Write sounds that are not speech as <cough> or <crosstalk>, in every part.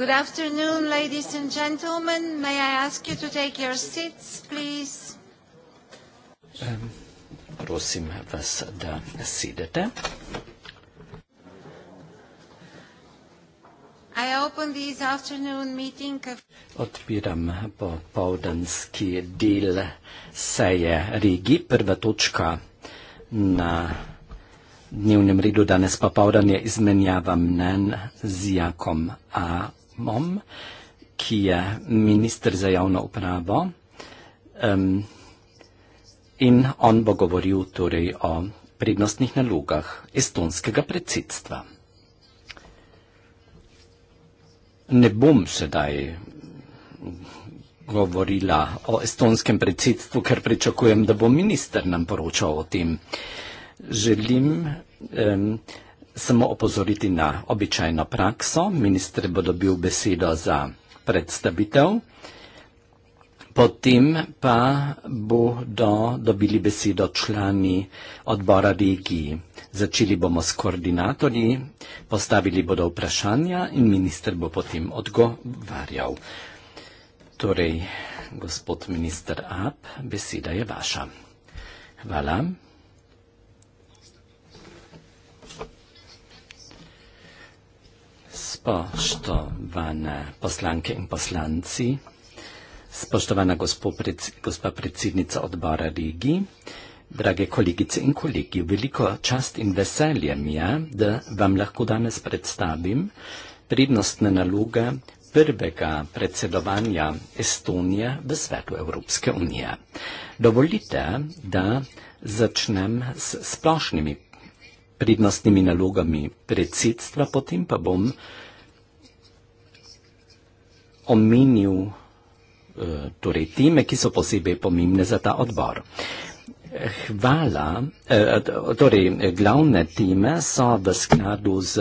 Good afternoon, ladies and gentlemen. May I ask you to take your seats, please? Prosim vas, da sedete. I open this afternoon meeting of- Odpiram popoldanski del seje Rigi. Prva točka na dnevnem redu danes popoldan je izmenjava mnenj z Jakom A. Mom, ki je ministr za javno upravo. Um, in on bo govoril torej o prednostnih nalogah estonskega predsedstva. Ne bom sedaj govorila o estonskem predsedstvu, ker pričakujem, da bo minister nam poročal o tem. Želim. Um, samo opozoriti na običajno prakso. Ministr bo dobil besedo za predstavitev, potem pa bodo dobili besedo člani odbora regiji. Začeli bomo s koordinatorji, postavili bodo vprašanja in minister bo potem odgovarjal. Torej, gospod minister Ab, beseda je vaša. Hvala. spoštovane poslanke in poslanci, spoštovana gospa predsednica odbora Rigi, drage kolegice in kolegi, veliko čast in veselje mi je, da vam lahko danes predstavim prednostne naloge prvega predsedovanja Estonije v svetu Evropske unije. Dovolite, da začnem s splošnimi prednostnimi nalogami predsedstva, potem pa bom omenil eh, torej, teme, ki so posebej pomembne za ta odbor. Hvala. Eh, torej, glavne teme so v skladu z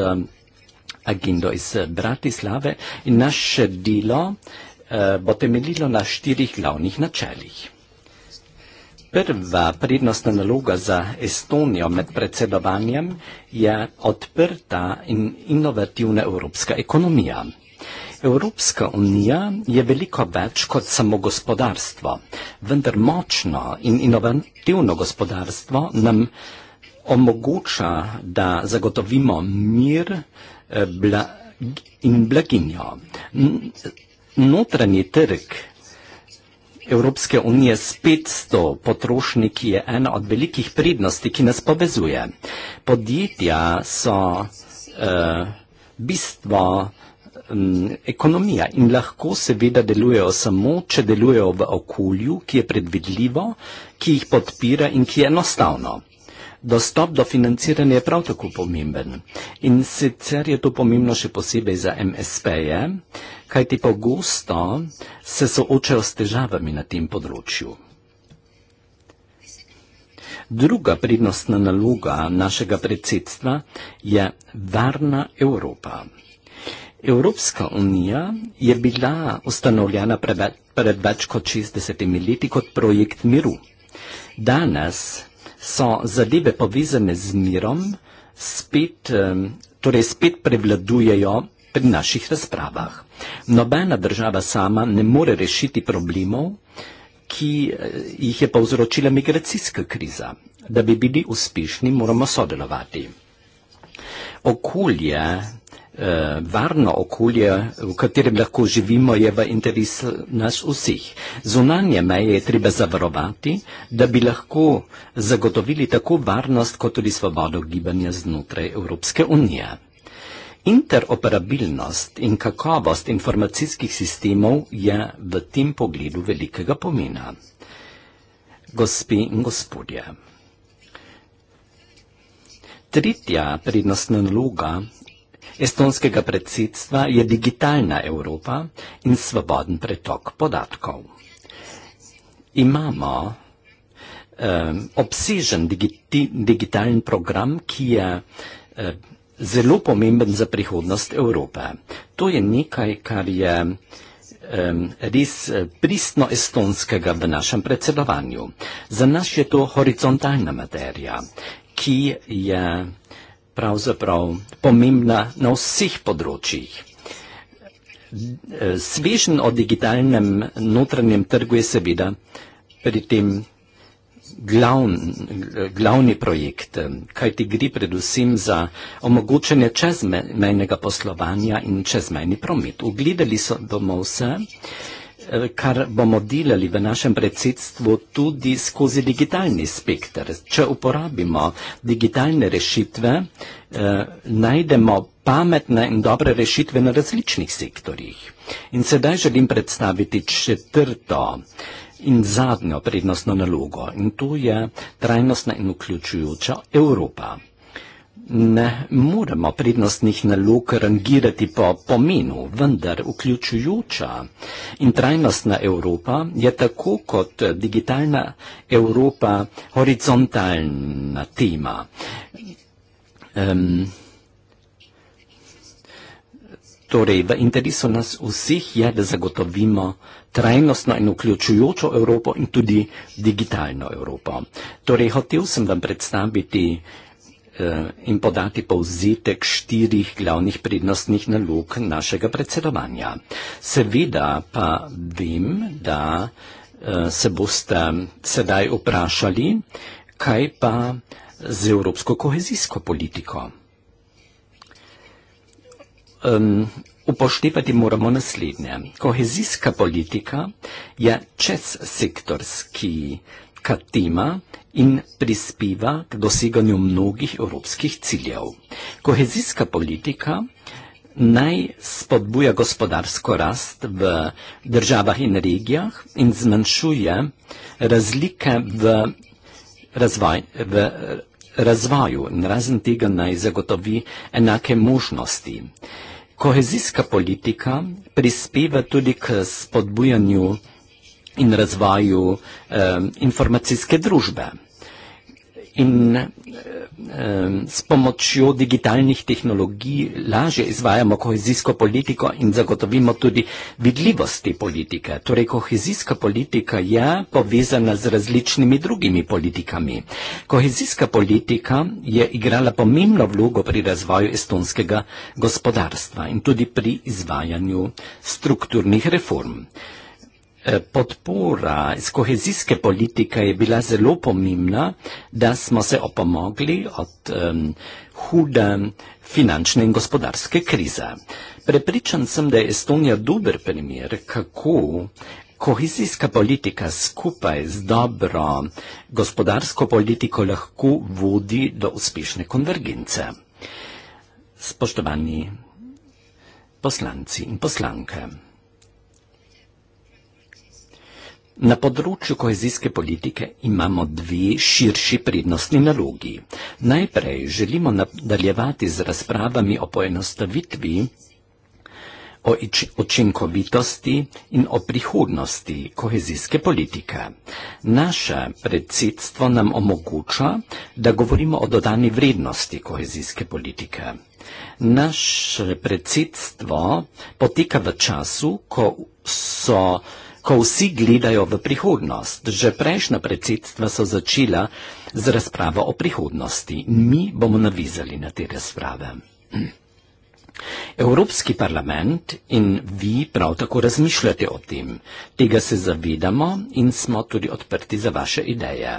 agendo iz Bratislave in naše delo eh, bo temeljilo na štirih glavnih načelih. Prva prednostna naloga za Estonijo med predsedovanjem je odprta in inovativna evropska ekonomija. Evropska unija je veliko več kot samo gospodarstvo, vendar močno in inovativno gospodarstvo nam omogoča, da zagotovimo mir eh, in blaginjo. Notranji trg Evropske unije s 500 potrošniki je ena od velikih prednosti, ki nas povezuje. Podjetja so eh, bistvo um, ekonomija in lahko seveda delujejo samo, če delujejo v okolju, ki je predvidljivo, ki jih podpira in ki je enostavno. Dostop do financiranja je prav tako pomemben. In sicer je to pomembno še posebej za MSP-je, kajti pogosto se soočajo s težavami na tem področju. Druga prednostna naloga našega predsedstva je varna Evropa. Evropska unija je bila ustanovljena pred več kot 60 leti kot projekt miru. Danes so zadeve povezane z mirom, spet, torej spet prevladujejo pri naših razpravah. Nobena država sama ne more rešiti problemov, ki eh, jih je povzročila migracijska kriza. Da bi bili uspešni, moramo sodelovati. Okolje uh, varno okolje, v katerem lahko živimo, je v interesu nas vseh. Zunanje meje je treba zavarovati, da bi lahko zagotovili tako varnost, kot tudi svobodo gibanja znotraj Evropske unije. Interoperabilnost in kakovost informacijskih sistemov je v tem pogledu velikega pomena. Gospe in gospodje. Tretja prednostna naloga estonskega predsedstva je digitalna Evropa in svoboden pretok podatkov. Imamo eh, obsežen digiti, digitalni program, ki je eh, zelo pomemben za prihodnost Evrope. To je nekaj, kar je eh, res eh, pristno estonskega v našem predsedovanju. Za nas je to horizontalna materija, ki je eh, pravzaprav pomembna na vseh področjih. Svežen o digitalnem notranjem trgu je seveda pri tem glavn, glavni projekt, kajti gre predvsem za omogočanje čezmejnega poslovanja in čezmejni promet. Ugledali so bomo vse. Eh, kar bomo delali v našem predsedstvu tudi skozi digitalni spektr. Če uporabimo digitalne rešitve, eh, najdemo pametne in dobre rešitve na različnih sektorjih. In sedaj želim predstaviti četrto in zadnjo prednostno nalogo in to je trajnostna in vključujoča Evropa. Ne moremo prednostnih nalog rangirati po pomenu, vendar vključujoča in trajnostna Evropa je tako kot digitalna Evropa horizontalna tema. Um, torej, v interesu nas vseh je, da zagotovimo trajnostno in vključujočo Evropo in tudi digitalno Evropo. Torej, hotel sem vam predstaviti Eh, in podati povzetek štirih glavnih prednostnih nalog našega predsedovanja. Seveda pa vem, da eh, se boste sedaj vprašali, kaj pa z evropsko kohezijsko politiko. Upoštevati moramo naslednje. Kohezijska politika je čez sektorski katima in prispeva k doseganju mnogih evropskih ciljev. Kohezijska politika naj spodbuja gospodarsko rast v državah in regijah in zmanjšuje razlike v, razvoj, v razvoju in razen tega naj zagotovi enake možnosti. Kohezijska politika prispeva tudi k spodbujanju in razvoju um, informacijske družbe. In um, s pomočjo digitalnih tehnologij lažje izvajamo kohezijsko politiko in zagotovimo tudi vidljivosti politike. Torej, kohezijska politika je povezana z različnimi drugimi politikami. Kohezijska politika je igrala pomembno vlogo pri razvoju estonskega gospodarstva in tudi pri izvajanju strukturnih reform. Eh, podpora iz kohezijske politike je bila zelo pomembna, da smo se opomogli od um, hude finančne in gospodarske krize. Prepričan sem, da je Estonija dober primer, kako kohezijska politika skupaj z dobro gospodarsko politiko lahko vodi do uspešne konvergence. Spoštovani poslanci in poslanke. Na področju kohezijske politike imamo dve širši prednostni nalogi. Najprej želimo nadaljevati z razpravami o poenostavitvi, o učinkovitosti in o prihodnosti kohezijske politike. Naše predsedstvo nam omogoča, da govorimo o dodani vrednosti kohezijske politike. Naše predsedstvo poteka v času, ko so ko vsi gledajo v prihodnost. Že prejšnja predsedstva so začela z razpravo o prihodnosti. Mi bomo navizali na te razprave. Evropski parlament in vi prav tako razmišljate o tem. Tega se zavedamo in smo tudi odprti za vaše ideje.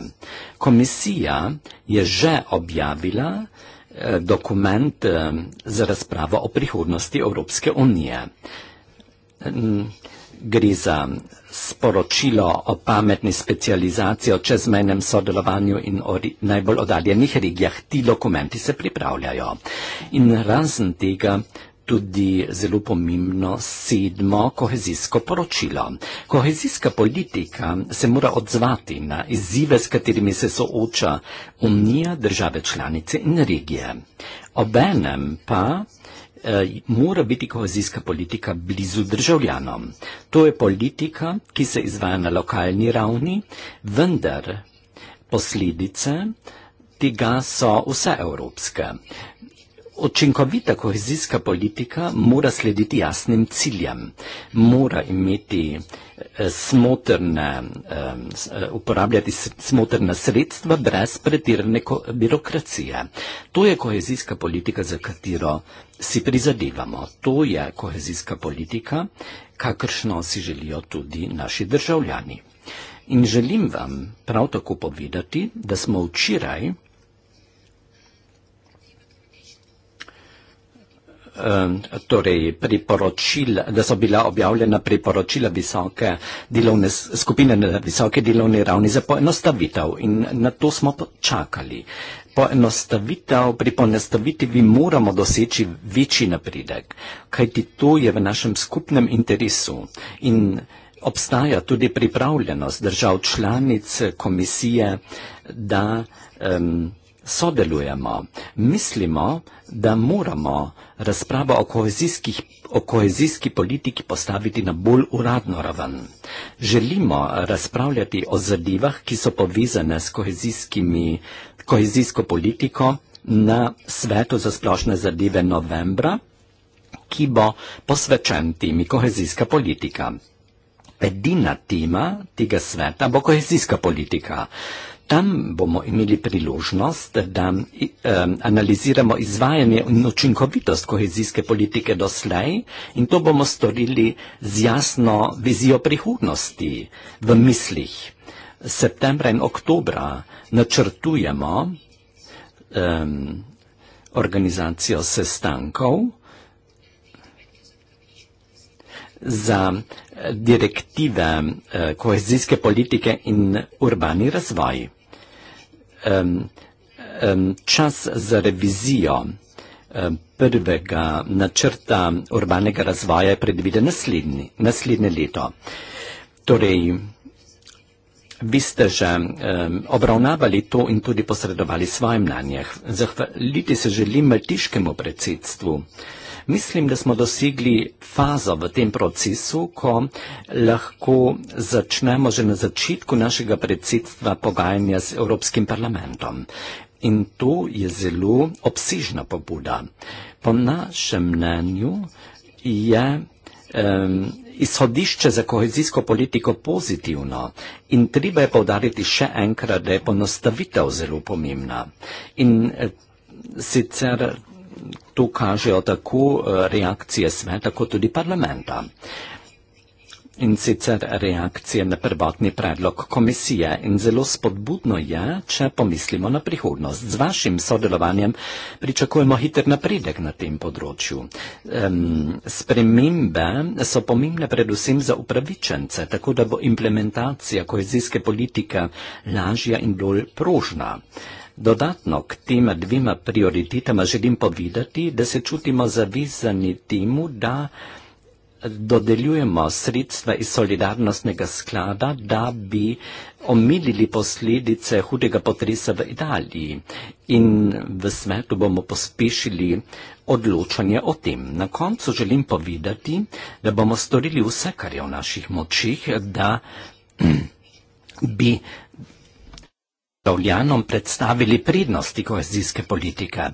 Komisija je že objavila eh, dokument eh, za razpravo o prihodnosti Evropske unije gre za sporočilo o pametni specializaciji, o čezmejnem sodelovanju in o najbolj oddaljenih regijah. Ti dokumenti se pripravljajo. In razen tega tudi zelo pomembno sedmo kohezijsko poročilo. Kohezijska politika se mora odzvati na izzive, s katerimi se sooča Unija, države članice in regije. Obenem pa Eh, mora biti kohezijska politika blizu državljanom. To je politika, ki se izvaja na lokalni ravni, vendar posledice tega so vse evropske. Očinkovita kohezijska politika mora slediti jasnim ciljem, mora imeti eh, smotrne, eh, eh, uporabljati smotrna sredstva brez pretirane birokracije. To je kohezijska politika, za katero si prizadevamo. To je kohezijska politika, kakršno si želijo tudi naši državljani. In želim vam prav tako povedati, da smo včeraj Ehm, torej priporočil, da so bila objavljena priporočila visoke delovne skupine na visoke delovne ravni za poenostavitev in na to smo počakali. Poenostavitev, pri poenostavitvi moramo doseči večji napredek, kajti to je v našem skupnem interesu in obstaja tudi pripravljenost držav članic komisije, da um, sodelujemo. Mislimo, da moramo razprava o, o kohezijski politiki postaviti na bolj uradno raven. Želimo razpravljati o zadevah, ki so povezane s kohezijsko politiko na svetu za splošne zadeve novembra, ki bo posvečen temi kohezijska politika. Edina tema tega sveta bo kohezijska politika. Uh, Tam bomo imeli priložnost, da um, analiziramo izvajanje in učinkovitost kohezijske politike doslej in to bomo storili z jasno vizijo prihodnosti v mislih. Septembra in oktobra načrtujemo um, organizacijo sestankov za eh, direktive eh, kohezijske politike in urbani razvoj um, um, čas za revizijo um, prvega načrta urbanega razvoja je predviden naslednji, naslednje leto. Torej, vi ste že um, obravnavali to in tudi posredovali svoje mnenje. Zahvaliti se želim Maltiškemu predsedstvu. Mislim, da smo dosegli fazo v tem procesu, ko lahko začnemo že na začetku našega predsedstva pogajanja z Evropskim parlamentom. In to je zelo obsežna pobuda. Po našem mnenju je um, izhodišče za kohezijsko politiko pozitivno in treba je povdariti še enkrat, da je ponostavitev zelo pomembna. In, eh, Sicer to kažejo tako eh, reakcije sveta, kot tudi parlamenta. In sicer reakcije na prvotni predlog komisije in zelo spodbudno je, če pomislimo na prihodnost. Z vašim sodelovanjem pričakujemo hiter napredek na tem področju. Um, spremembe so pomembne predvsem za upravičence, tako da bo implementacija kohezijske politike lažja in bolj prožna. Uh, Dodatno k tema dvima prioritetama želim povedati, da se čutimo zavizani temu, da dodeljujemo sredstva iz solidarnostnega sklada, da bi omilili posledice hudega potresa v Italiji in v svetu bomo pospešili odločanje o tem. Na koncu želim povedati, da bomo storili vse, kar je v naših močih, da <clears throat> bi Dovljanom predstavili prednosti kohezijske politike.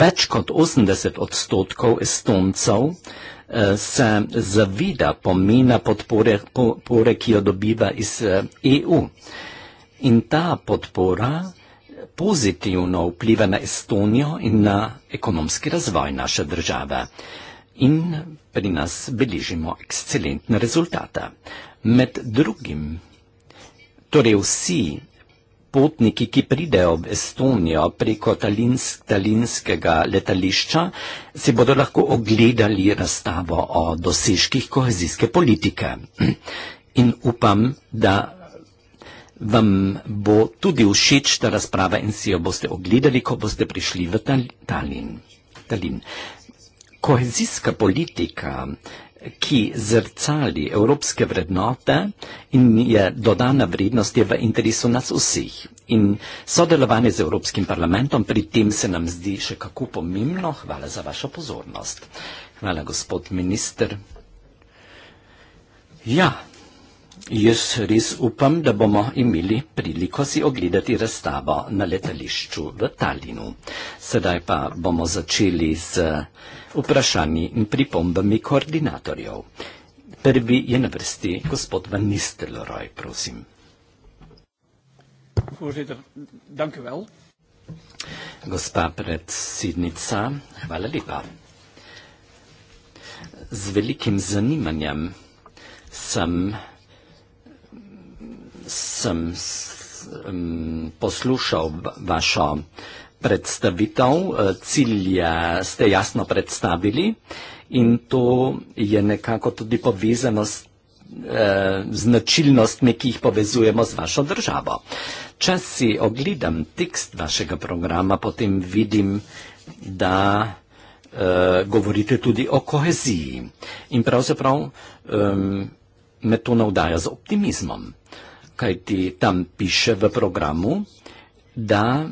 Več kot 80 odstotkov estoncev eh, se zavida pomena podpore, podpore, ki jo dobiva iz EU. Eh, e in ta podpora pozitivno vpliva na Estonijo in na ekonomski razvoj naše države. In pri nas beležimo ekscelentne rezultate. Med drugim, torej vsi potniki, ki pridejo v Estonijo preko talinsk, talinskega letališča, si bodo lahko ogledali razstavo o dosežkih kohezijske politike. In upam, da vam bo tudi všeč ta razprava in si jo boste ogledali, ko boste prišli v Tallinn. Kohezijska politika ki zrcali evropske vrednote in je dodana vrednost je v interesu nas vseh. In sodelovanje z Evropskim parlamentom pri tem se nam zdi še kako pomembno. Hvala za vašo pozornost. Hvala, gospod minister. Ja, jaz res upam, da bomo imeli priliko si ogledati razstavo na letališču v Talinu. Sedaj pa bomo začeli z vprašanji in pripombami koordinatorjev. Prvi je na vrsti gospod Van Nistelrooy, prosim. Voorzitter, dank u wel. Gospa predsednica, hvala lepa. Z velikim zanimanjem sem, sem, sem poslušal vašo predstavitev, eh, cilje ste jasno predstavili in to je nekako tudi povezano s eh, značilnostmi, ki jih povezujemo z vašo državo. Če si ogledam tekst vašega programa, potem vidim, da uh, govorite tudi o koheziji in pravzaprav um, me to navdaja z optimizmom, kaj ti tam piše v programu, da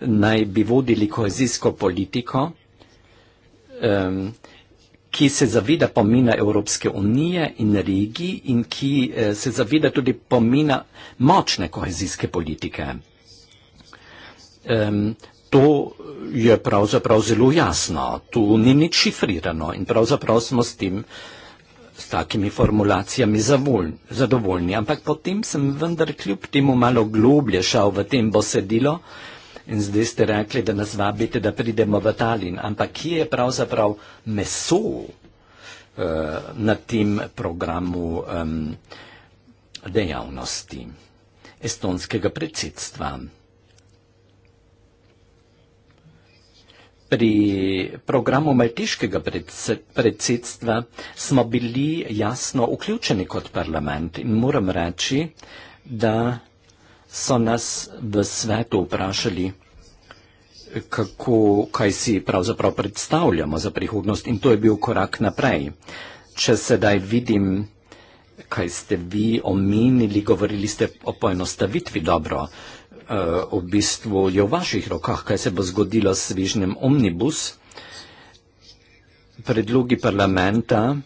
naj bi vodili kohezijsko politiko, um, ki se zavida pomena Evropske unije in regij in ki uh, se zavida tudi pomena močne kohezijske politike. Um, to je pravzaprav zelo jasno, tu ni nič šifrirano in pravzaprav smo s tem s takimi formulacijami zadovoljni. Ampak potem sem vendar kljub temu malo globlje šel v tem besedilo, uh, In zdaj ste rekli, da nas vabite, da pridemo v Talin. Ampak kje je pravzaprav meso uh, na tem programu um, dejavnosti estonskega predsedstva? Pri programu maltiškega predsedstva smo bili jasno vključeni kot parlament in moram reči, da so nas v svetu vprašali, kako, kaj si pravzaprav predstavljamo za prihodnost in to je bil korak naprej. Če sedaj vidim, kaj ste vi omenili, govorili ste o poenostavitvi dobro, eh, v bistvu je v vaših rokah, kaj se bo zgodilo s svižnem omnibus, predlogi parlamenta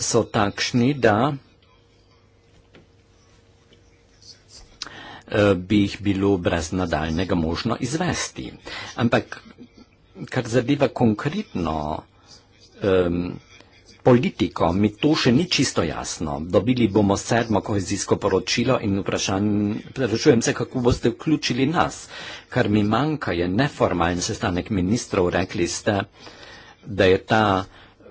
so takšni, da Eh, bi jih bilo brez nadaljnega možno izvesti. Ampak, kar zadeva konkretno um, politiko, mi to še ni čisto jasno. Dobili bomo sedmo kohezijsko poročilo in vprašujem se, kako boste vključili nas. Kar mi manjka je neformalen sestanek ministrov, rekli ste, da je ta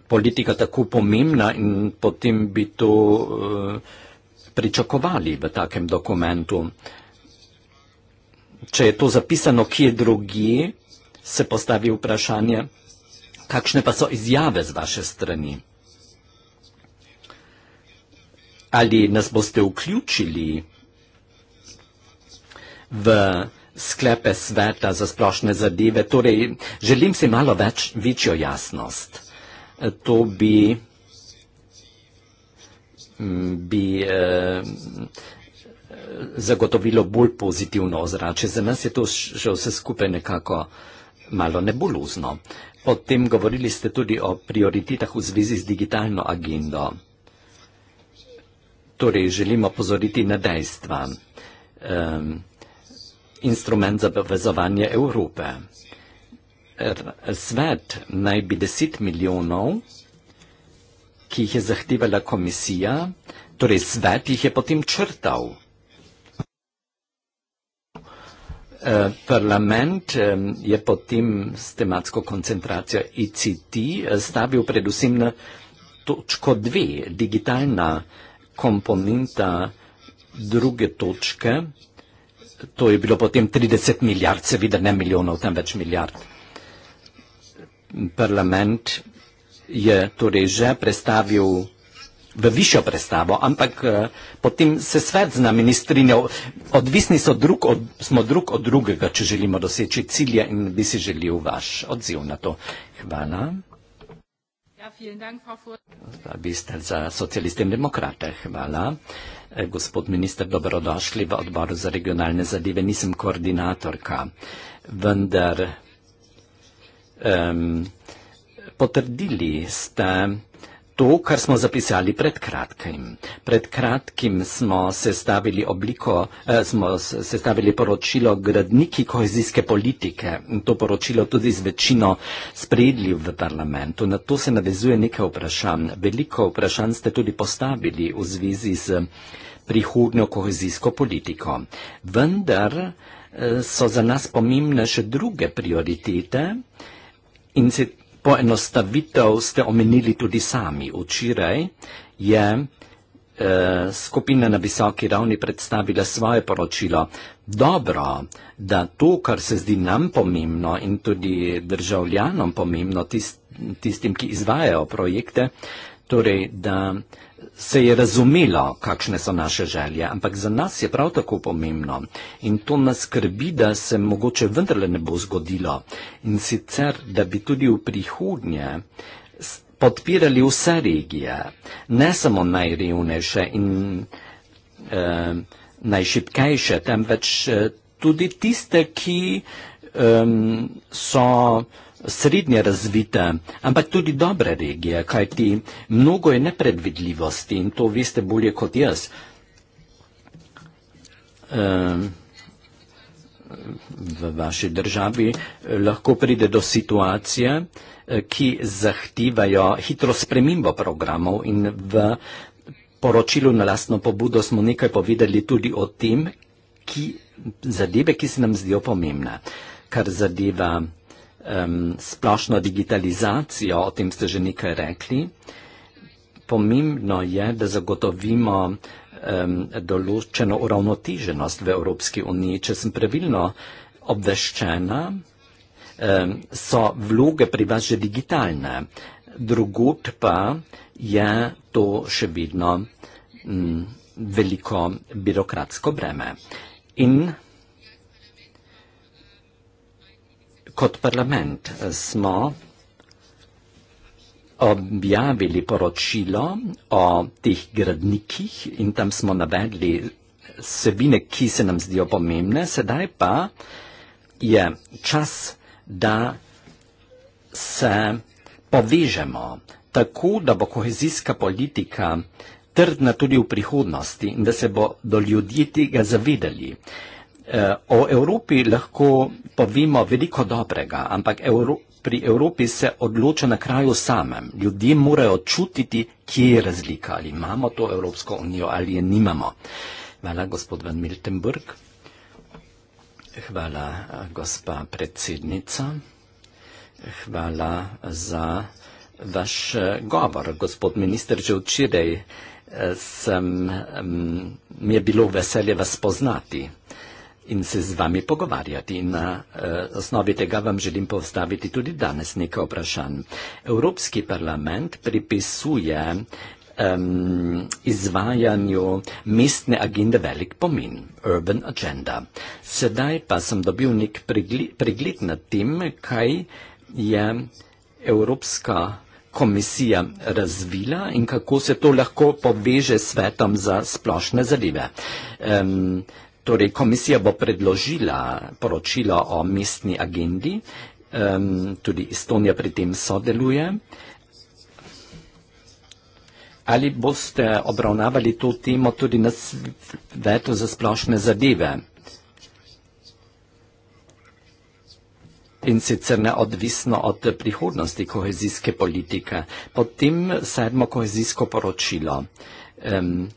politika tako pomembna in potem bi to uh, pričakovali v takem dokumentu. Uh, če je to zapisano kje drugi, se postavi vprašanje, kakšne pa so izjave z vaše strani. Ali nas boste vključili v sklepe sveta za splošne zadeve, torej želim si malo več, večjo jasnost. To bi, mm, bi eh, zagotovilo bolj pozitivno ozračje. Za nas je to še vse skupaj nekako malo nebuluzno. Potem govorili ste tudi o prioritetah v zvezi z digitalno agendo. Torej, želimo pozoriti na dejstva. Um, instrument za povezovanje Evrope. Svet naj bi 10 milijonov, ki jih je zahtevala komisija, torej svet jih je potem črtal. Eh, parlament je potem s tematsko koncentracijo ICT eh, stavil predvsem na točko dve, digitalna komponenta druge točke, to je bilo potem 30 milijard, seveda ne milijonov, tam več milijard. Parlament je torej že prestavil v višjo predstavo, ampak uh, potem se svet z nami ni strinjal. Odvisni drug od, smo drug od drugega, če želimo doseči cilje in bi si želil vaš odziv na to. Hvala. Hvala, ja, vi ste za socialiste in demokrate. Hvala. Eh, gospod minister, dobrodošli v odboru za regionalne zadeve. Nisem koordinatorka, vendar um, potrdili ste, to, kar smo zapisali pred kratkim. Pred kratkim smo sestavili, obliko, eh, smo sestavili poročilo gradniki kohezijske politike in to poročilo tudi z večino sprejeli v parlamentu. Na to se navezuje nekaj vprašanj. Veliko vprašanj ste tudi postavili v zvezi z prihodnjo kohezijsko politiko. Vendar eh, so za nas pomembne še druge prioritete. In se poenostavitev ste omenili tudi sami. Včeraj je eh, skupina na visoki ravni predstavila svoje poročilo. Dobro, da to, kar se zdi nam pomembno in tudi državljanom pomembno, tist, tistim, ki izvajajo projekte, torej da se je razumelo, kakšne so naše želje, ampak za nas je prav tako pomembno in to nas skrbi, da se mogoče vendarle ne bo zgodilo in sicer, da bi tudi v prihodnje podpirali vse regije, ne samo najrevnejše in eh, najšipkejše, temveč eh, tudi tiste, ki eh, so srednje razvite, ampak tudi dobre regije, kajti mnogo je nepredvidljivosti in to veste bolje kot jaz. Ehm, v vaši državi eh, lahko pride do situacije, eh, ki zahtivajo hitro spremimbo programov in v poročilu na lastno pobudo smo nekaj povedali tudi o tem, ki, zadebe, ki se nam zdijo pomembne, kar zadeva um, splošno digitalizacijo, o tem ste že nekaj rekli. Pomembno je, da zagotovimo um, določeno uravnoteženost v Evropski uniji. Če sem pravilno obveščena, um, so vloge pri vas že digitalne, drugot pa je to še vedno um, veliko birokratsko breme. In Kot parlament smo objavili poročilo o teh gradnikih in tam smo navedli sebine, ki se nam zdijo pomembne. Sedaj pa je čas, da se povežemo tako, da bo kohezijska politika trdna tudi v prihodnosti in da se bodo ljudje tega zavedali. Eh, o Evropi lahko povemo veliko dobrega, ampak Evro, pri Evropi se odloča na kraju samem. Ljudje morajo čutiti, kje je razlika, ali imamo to Evropsko unijo ali je nimamo. Hvala, gospod Van Miltenburg. Hvala, gospa predsednica. Hvala za vaš eh, govor, gospod minister, že včeraj. Eh, sem, mm, mi je bilo veselje vas poznati in se z vami pogovarjati. Na eh, osnovi tega vam želim postaviti tudi danes nekaj vprašanj. Evropski parlament pripisuje um, izvajanju mestne agende velik pomen, urban agenda. Sedaj pa sem dobil nek pregled nad tem, kaj je Evropska komisija razvila in kako se to lahko poveže s svetom za splošne zadeve. Um, Torej, komisija bo predložila poročilo o mestni agendi, um, tudi Estonija pri tem sodeluje. Ali boste obravnavali to temo tudi na svetu za splošne zadeve? In sicer neodvisno od prihodnosti kohezijske politike. Potem sedmo kohezijsko poročilo. Um,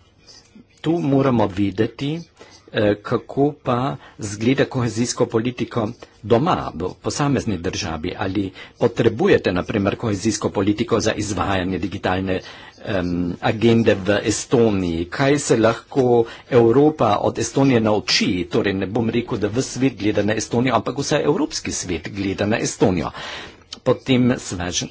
tu moramo videti, Eh, kako pa zgleda kohezijsko politiko doma v posamezni državi? Ali potrebujete naprimer kohezijsko politiko za izvajanje digitalne um, agende v Estoniji? Kaj se lahko Evropa od Estonije nauči? Torej ne bom rekel, da v svet gleda na Estonijo, ampak vsaj evropski svet gleda na Estonijo. Uh, Pod tem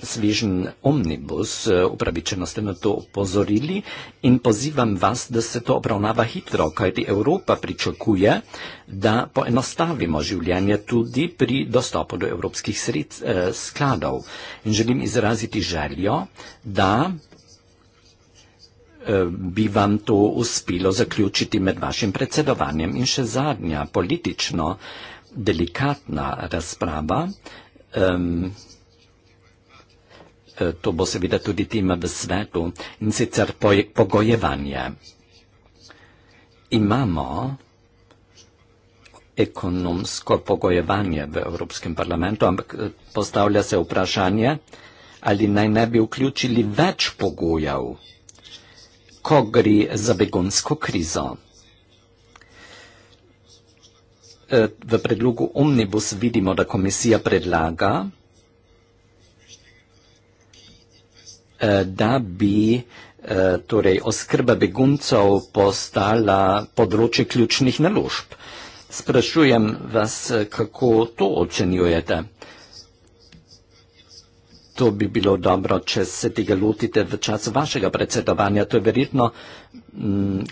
svežen omnibus eh, upravičeno ste na to upozorili in pozivam vas, da se to obravnava hitro, kajti Evropa pričakuje, da poenostavimo življenje tudi pri dostopu do evropskih sred, eh, skladov. In želim izraziti željo, da eh, bi vam to uspelo zaključiti med vašim predsedovanjem. In še zadnja politično delikatna razprava. Um, Eh, to bo seveda tudi tema v svetu, in sicer poj, pogojevanje. Imamo ekonomsko pogojevanje v Evropskem parlamentu, ampak eh, postavlja se vprašanje, ali naj ne bi vključili več pogojev, ko gre za begonsko krizo. Eh, v predlogu Omnibus vidimo, da komisija predlaga, Eh, da bi eh, torej oskrba beguncev postala področje ključnih naložb. Sprašujem vas, eh, kako to ocenjujete. To bi bilo dobro, če se tega lotite v času vašega predsedovanja. To je verjetno mm,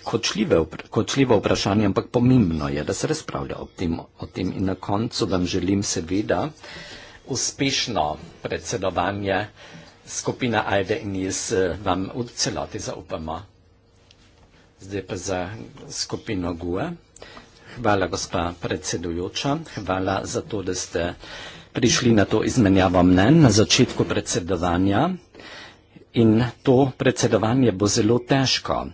kočljivo vprašanje, ampak pomembno je, da se razpravlja o tem, o tem. In na koncu vam želim seveda uspešno predsedovanje skupina Ajde in jaz eh, vam v celoti zaupamo. Zdaj pa za skupino GUE. Hvala, gospa predsedujoča. Hvala za to, da ste prišli na to izmenjavo mnen na začetku predsedovanja. In to predsedovanje bo zelo težko,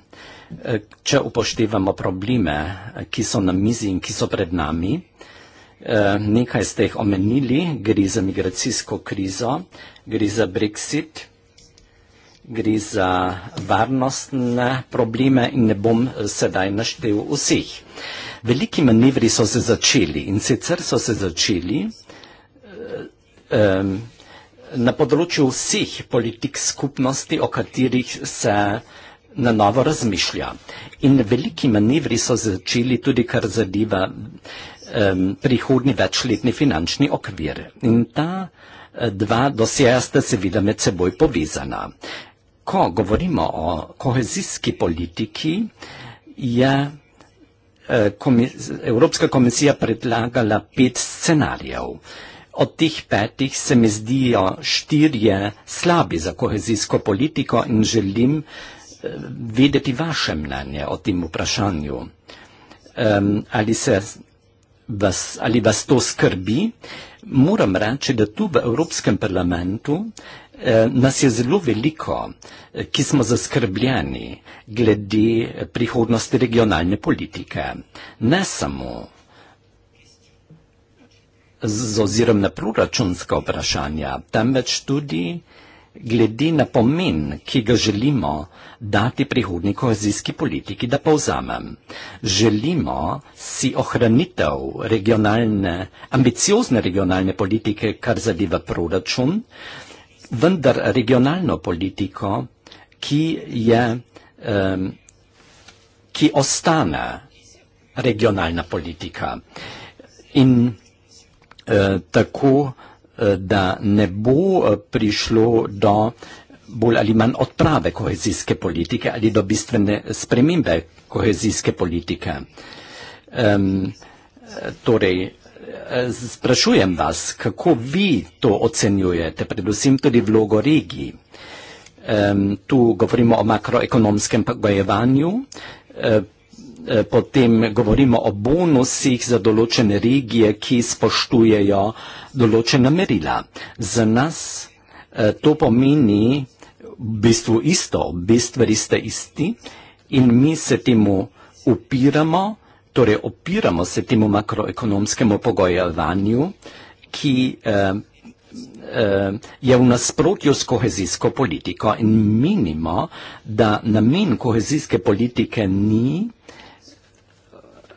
eh, če upoštevamo probleme, eh, ki so na mizi in ki so pred nami. Eh, nekaj ste jih omenili, gre za migracijsko krizo, gre za Brexit, gre za varnostne probleme in ne bom eh, sedaj naštel vseh. Veliki manevri so se začeli in sicer so se začeli eh, na področju vseh politik skupnosti, o katerih se na novo razmišlja. In veliki manevri so začeli tudi, kar zadeva um, prihodni večletni finančni okvir. In ta eh, dva dosjeja sta seveda med seboj povezana. Ko govorimo o kohezijski politiki, je eh, komis Evropska komisija predlagala pet scenarijev. Od teh petih se mi zdijo štirje slabi za kohezijsko politiko in želim eh, vedeti vaše mnenje o tem vprašanju. Um, ali se vas, ali vas to skrbi, moram reči, da tu v Evropskem parlamentu eh, nas je zelo veliko, eh, ki smo zaskrbljeni glede eh, prihodnosti regionalne politike. Ne samo z ozirom na proračunska vprašanja, temveč tudi eh, glede na pomen, ki ga želimo dati prihodni kohezijski politiki, da povzamem. Želimo si ohranitev regionalne, ambiciozne regionalne politike, kar zadeva proračun, vendar regionalno politiko, ki, je, um, ki ostane regionalna politika. In uh, tako da ne bo eh, prišlo do bolj ali manj odprave kohezijske politike ali do bistvene spremembe kohezijske politike. Um, torej, eh, sprašujem vas, kako vi to ocenjujete, predvsem tudi vlogo regij. Um, tu govorimo o makroekonomskem pogojevanju, eh, Eh, potem govorimo o bonusih za določene regije, ki spoštujejo določena merila. Za nas eh, to pomeni v bistvu isto, obe stvari ste isti in mi se temu upiramo, torej upiramo se temu makroekonomskemu pogojevanju, ki eh, je v nasprotju s kohezijsko politiko in menimo, da namen kohezijske politike ni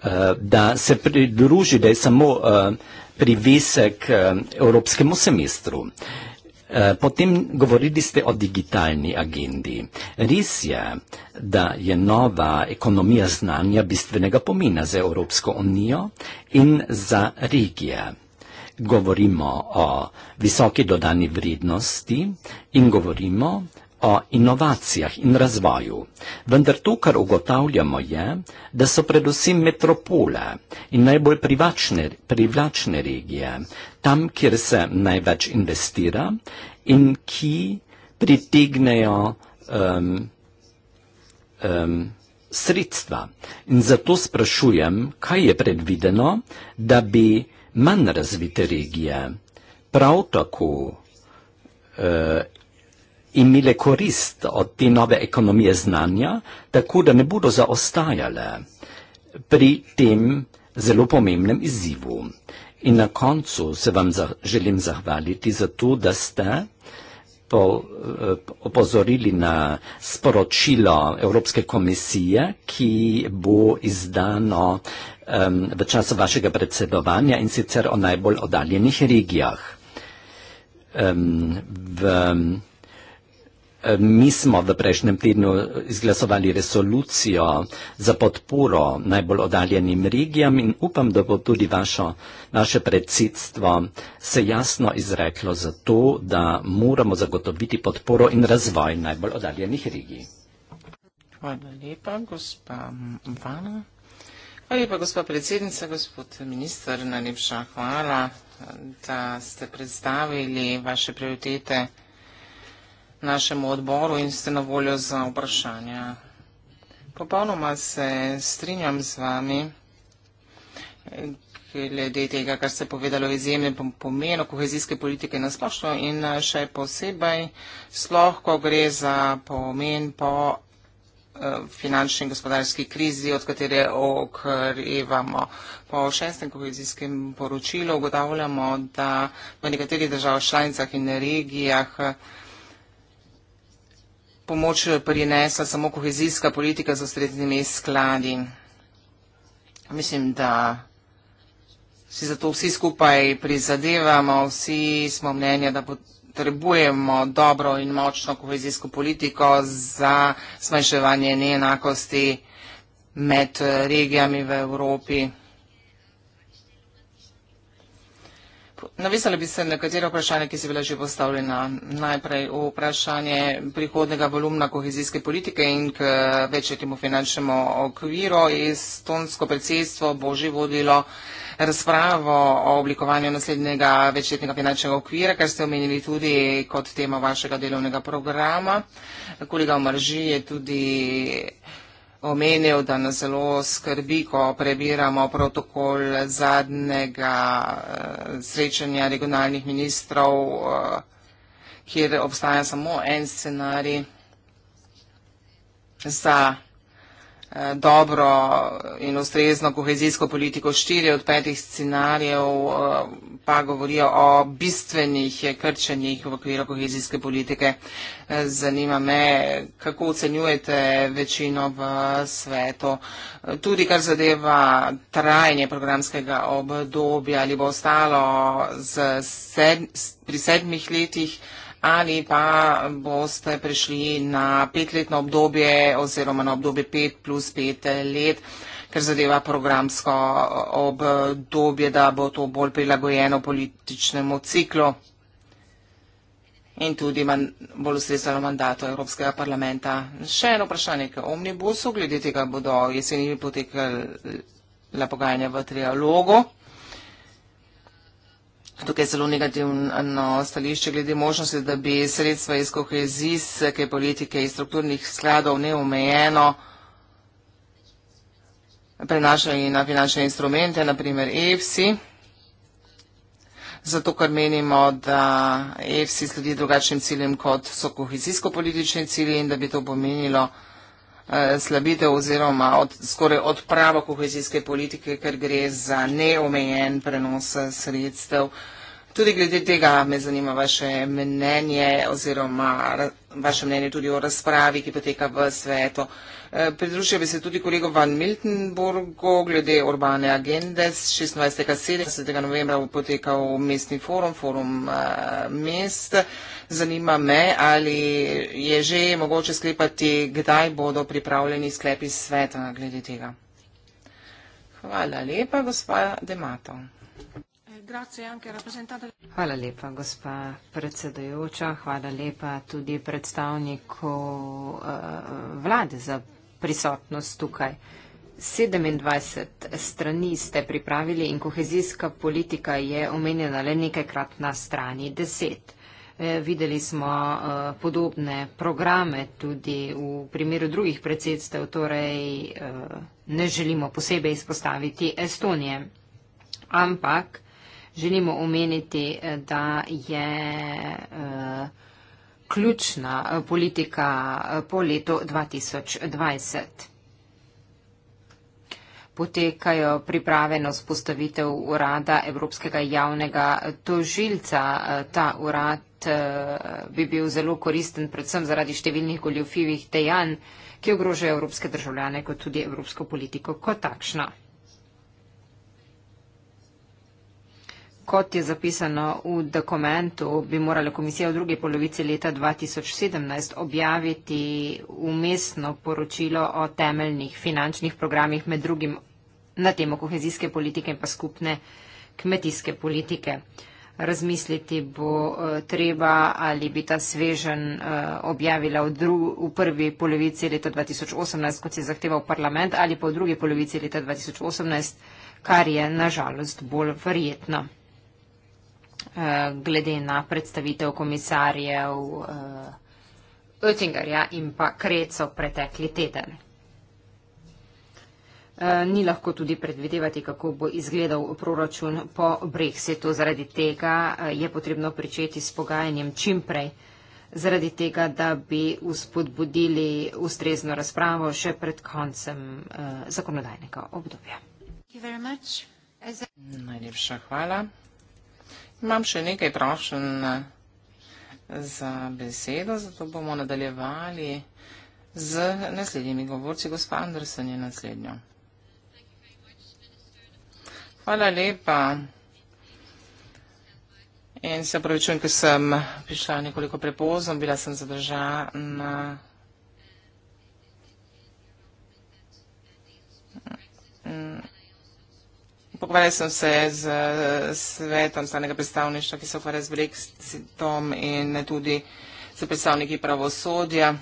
Eh, da se pridruži, da je samo eh, privesek eh, evropskemu semestru. Potem govorili ste o digitalni agendi. Res je, da je nova ekonomija znanja bistvenega pomena za Evropsko unijo in za regije. Govorimo o visoki dodani vrednosti in govorimo o inovacijah in razvoju, vendar to, kar ugotavljamo, je, da so predvsem metropole in najbolj privačne, privlačne regije tam, kjer se največ investira in ki pritegnejo um, um, sredstva. In zato sprašujem, kaj je predvideno, da bi manj razvite regije prav tako eh, imele korist od te nove ekonomije znanja, tako da ne bodo zaostajale pri tem zelo pomembnem izzivu. In na koncu se vam za, želim zahvaliti za to, da ste po, eh, opozorili na sporočilo Evropske komisije, ki bo izdano um, v času vašega predsedovanja in sicer o najbolj oddaljenih regijah. Um, v, Eh, mi smo v prejšnjem tednu izglasovali resolucijo za podporo najbolj oddaljenim regijam in upam, da bo tudi vašo, vaše predsedstvo se jasno izreklo za to, da moramo zagotoviti podporo in razvoj najbolj oddaljenih regij. Hvala lepa, gospa Vana. Hvala lepa, gospa predsednica, gospod minister, najlepša hvala, da ste predstavili vaše prioritete našemu odboru in ste na voljo za vprašanja. Popolnoma se strinjam z vami, glede tega, kar ste povedali o izjemnem pomenu kohezijske politike na splošno in še posebej sloh, ko gre za pomen po eh, finančni in gospodarski krizi, od katere okrevamo. Po šestem kohezijskem poročilu ugotavljamo, da v nekaterih državah, članicah in regijah pomoč prinesla samo kohezijska politika z ustreznimi skladi. Mislim, da si zato vsi skupaj prizadevamo, vsi smo mnenja, da potrebujemo dobro in močno kohezijsko politiko za smanjševanje neenakosti med regijami v Evropi. Navisala bi se nekatera vprašanja, ki so bila že postavljena. Najprej vprašanje prihodnega volumna kohezijske politike in k večjemu finančnemu okviru. Estonsko predsedstvo bo že vodilo razpravo o oblikovanju naslednjega večjetnega finančnega okvira, kar ste omenili tudi kot tema vašega delovnega programa. Kolega Omrži je tudi omenil, da nas zelo skrbi, ko prebiramo protokol zadnjega eh, srečanja regionalnih ministrov, eh, kjer obstaja samo en scenarij za regionalnih ministrov. Eh, dobro in ustrezno kohezijsko politiko štiri od petih scenarijev eh, pa govorijo o bistvenih krčenjih v okviru kohezijske politike. Eh, zanima me, kako ocenjujete večino v svetu. Tudi kar zadeva trajanje programskega obdobja, ali bo ostalo sed, pri sedmih letih ali pa boste prišli na petletno obdobje oziroma na obdobje pet plus pet let, ker zadeva programsko obdobje, da bo to bolj prilagojeno političnemu ciklu in tudi man, bolj ustrezano mandato Evropskega parlamenta. Še eno vprašanje k omnibusu, glede tega bodo jeseni potekala pogajanja v trialogu tukaj zelo negativno no, stališče glede možnosti, da bi sredstva iz kohezijske politike in strukturnih skladov neomejeno prenašali na finančne instrumente, naprimer EFSI, zato kar menimo, da EFSI sledi drugačnim ciljem kot so kohezijsko politični cilji in da bi to pomenilo, da bi to pomenilo, Eh, slabitev oziroma od, skoraj odpravo kohezijske politike, ker gre za neomejen prenos eh, sredstev. Uh, Tudi glede tega me zanima vaše mnenje oziroma vaše mnenje tudi o razpravi, ki poteka v svetu. Eh, pridružil bi se tudi kolego Van Miltenborgu glede urbane agende. 26. novembra bo potekal mestni forum, forum eh, mest. Zanima me, ali je že mogoče sklepati, kdaj bodo pripravljeni sklepi sveta glede tega. Hvala lepa, gospa Demato. Hvala lepa, gospa predsedajoča. Hvala lepa tudi predstavniku eh, vlade za prisotnost tukaj. 27 strani ste pripravili in kohezijska politika je omenjena le nekajkrat na strani 10. Eh, videli smo eh, podobne programe tudi v primeru drugih predsedstev, torej ne želimo posebej izpostaviti Estonije. Ampak želimo omeniti, eh, da je eh, ključna eh, politika po letu 2020. Potekajo priprave na spostavitev urada Evropskega javnega tožilca. Ta urad bi bil zelo koristen predvsem zaradi številnih goljofivih dejanj, ki ogrožajo evropske državljane kot tudi evropsko politiko kot takšno. Kot je zapisano v dokumentu, bi morala komisija v drugi polovici leta 2017 objaviti umestno poročilo o temeljnih finančnih programih med drugim na temo kohezijske politike in pa skupne kmetijske politike. Razmisliti bo e, treba, ali bi ta svežen e, objavila v, dru, v prvi polovici leta 2018, kot je zahteval parlament, ali pa v drugi polovici leta 2018, kar je nažalost bolj verjetno. Eh, glede na predstavitev komisarjev eh, Oettingerja in pa Kreco pretekli teden. Eh, ni lahko tudi predvidevati, kako bo izgledal proračun po brexitu. Zaradi tega je potrebno pričeti s pogajanjem čim prej, zaradi tega, da bi uspodbudili ustrezno razpravo še pred koncem zakonodajnega obdobja. Najlepša hvala. Imam še nekaj prošen za besedo, zato bomo nadaljevali z naslednjimi govorci. Gospa Andersen je naslednjo. Hvala lepa. In se opravičujem, ker sem prišla nekoliko prepozno, bila sem zadržana na pogovarjal sem se z svetom stanega predstavništva, ki se ukvarja z Brexitom in tudi z predstavniki pravosodja.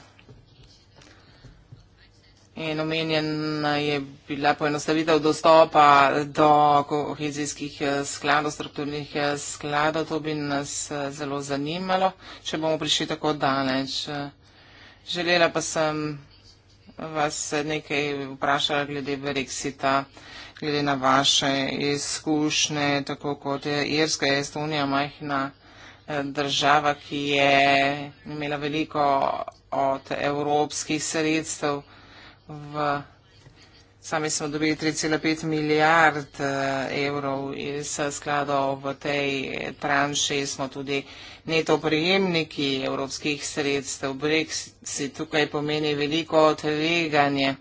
In omenjena je bila poenostavitev dostopa do kohezijskih eh, skladov, strukturnih eh, skladov. To bi nas eh, zelo zanimalo, če bomo prišli tako daleč. Želela pa sem vas nekaj vprašala glede Brexita glede na vaše izkušnje, tako kot je Irska, je Estonija majhna eh, država, ki je imela veliko od evropskih sredstev. V, sami smo dobili 3,5 milijard eh, evrov iz skladov v tej tranši, smo tudi neto prejemniki evropskih sredstev. Brexit tukaj pomeni veliko tveganje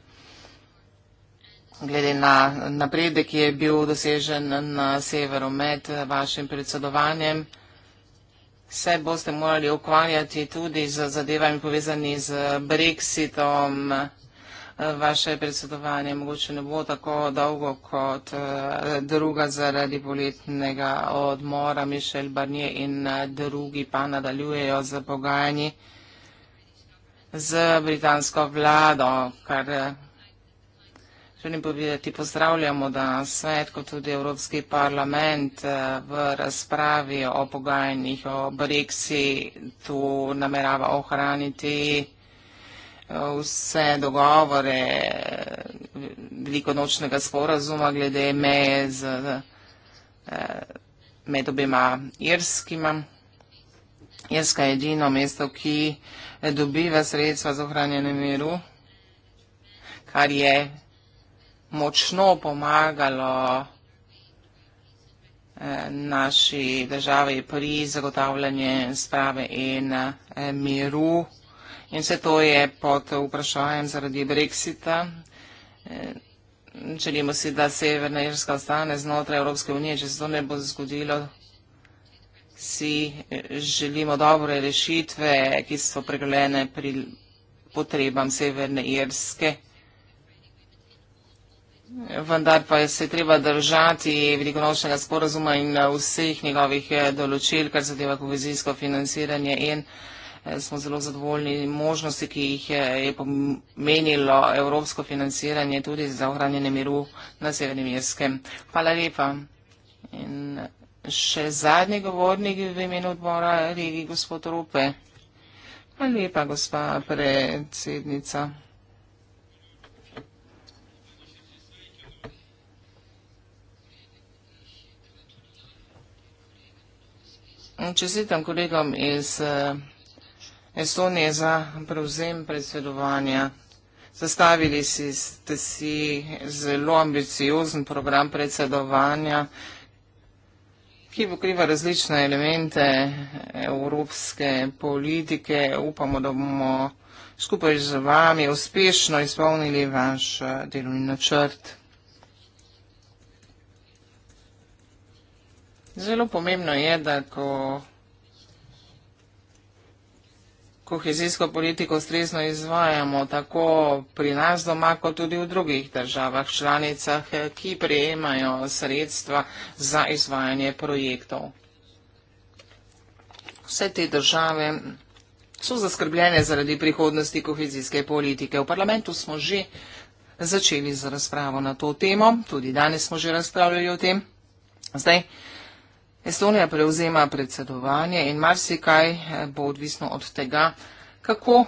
glede na napredek, ki je bil dosežen na severu med vašim predsedovanjem. Se boste morali ukvarjati tudi z zadevami povezani z Brexitom. Vaše predsedovanje mogoče ne bo tako dolgo kot eh, druga zaradi poletnega odmora. Mišel Barnier in eh, drugi pa nadaljujejo z pogajanji z britansko vlado, kar eh, Želim povedati, pozdravljamo, da svet, kot tudi Evropski parlament eh, v razpravi o pogajanjih o Brexi tu namerava ohraniti eh, vse dogovore eh, velikonočnega sporazuma glede meje z med obima irskima. Irska je edino mesto, ki dobiva sredstva za ohranjanje miru, kar je močno pomagalo eh, naši državi pri zagotavljanju sprave in eh, miru. In vse to je pod vprašanjem zaradi Brexita. Eh, želimo si, da Severna Irska ostane znotraj Evropske unije, če se to ne bo zgodilo. Si želimo dobre rešitve, ki so pregolene pri potrebam Severne Irske vendar pa se je treba držati velikonočnega sporazuma in eh, vseh njegovih eh, določil, kar zadeva kohezijsko financiranje in eh, smo zelo zadovoljni možnosti, ki jih je pomenilo evropsko financiranje tudi za ohranjanje miru na Severnem Irskem. Hvala lepa. In še zadnji govornik v imenu odbora regi, gospod Rupe. Hvala lepa, gospa predsednica. Čestitam kolegom iz eh, Estonije za prevzem predsedovanja. Zastavili ste si zelo ambiciozen program predsedovanja, ki pokriva različne elemente evropske politike. Upamo, da bomo skupaj z vami uspešno izpolnili vaš eh, delovni načrt. Zelo pomembno je, da ko kohezijsko politiko strezno izvajamo tako pri nas doma, kot tudi v drugih državah, članicah, ki prejemajo sredstva za izvajanje projektov. Vse te države so zaskrbljene zaradi prihodnosti kohezijske politike. V parlamentu smo že začeli z razpravo na to temo, tudi danes smo že razpravljali o tem. Zdaj, Estonija prevzema predsedovanje in marsikaj eh, bo odvisno od tega, kako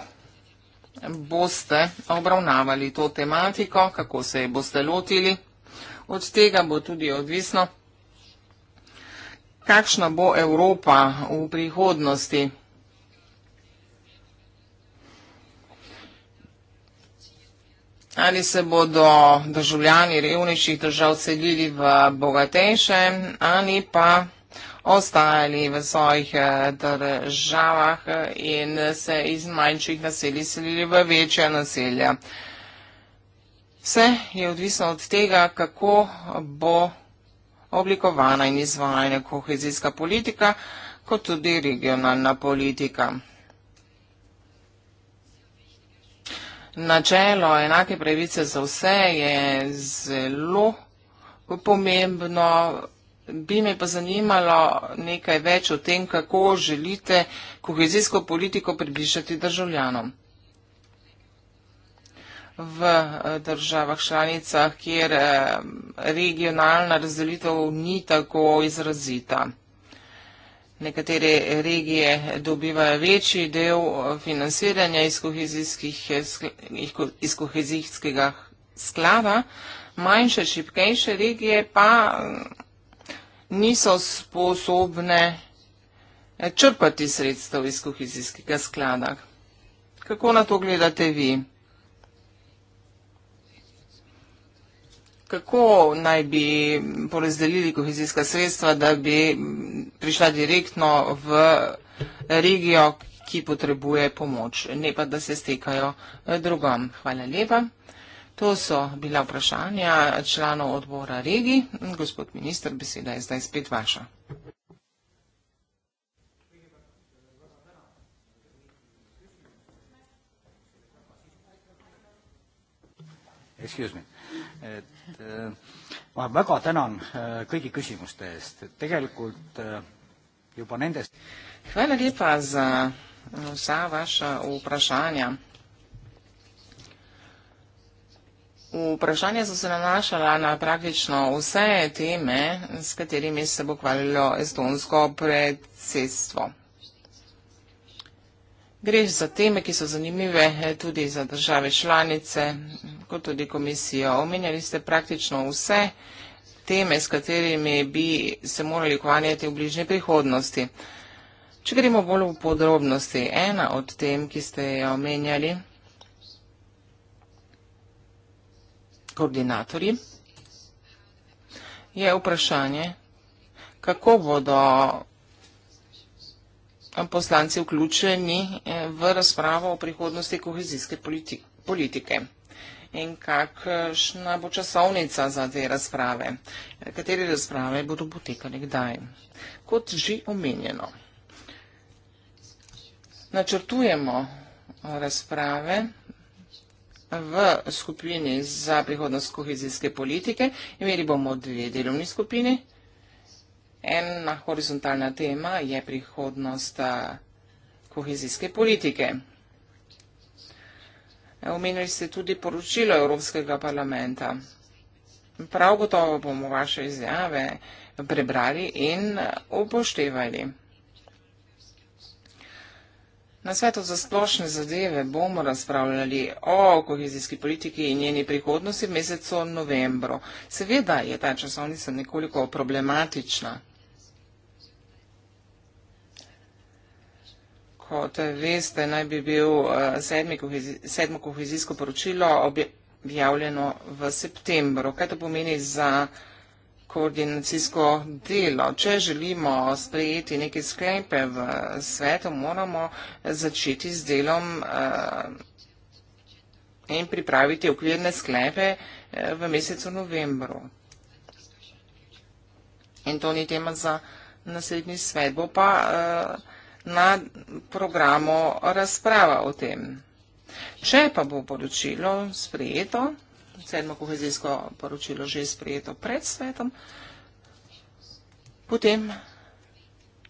boste obravnavali to tematiko, kako se je boste lotili. Od tega bo tudi odvisno, kakšna bo Evropa v prihodnosti. Ali se bodo državljani revnejših držav selili v bogatejše, ali pa ostali v svojih eh, državah eh, in se iz manjših naselij selili v večja naselja. Vse je odvisno od tega, kako bo oblikovana in izvajanja kohezijska politika, kot tudi regionalna politika. Načelo enake pravice za vse je zelo pomembno bi me pa zanimalo nekaj več o tem, kako želite kohezijsko politiko približati državljanom. V eh, državah članicah, kjer eh, regionalna razdelitev ni tako izrazita. Nekatere regije dobivajo večji del eh, financiranja iz, iz kohezijskega sklada, manjše, šipkejše regije pa niso sposobne eh, črpati sredstev iz kohezijskega sklada. Kako na to gledate vi? Kako naj bi porazdelili kohezijska sredstva, da bi mm, prišla direktno v regijo, ki potrebuje pomoč, ne pa da se stekajo eh, drugom? Hvala lepa. To so bila vprašanja članov odbora regi. Gospod minister, beseda je zdaj spet vaša. Excuse me. Et, eh, ma väga tänan eh, kõigi küsimuste eest. Tegelikult eh, juba nendest... Hvala lepa za vsa vaša vprašanja. Vprašanja so se nanašala na praktično vse teme, s katerimi se bo kvalilo estonsko predsedstvo. Gre za teme, ki so zanimive eh, tudi za države članice, kot tudi komisijo. Omenjali ste praktično vse teme, s katerimi bi se morali kvanjati v bližnji prihodnosti. Če gremo bolj v podrobnosti, ena od tem, ki ste jo omenjali, koordinatorji, je vprašanje, kako bodo eh, poslanci vključeni eh, v razpravo o prihodnosti kohezijske politike in kakšna bo časovnica za te razprave, eh, katere razprave bodo potekali kdaj. Kot že omenjeno, načrtujemo razprave, v skupini za prihodnost kohezijske politike. Imeli bomo dve delovni skupini. Ena horizontalna tema je prihodnost kohezijske politike. Omenili ste tudi poročilo Evropskega parlamenta. Prav gotovo bomo vaše izjave prebrali in upoštevali. Na svetu za splošne zadeve bomo razpravljali o kohezijski politiki in njeni prihodnosti v mesecu novembru. Seveda je ta časovnica nekoliko problematična. Kot veste, naj bi bil eh, sedmi kohezi, sedmo kohezijsko poročilo objavljeno v septembru. Kaj to pomeni za koordinacijsko delo. Če želimo sprejeti neke sklepe v svetu, moramo začeti z delom eh, in pripraviti okvirne sklepe eh, v mesecu novembru. In to ni tema za naslednji svet, bo pa eh, na programu razprava o tem. Če pa bo poročilo sprejeto, sedmo kohezijsko poročilo že sprejeto pred svetom. Potem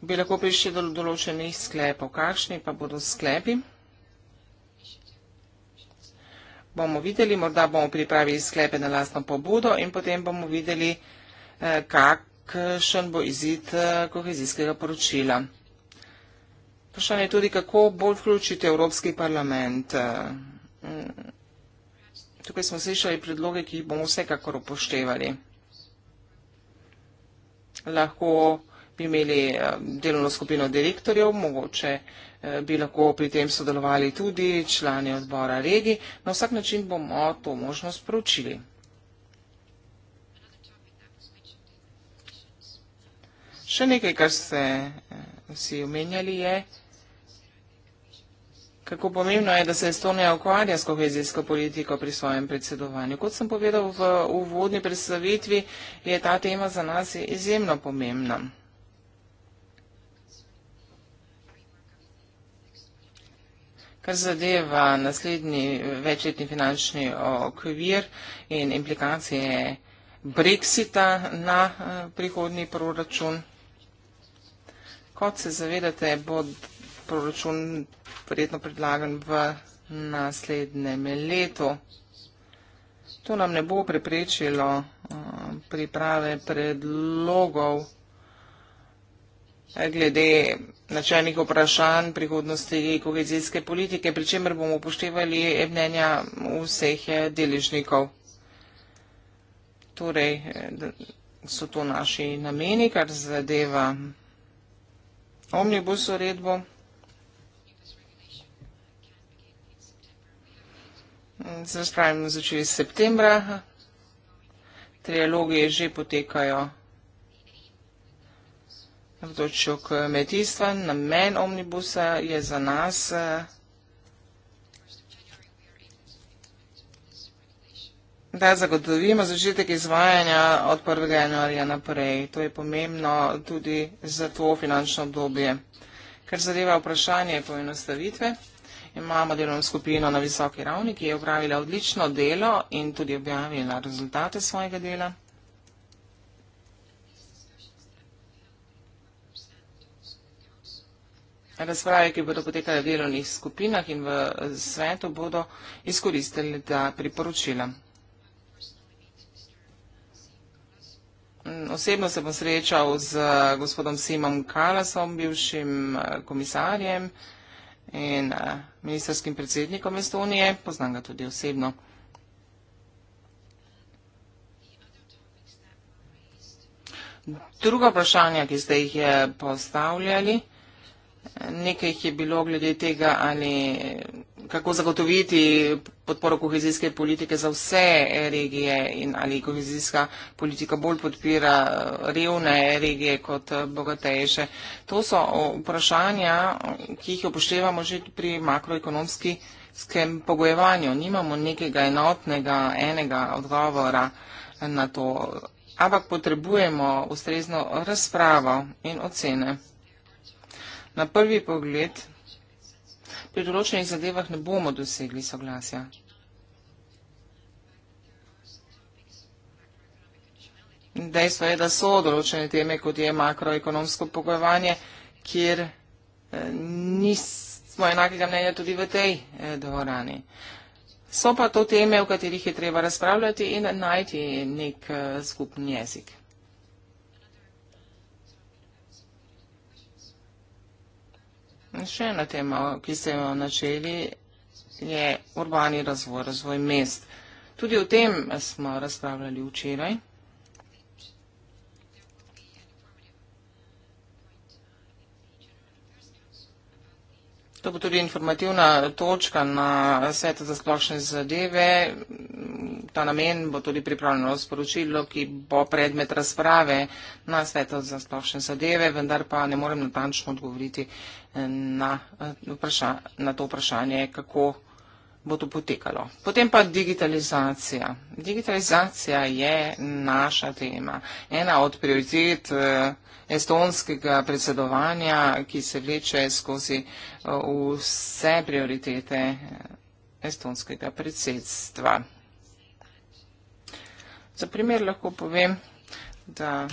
bi lahko prišli do določenih sklepov. Kakšni pa bodo sklepi? Bomo videli, morda bomo pripravili sklepe na lastno pobudo in potem bomo videli, eh, kakšen bo izid eh, kohezijskega poročila. Vprašanje je tudi, kako bolj vključiti Evropski parlament. Eh, Tukaj smo slišali predloge, ki jih bomo vsekakor upoštevali. Lahko bi imeli eh, delovno skupino direktorjev, mogoče eh, bi lahko pri tem sodelovali tudi člani odbora regi. Na vsak način bomo to možnost proučili. Še nekaj, kar ste eh, si omenjali, je Kako pomembno je, da se Estonija ukvarja s kohezijsko politiko pri svojem predsedovanju. Kot sem povedal v uvodni predstavitvi, je ta tema za nas izjemno pomembna. Kar zadeva naslednji večletni finančni okvir in implikacije Brexita na eh, prihodni proračun, kot se zavedate, bodo proračun verjetno predlagan v naslednjem letu. To nam ne bo preprečilo eh, priprave predlogov eh, glede načelnih vprašanj prihodnosti kohezijske politike, pri čemer bomo upoštevali mnenja vseh eh, deležnikov. Torej, so to naši nameni, kar zadeva omnibus uredbo. z razpravami začeli septembra. Trialogi že potekajo na področju kmetijstva. Namen omnibusa je za nas da zagotovimo začetek izvajanja od 1. januarja naprej. To je pomembno tudi za to finančno obdobje. Ker zadeva vprašanje poenostavitve, Imamo delovno skupino na visoki ravni, ki je upravila odlično delo in tudi objavila rezultate svojega dela. Razprave, ki bodo potekale v delovnih skupinah in v eh, svetu, bodo izkoristili ta priporočila. Mm, osebno se bom srečal z eh, gospodom Simom Kalasom, bivšim eh, komisarjem in eh, ministerskim predsednikom Estonije, poznam ga tudi osebno. Druga vprašanja, ki ste jih eh, postavljali, nekaj jih je bilo glede tega, ali kako zagotoviti podporo kohezijske politike za vse eh, regije in ali kohezijska politika bolj podpira eh, revne regije kot eh, bogatejše. To so vprašanja, ki jih upoštevamo že pri makroekonomski pogojevanju. Nimamo nekega enotnega, enega odgovora na to, ampak potrebujemo ustrezno razpravo in ocene. Na prvi pogled pri določenih zadevah ne bomo dosegli soglasja. Dejstvo je, da so določene teme, kot je makroekonomsko pogojevanje, kjer eh, nismo enakega mnenja tudi v tej eh, dvorani. So pa to teme, v katerih je treba razpravljati in najti nek eh, skupni jezik. Še ena tema, ki ste jo načeli, je urbani razvoj, razvoj mest. Tudi o tem smo razpravljali včeraj. To bo tudi informativna točka na svetu za splošne zadeve. Ta namen bo tudi pripravljeno sporočilo, ki bo predmet razprave na svetu za splošne zadeve, vendar pa ne morem natančno odgovoriti, na, vpraša, na to vprašanje, kako bo to potekalo. Potem pa digitalizacija. Digitalizacija je naša tema. Ena od prioritet eh, estonskega predsedovanja, ki se vleče skozi eh, vse prioritete eh, estonskega predsedstva. Za primer lahko povem, da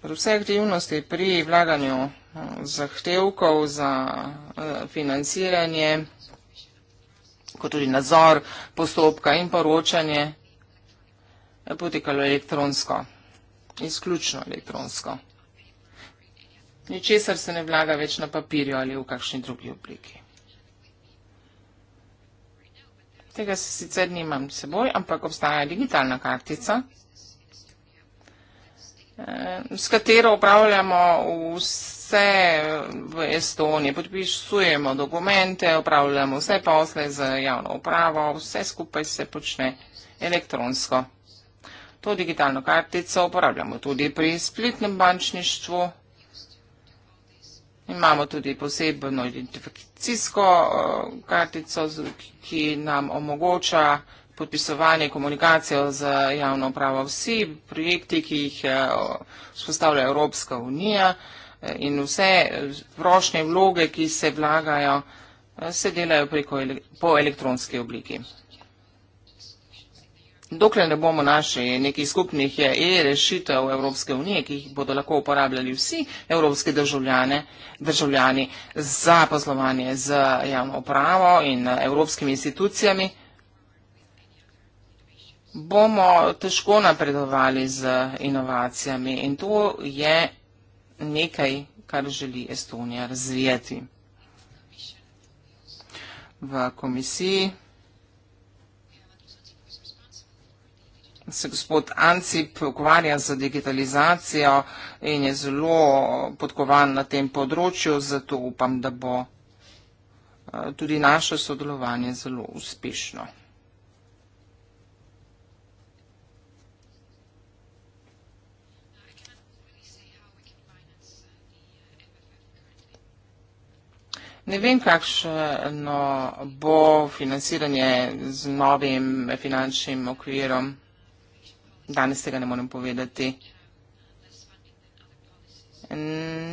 Pri vseh aktivnosti pri vlaganju eh, zahtevkov za eh, financiranje, kot tudi nadzor postopka in poročanje, je eh, potekalo elektronsko, izključno elektronsko. Ničesar se ne vlaga več na papirju ali v kakšni drugi obliki. Tega se sicer nimam s seboj, ampak obstaja digitalna kartica, s katero upravljamo vse v Estoniji. Podpišujemo dokumente, upravljamo vse posle z javno upravo, vse skupaj se počne elektronsko. To digitalno kartico uporabljamo tudi pri splitnem bančništvu. Imamo tudi posebno identifikacijsko eh, kartico, ki nam omogoča, da podpisovanje, komunikacijo z javno upravo. Vsi projekti, ki jih spostavlja eh, Evropska unija eh, in vse vrošnje eh, vloge, ki se vlagajo, se delajo po elektronski obliki. Dokler ne bomo našli nekih skupnih e-rešitev Evropske unije, ki jih bodo lahko uporabljali vsi evropski državljani za poslovanje z javno upravo in evropskimi institucijami, bomo težko napredovali z inovacijami in to je nekaj, kar želi Estonija razvijati. V komisiji se gospod Ancip ukvarja za digitalizacijo in je zelo podkovan na tem področju, zato upam, da bo eh, tudi naše sodelovanje zelo uspešno. Ne vem, kakšno bo financiranje z novim finančnim okvirom. Danes tega ne morem povedati.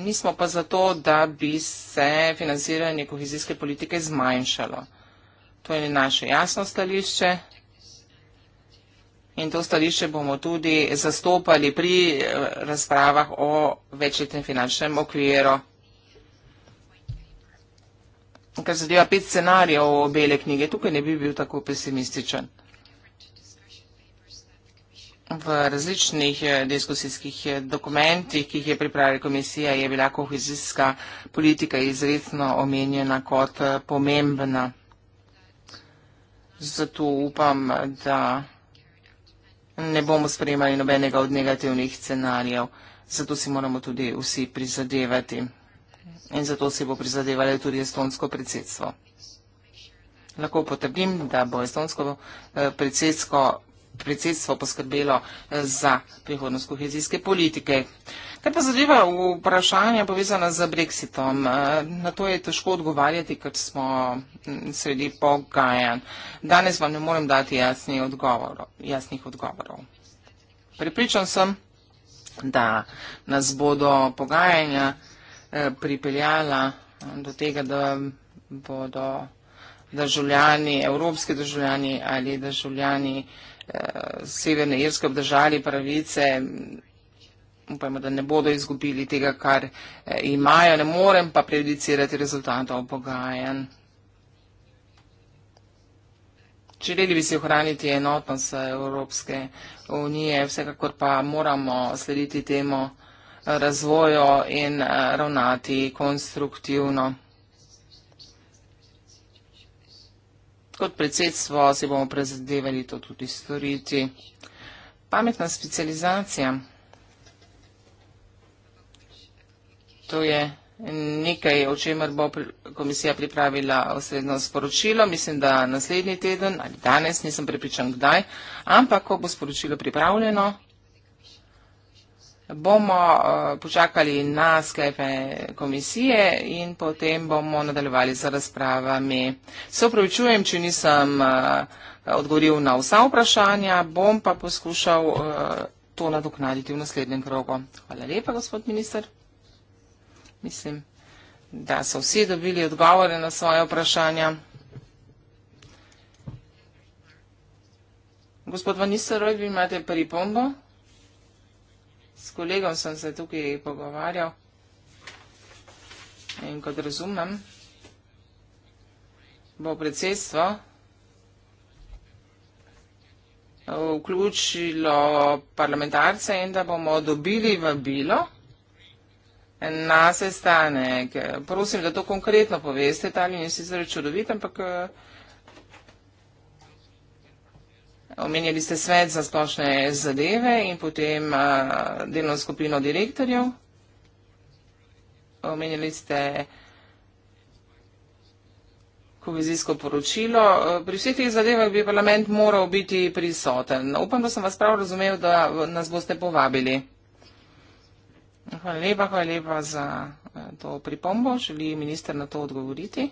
Nismo pa zato, da bi se financiranje kohezijske politike zmanjšalo. To je naše jasno stališče in to stališče bomo tudi zastopali pri eh, razpravah o večletnem finančnem okviru kar se dela pet scenarijev o bele knjige. Tukaj ne bi bil tako pesimističen. V različnih eh, diskusijskih eh, dokumentih, ki jih je pripravila komisija, je bila kohezijska politika izredno omenjena kot eh, pomembna. Zato upam, da ne bomo sprejemali nobenega od negativnih scenarijev. Zato si moramo tudi vsi prizadevati in zato si bo prizadevalo tudi estonsko predsedstvo. Lahko potrdim, da bo estonsko eh, predsedstvo predsedstvo poskrbelo eh, za prihodnost kohezijske politike. Kaj pa zadeva vprašanja povezana z Brexitom? Eh, na to je težko odgovarjati, ker smo mm, sredi pogajan. Danes vam ne morem dati jasni odgovor, jasnih odgovorov. Pripričan sem, da nas bodo pogajanja Eh, pripeljala eh, do tega, da bodo državljani, evropski državljani ali državljani eh, Severne Irske obdržali pravice. Upajmo, da ne bodo izgubili tega, kar eh, imajo. Ne morem pa predicirati rezultatov pogajanj. Želeli bi si ohraniti enotnost Evropske unije, vsekakor pa moramo slediti temu, razvoju in eh, ravnati konstruktivno. Kot predsedstvo si bomo prezadevali to tudi storiti. Pametna specializacija. To je nekaj, o čemer bo komisija pripravila osredno sporočilo. Mislim, da naslednji teden ali danes, nisem prepričan kdaj, ampak ko bo sporočilo pripravljeno, bomo eh, počakali na sklepe komisije in potem bomo nadaljevali z razpravami. Se upravičujem, če nisem eh, odgovoril na vsa vprašanja, bom pa poskušal eh, to nadoknaditi v naslednjem krogu. Hvala lepa, gospod minister. Mislim, da so vsi dobili odgovore na svoje vprašanja. Gospod Vanisaroj, vi imate pripombo? S kolegom sem se tukaj pogovarjal in kot razumem, bo predsedstvo vključilo parlamentarce in da bomo dobili vabilo na sestanek. Prosim, da to konkretno poveste, ta linija je sicer čudovita, ampak Omenjali ste svet za splošne zadeve in potem delno skupino direktorjev. Omenjali ste kovizijsko poročilo. Pri vseh teh zadevah bi parlament moral biti prisoten. Upam, da sem vas prav razumel, da nas boste povabili. Hvala lepa, hvala lepa za to pripombo. Želi minister na to odgovoriti.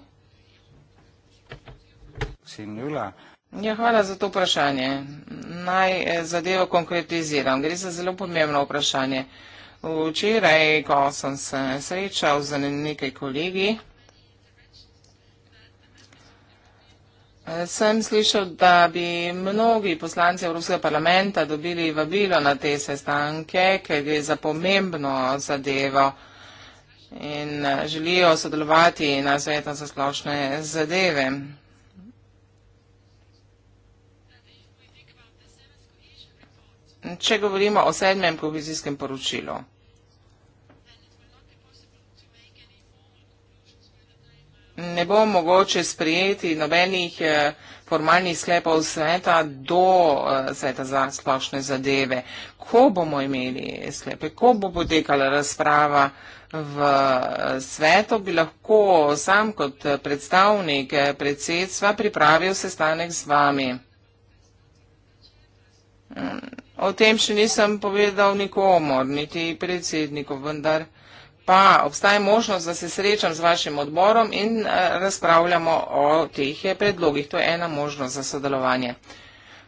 Vsem ljubila. Ja, hvala za to vprašanje. Naj eh, zadevo konkretiziram. Gre za zelo pomembno vprašanje. Včeraj, ko sem se srečal z nekaj kolegi, sem slišal, da bi mnogi poslanci Evropskega parlamenta dobili vabilo na te sestanke, ker gre za pomembno zadevo in eh, želijo sodelovati na svetu za splošne zadeve. če govorimo o sedmem kohezijskem poročilu. Ne bo mogoče sprijeti nobenih eh, formalnih sklepov sveta do eh, sveta za splošne zadeve. Ko bomo imeli sklepe, ko bo potekala razprava v eh, svetu, bi lahko sam kot predstavnik predsedstva pripravil sestanek z vami. Mm. O tem še nisem povedal nikomor, niti predsedniku, vendar pa obstaja možnost, da se srečam z vašim odborom in eh, razpravljamo o teh eh, predlogih. To je ena možnost za sodelovanje.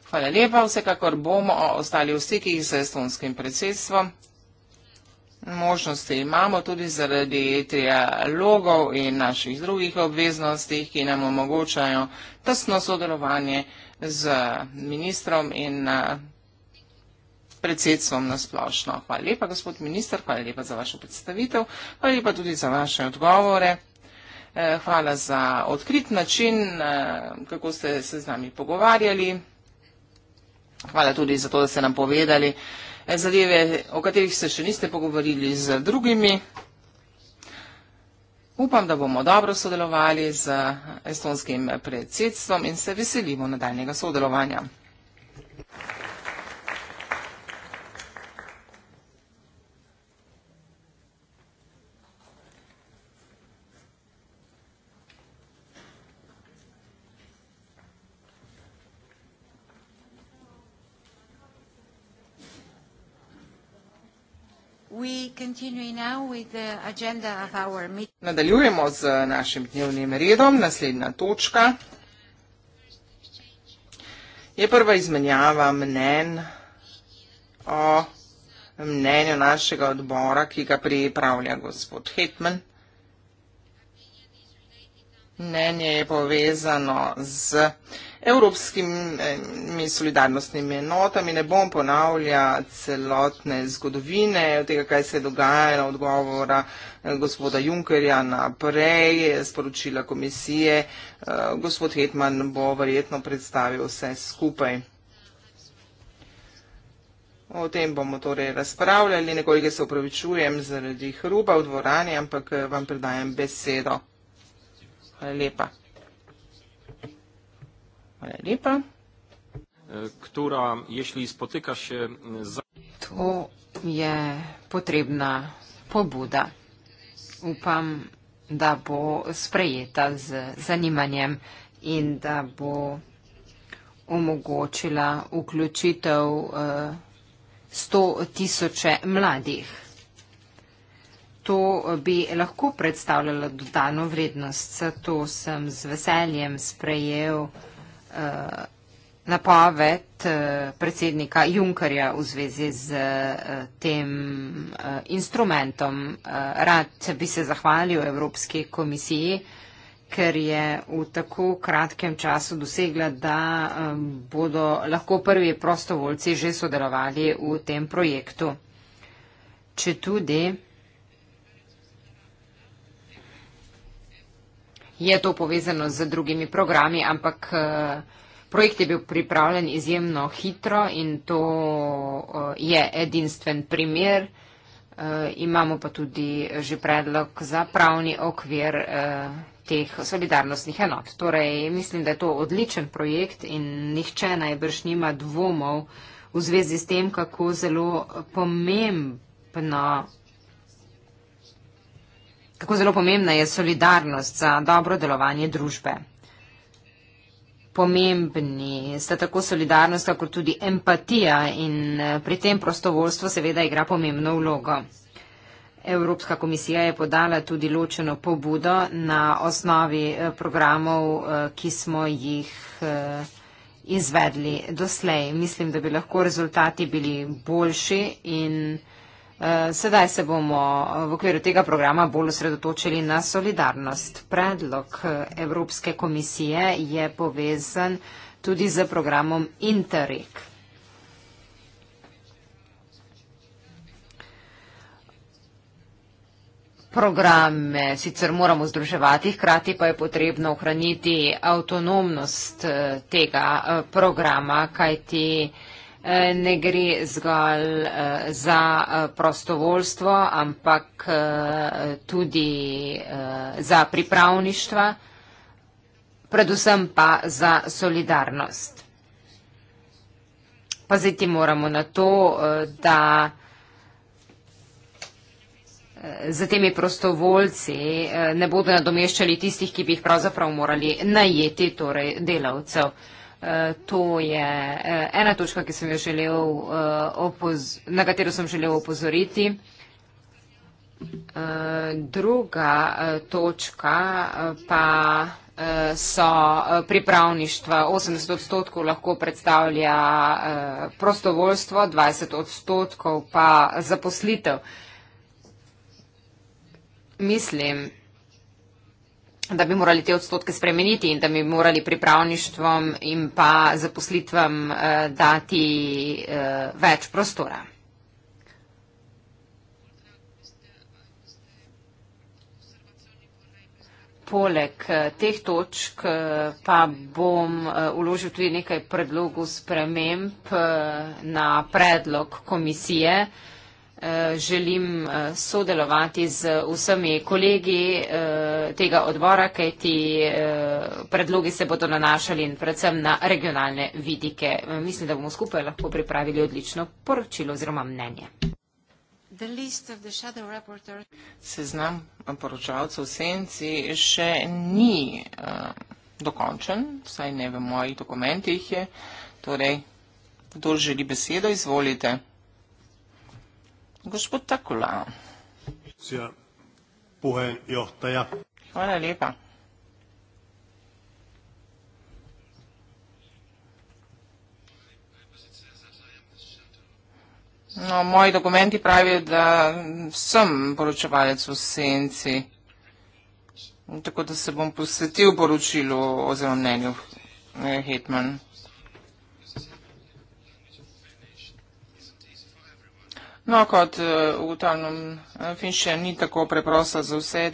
Hvala lepa, vsekakor bomo ostali v stikih z estonskim predsedstvom. Možnosti imamo tudi zaradi trialogov in naših drugih obveznosti, ki nam omogočajo tesno sodelovanje z ministrom in predsedstvom. Eh, predsedstvom na splošno. Hvala lepa, gospod minister, hvala lepa za vašo predstavitev, hvala lepa tudi za vaše odgovore. Eh, hvala za odkrit način, eh, kako ste se z nami pogovarjali. Hvala tudi za to, da ste nam povedali eh, zadeve, o katerih se še niste pogovorili z drugimi. Upam, da bomo dobro sodelovali z estonskim predsedstvom in se veselimo nadaljnega sodelovanja. Nadaljujemo z našim dnevnim redom. Naslednja točka je prva izmenjava mnen o mnenju našega odbora, ki ga pripravlja gospod Hetman. Mnenje je povezano z mnenjem evropskimi solidarnostnimi enotami. Ne bom ponavlja celotne zgodovine, tega, kaj se je dogajalo, odgovora eh, gospoda Junkerja naprej, eh, sporočila komisije. Eh, gospod Hetman bo verjetno predstavil vse skupaj. O tem bomo torej razpravljali, nekoliko se upravičujem zaradi hruba v dvorani, ampak vam predajem besedo. Hvala lepa. Hvala lepa. Ktora, ješli spotika še za. To je potrebna pobuda. Upam, da bo sprejeta z zanimanjem in da bo omogočila vključitev 100 eh, tisoče mladih. To bi lahko predstavljalo dodano vrednost, zato sem z veseljem sprejel Eh, napoved eh, predsednika Junkerja v zvezi z eh, tem instrumentom. Rad bi se zahvalil Evropski komisiji, ker je v tako kratkem času dosegla, da bodo lahko prvi prostovoljci že sodelovali v tem projektu. Če tudi je to povezano z drugimi programi, ampak eh, projekt je bil pripravljen izjemno hitro in to eh, je edinstven primer. Eh, imamo pa tudi že predlog za pravni okvir teh solidarnostnih enot. Torej, mislim, da je to odličen projekt in nihče najbrž nima dvomov v zvezi s tem, kako zelo pomembno kako zelo pomembna je solidarnost za dobro delovanje družbe. Pomembni sta tako solidarnost, kako tudi empatija in eh, pri tem prostovoljstvo seveda igra pomembno vlogo. Evropska komisija je podala tudi ločeno pobudo na osnovi eh, programov, eh, ki smo jih izvedli doslej. Mislim, da bi lahko rezultati bili boljši in. Eh, sedaj se bomo eh, v okviru tega programa bolj osredotočili na solidarnost. Predlog eh, Evropske komisije je povezan tudi z programom Interreg. Programe sicer moramo združevati, hkrati pa je potrebno ohraniti avtonomnost tega programa, kajti Eh, ne gre zgolj eh, za eh, prostovoljstvo, ampak tudi za pripravništva, predvsem pa za solidarnost. Paziti moramo na to, da za temi prostovoljci ne bodo nadomeščali tistih, ki bi jih pravzaprav morali najeti, torej delavcev. Eh, to je eh, ena točka, ki sem jo želel eh, na katero sem želel opozoriti. Druga točka pa so pripravništva. 80 odstotkov lahko predstavlja prostovoljstvo, 20 odstotkov pa zaposlitev. Mislim, da bi morali te odstotke spremeniti in da bi morali pripravništvom in pa zaposlitvam uh, dati uh, več prostora. Poleg eh, teh točk pa bom uložil tudi nekaj predlogov sprememb na predlog komisije, uh, Eh, želim eh, sodelovati z vsemi kolegi eh, tega odbora, kaj ti predlogi se bodo nanašali in predvsem na regionalne vidike. Mislim, da bomo skupaj lahko pripravili odlično poročilo oziroma mnenje. Seznam poročalcev v senci še ni uh, dokončen, vsaj ne v mojih dokumentih je. Torej, kdo želi besedo, izvolite. Hvala lepa. No, moji dokumenti pravijo, da sem poročevalec v senci, tako da se bom posvetil poročilu oziroma mnenju eh, Hetman. No, kot v talnem finšče ni tako preprosta za vse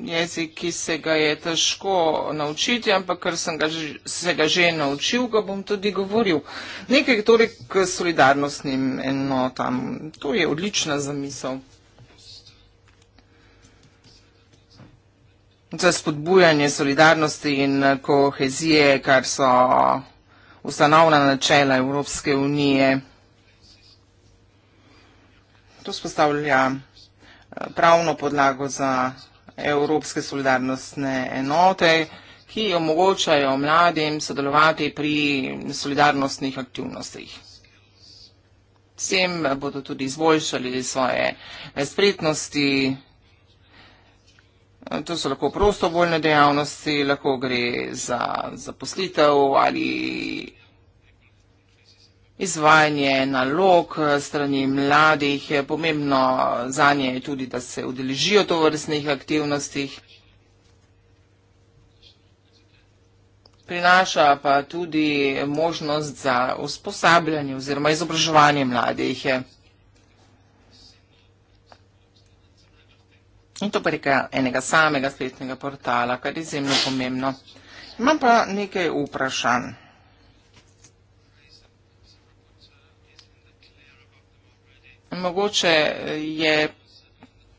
jezik, ki se ga je težko naučiti, ampak ker sem ga, se ga že naučil, ga bom tudi govoril. Nekaj torej k solidarnostnim enotam. To je odlična zamisel. Za spodbujanje solidarnosti in eh, kohezije, kar so ustanovna načela Evropske unije. To spostavlja eh, pravno podlago za evropske solidarnostne enote, ki omogočajo mladim sodelovati pri solidarnostnih aktivnostih. S tem bodo tudi izboljšali svoje eh, spretnosti. Eh, to so lahko prostovoljne dejavnosti, lahko gre za zaposlitev ali Izvajanje nalog eh, strani mladih eh, je pomembno za nje tudi, da se udeležijo to vrstnih aktivnostih. Prinaša pa tudi možnost za usposabljanje oziroma izobraževanje mladih. In to preka enega samega spletnega portala, kar je izjemno pomembno. Imam pa nekaj vprašanj. Mogoče eh, je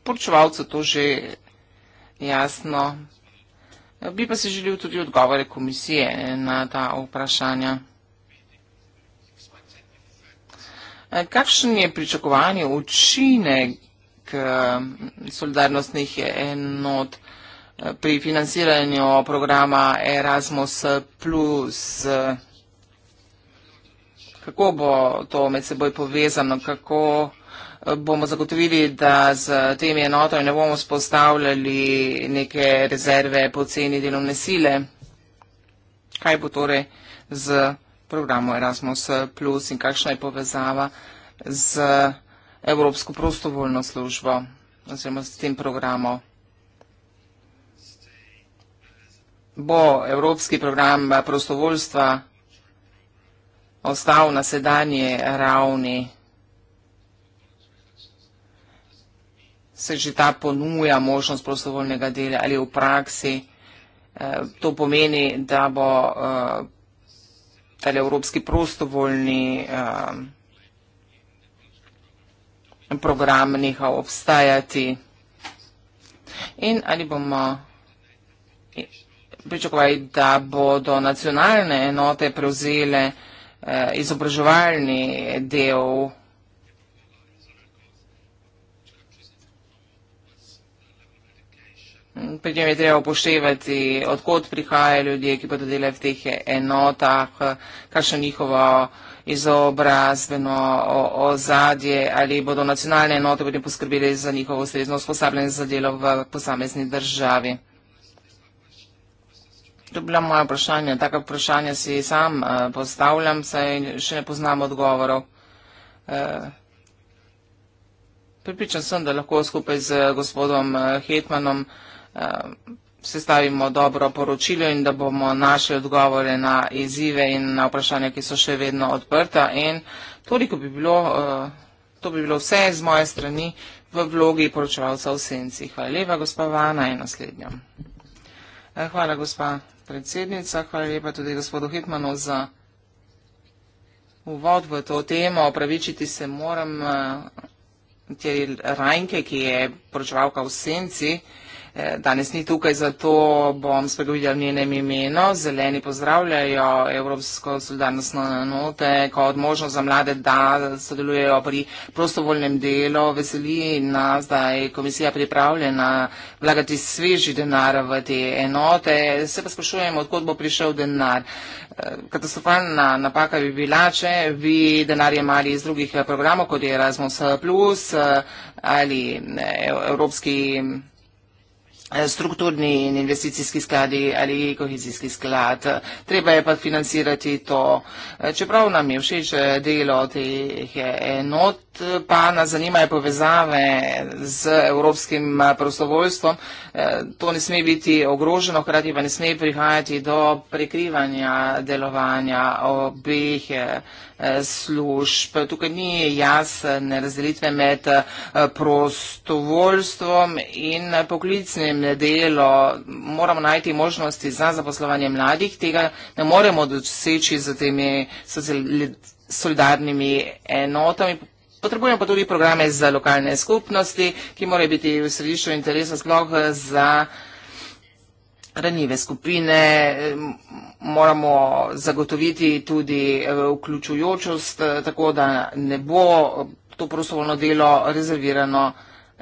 poročevalcu to že jasno. Eh, bi pa se želil tudi odgovore komisije eh, na ta vprašanja. Kakšen je pričakovanje učinek solidarnostnih enot pri financiranju programa Erasmus Plus? Kako bo to med seboj povezano? Kako bomo zagotovili, da z temi enotami ne bomo spostavljali neke rezerve poceni delovne sile. Kaj bo torej z programu Erasmus Plus in kakšna je povezava z Evropsko prostovoljno službo oziroma s tem programom? Bo Evropski program prostovoljstva ostal na sedanje ravni? se že ta ponuja možnost prostovoljnega dela ali v praksi. Eh, to pomeni, da bo eh, tale evropski prostovoljni eh, program nehal obstajati in ali bomo pričakovali, da bodo nacionalne enote prevzele izobraževalni del vsega, Pri tem je treba upoštevati, odkot prihajajo ljudje, ki bodo delali v teh enotah, kakšno njihovo izobrazbeno ozadje, ali bodo nacionalne enote potem poskrbeli za njihovo ustrezno usposabljanje za delo v posamezni državi. To je bila moja vprašanja. Taka vprašanja si sam eh, postavljam, saj še ne poznam odgovorov. Eh, Pripričan sem, da lahko skupaj z gospodom eh, Hetmanom vprašanjem, Eh, sestavimo dobro poročilo in da bomo naše odgovore na izzive in na vprašanja, ki so še vedno odprta. In toliko bi bilo, eh, to bi bilo vse z moje strani v vlogi poročevalca v senci. Hvala lepa, gospa Vana in naslednja. Eh, hvala, gospa predsednica. Hvala lepa tudi gospodu Hitmanu za uvod v to temo. Opravičiti se moram, tjeri Rajnke, ki je poročevalka v senci, danes ni tukaj, zato bom spregovorila v njenem imenu. Zeleni pozdravljajo Evropsko solidarnostno enote kot možnost za mlade, da sodelujejo pri prostovoljnem delu. Veseli nas, da je komisija pripravljena vlagati sveži denar v te enote. Se pa sprašujem, odkot bo prišel denar. E, katastrofalna napaka bi bila, če bi denar jemali iz drugih programov, kot je Erasmus, e, ali e, Evropski Eh, strukturni in investicijski skladi ali kohezijski sklad. Treba je pa financirati to. Eh, čeprav nam je všeč eh, delo teh enot, pa nas zanimajo povezave z evropskim prostovoljstvom. To ne sme biti ogroženo, hkrati pa ne sme prihajati do prekrivanja delovanja obeh služb. Tukaj ni jasne razdelitve med prostovoljstvom in poklicnim delo, moramo najti možnosti za zaposlovanje mladih, tega ne moremo doseči z temi solidarnimi enotami. Potrebujemo pa tudi programe za lokalne skupnosti, ki morajo biti v središču interesa sploh za ranjive skupine. Moramo zagotoviti tudi eh, vključujočost, eh, tako da ne bo to prostovoljno delo rezervirano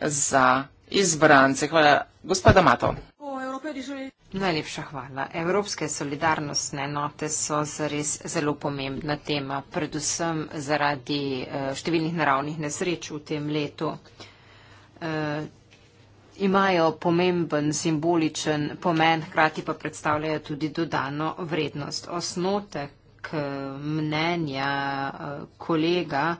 za izbrance. Hvala. Gospoda Mato. Najlepša hvala. Evropske solidarnostne note so zares zelo pomembna tema, predvsem zaradi eh, številnih naravnih nesreč v tem letu. E, imajo pomemben simboličen pomen, hkrati pa predstavljajo tudi dodano vrednost. Osnotek eh, mnenja kolega,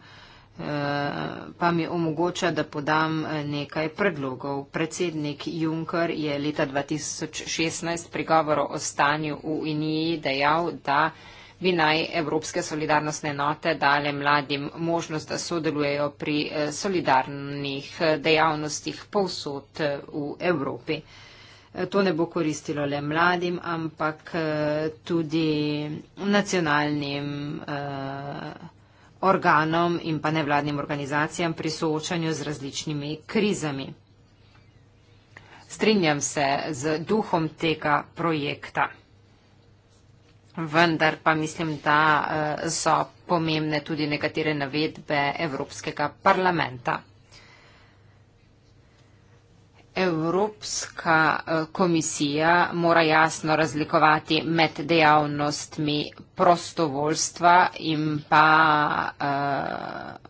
pa mi omogoča, da podam eh, nekaj predlogov. Predsednik Juncker je leta 2016 pri govoru o stanju v Uniji dejal, da bi naj Evropske solidarnostne note dale mladim možnost, da sodelujejo pri eh, solidarnih eh, dejavnostih povsod v Evropi. To ne bo koristilo le mladim, ampak tudi nacionalnim. Uh, organom in pa nevladnim organizacijam pri soočanju z različnimi krizami. Strinjam se z duhom tega projekta, vendar pa mislim, da eh, so pomembne tudi nekatere navedbe Evropskega parlamenta. Evropska eh, komisija mora jasno razlikovati med dejavnostmi prostovoljstva in pa uh,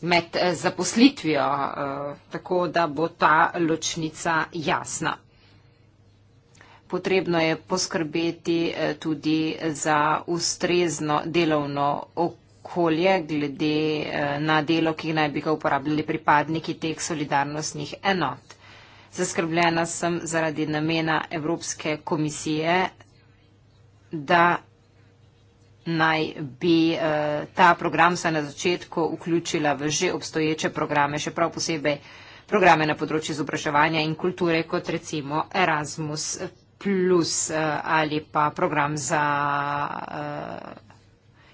med eh, zaposlitvijo, uh, tako da bo ta ločnica jasna. Potrebno je poskrbeti tudi za ustrezno delovno okolje okolje glede eh, na delo, ki naj bi ga uporabljali pripadniki teh solidarnostnih enot. Zaskrbljena sem zaradi namena Evropske komisije, da naj bi eh, ta program se na začetku vključila v že obstoječe programe, še prav posebej programe na področju izobraževanja in kulture, kot recimo Erasmus plus eh, ali pa program za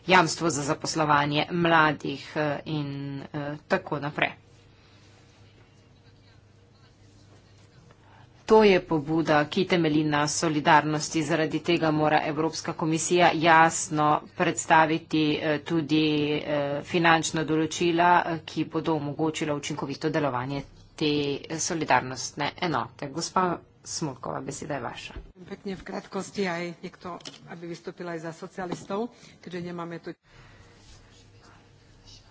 jamstvo za zaposlovanje mladih eh, in eh, tako naprej. To je pobuda, ki temeli na solidarnosti. Zaradi tega mora Evropska komisija jasno predstaviti eh, tudi finančno določila, ki bodo omogočila učinkovito delovanje te solidarnostne enote. Gospa Smolková beseda je vaša. Pekne v krátkosti aj niekto, aby vystúpil aj za socialistov, keďže nemáme tu...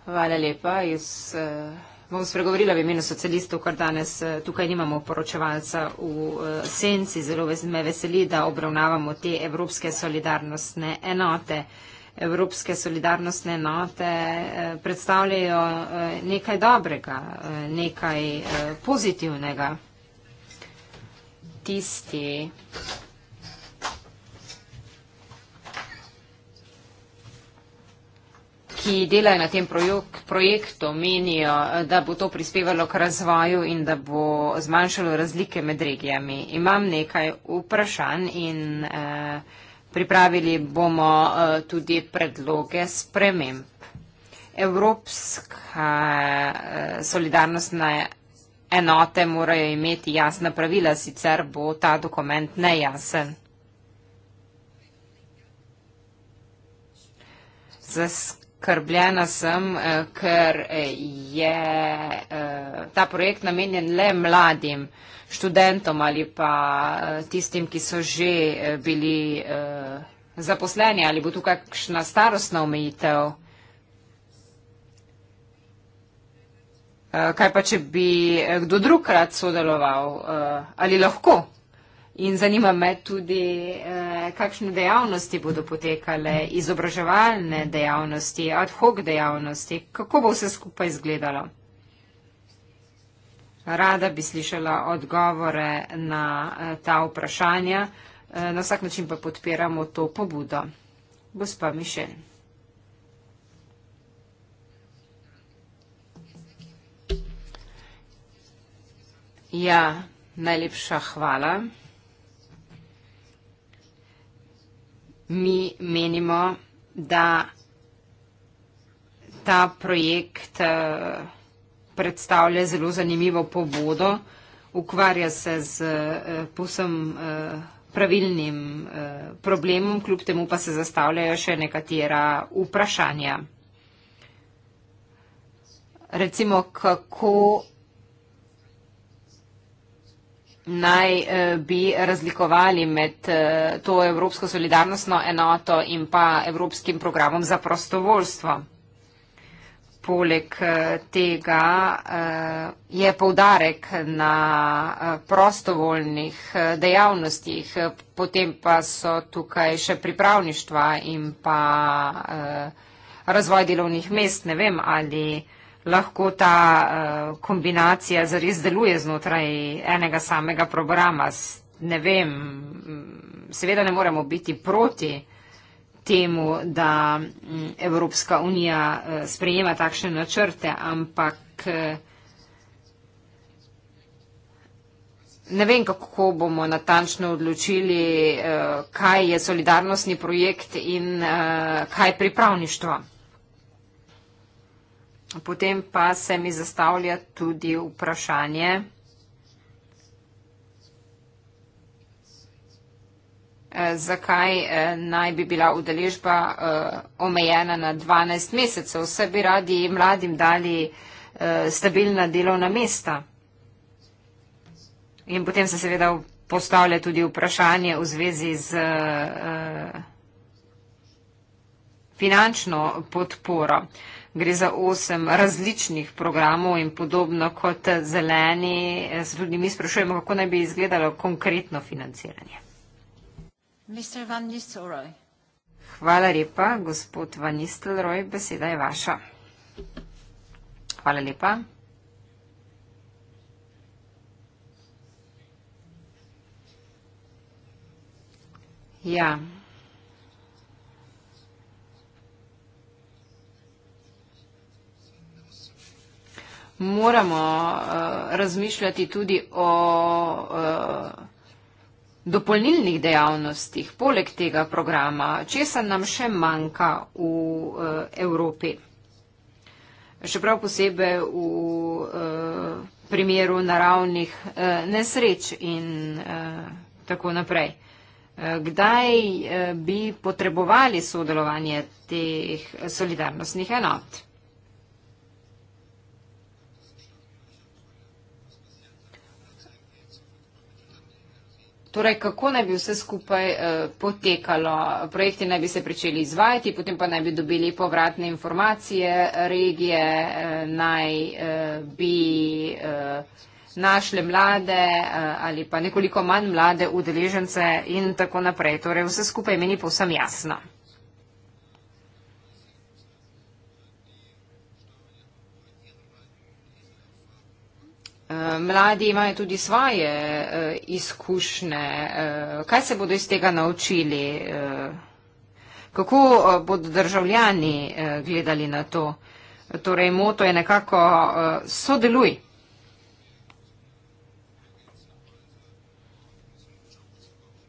Hvala lepa. Jaz eh, bom spregovorila v imenu socialistov, kar danes eh, tukaj nimamo poročevalca v eh, senci. Zelo me veseli, da obravnavamo te evropske solidarnostne enote. Evropske solidarnostne enote predstavljajo nekaj dobrega, nekaj pozitivnega tisti, ki delajo na tem projok, projektu, menijo, da bo to prispevalo k razvoju in da bo zmanjšalo razlike med regijami. Imam nekaj vprašanj in eh, pripravili bomo eh, tudi predloge sprememb. Evropska eh, solidarnostna enote morajo imeti jasna pravila, sicer bo ta dokument nejasen. Zaskrbljena sem, eh, ker je eh, ta projekt namenjen le mladim študentom ali pa eh, tistim, ki so že bili zaposleni ali bo tukaj kakšna starostna omejitev. Eh, kaj pa, če bi eh, kdo drug rad sodeloval, eh, ali lahko? In zanima me tudi, kakšne dejavnosti bodo potekale, izobraževalne dejavnosti, ad hoc dejavnosti, kako bo vse skupaj izgledalo. Rada bi slišala odgovore na ta vprašanja, na vsak način pa podpiramo to pobudo. Gospa Mišelj. Ja, najlepša hvala. Mi menimo, da ta projekt eh, predstavlja zelo zanimivo pobudo, ukvarja se z eh, posem eh, pravilnim problemom, kljub temu pa se zastavljajo še nekatera vprašanja. Recimo, kako naj eh, bi razlikovali med eh, to Evropsko solidarnostno enoto in pa Evropskim programom za prostovoljstvo. Poleg eh, tega je povdarek na prostovoljnih dejavnostih, potem pa so tukaj še pripravništva in pa razvoj delovnih mest. Ne vem, ali lahko ta uh, kombinacija zares deluje znotraj enega samega programa. S, ne vem, mm, seveda ne moremo biti proti temu, da mm, Evropska unija eh, sprejema takšne načrte, ampak eh, ne vem, kako bomo natančno odločili, kaj je solidarnostni projekt in kaj pripravništvo. Potem pa se mi zastavlja tudi vprašanje, eh, zakaj eh, naj bi bila udeležba eh, omejena na 12 mesecev. Vse bi radi mladim dali stabilna delovna mesta. In potem se seveda postavlja tudi vprašanje v zvezi z finančno podporo gre za osem različnih programov in podobno kot zeleni. Eh, z tudi mi sprašujemo, kako naj bi izgledalo konkretno financiranje. Hvala lepa, gospod Van Nistelrooy, beseda je vaša. Hvala lepa. Ja, moramo uh, razmišljati tudi o uh, dopolnilnih dejavnostih poleg tega programa, česa nam še manjka v uh, Evropi. Še prav posebej v uh, primeru naravnih uh, nesreč in uh, tako naprej. Kdaj bi potrebovali sodelovanje teh solidarnostnih enot? Torej, kako naj bi vse skupaj eh, potekalo? Projekti naj bi se pričeli izvajati, potem pa naj bi dobili povratne informacije, regije eh, naj eh, bi eh, našle mlade eh, ali pa nekoliko manj mlade udeležence in tako naprej. Torej, vse skupaj meni povsem jasno. Mladi imajo tudi svoje eh, izkušnje. Eh, kaj se bodo iz tega naučili? Eh, kako bodo državljani gledali na to? Torej, moto je nekako sodeluj.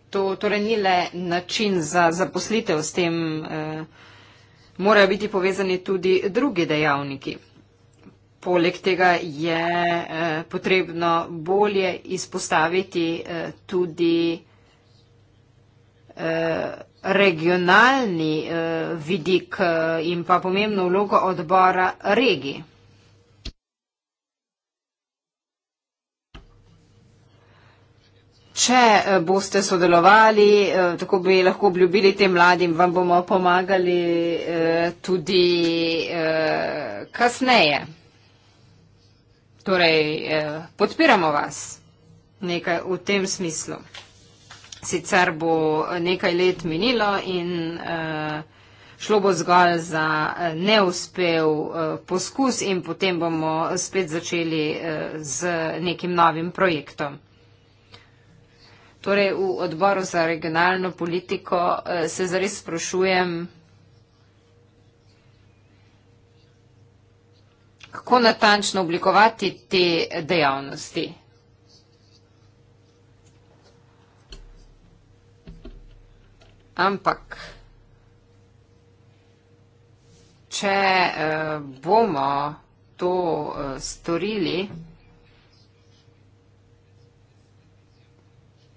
To torej ni le način za zaposlitev, s tem eh, morajo biti povezani tudi drugi dejavniki. Poleg tega je eh, potrebno bolje izpostaviti eh, tudi eh, regionalni vidik in pa pomembno vlogo odbora regij. Če boste sodelovali, tako bi lahko obljubili tem mladim, vam bomo pomagali tudi kasneje. Torej, eh, podpiramo vas nekaj v tem smislu. Sicer bo nekaj let minilo in eh, šlo bo zgolj za eh, neuspev eh, poskus in potem bomo spet začeli eh, z nekim novim projektom. Torej, v odboru za regionalno politiko eh, se zares sprašujem, Kako natančno oblikovati te dejavnosti? Ampak, če eh, bomo to eh, storili,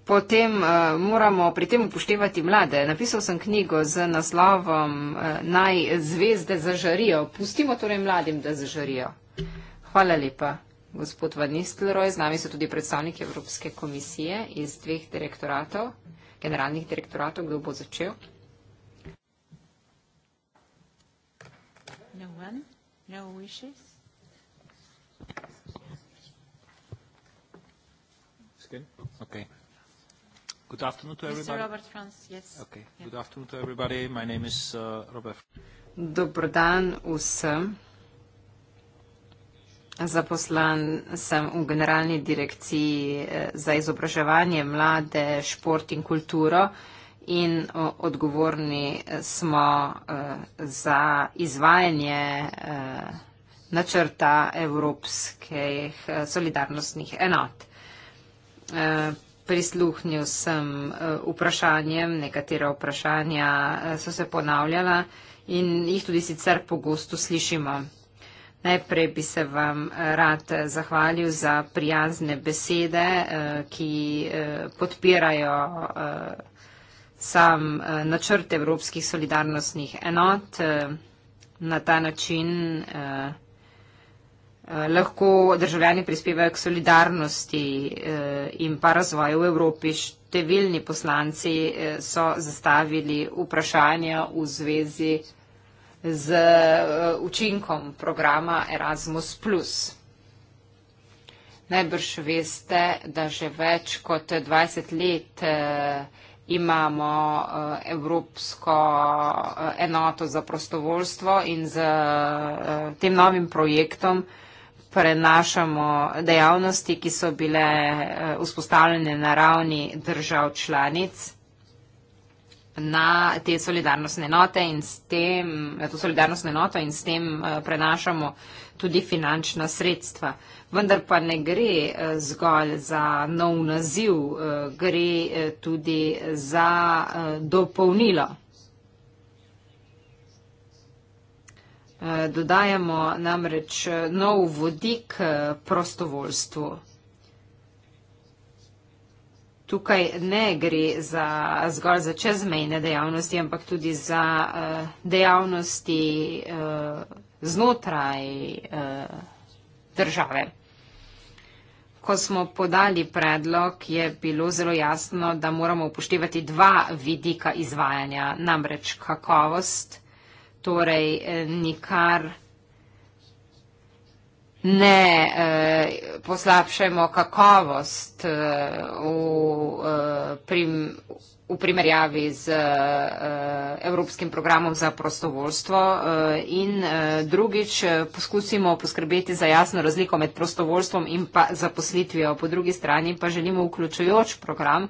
Potem uh, moramo pri tem upoštevati mlade. Napisal sem knjigo z naslovom uh, Naj zvezde zažarijo. Pustimo torej mladim, da zažarijo. Hvala lepa, gospod Van Nistelrooy. Z nami so tudi predstavniki Evropske komisije iz dveh direktoratov, generalnih direktoratov. Kdo bo začel? No one, no wishes. Skin? Okay. Good afternoon to everybody. Mr. Robert Franz, yes. Okay. Yeah. Good afternoon to everybody. My name is uh, Robert. Dobrodan vsem. Zaposlan sem v Generalni direkciji eh, za izobraževanje mlade, šport in kulturo in odgovorni eh, smo eh, za izvajanje načrta evropskih solidarnostnih enot prisluhnil sem eh, vprašanjem, nekatera vprašanja eh, so se ponavljala in jih tudi sicer pogosto slišimo. Najprej bi se vam eh, rad zahvalil za prijazne besede, ki podpirajo sam načrt evropskih solidarnostnih enot. Na ta način eh, Eh, lahko državljani prispevajo k solidarnosti eh, in pa razvoju v Evropi. Številni poslanci eh, so zastavili vprašanja v zvezi z učinkom programa Erasmus. Najbrž veste, da že več kot 20 let imamo Evropsko enoto za prostovoljstvo in z tem novim projektom prenašamo dejavnosti, ki so bile eh, vzpostavljene na ravni držav članic na te solidarnostne enote in s tem, na to solidarnostno enoto in s tem eh, prenašamo tudi finančna sredstva. Vendar pa ne gre eh, zgolj za nov naziv, gre tudi za dopolnilo Eh, dodajamo namreč eh, nov vodik eh, prostovoljstvu. Tukaj ne gre za, zgolj za čezmejne dejavnosti, ampak tudi za uh, dejavnosti uh, znotraj uh, države. Ko smo podali predlog, je bilo zelo jasno, da moramo upoštevati dva vidika izvajanja, namreč kakovost torej eh, nikar ne eh, poslabšajmo kakovost eh, v, eh, prim, v primerjavi z eh, Evropskim programom za prostovoljstvo eh, in eh, drugič eh, poskusimo poskrbeti za jasno razliko med prostovoljstvom in pa zaposlitvijo. Po drugi strani pa želimo vključujoč program,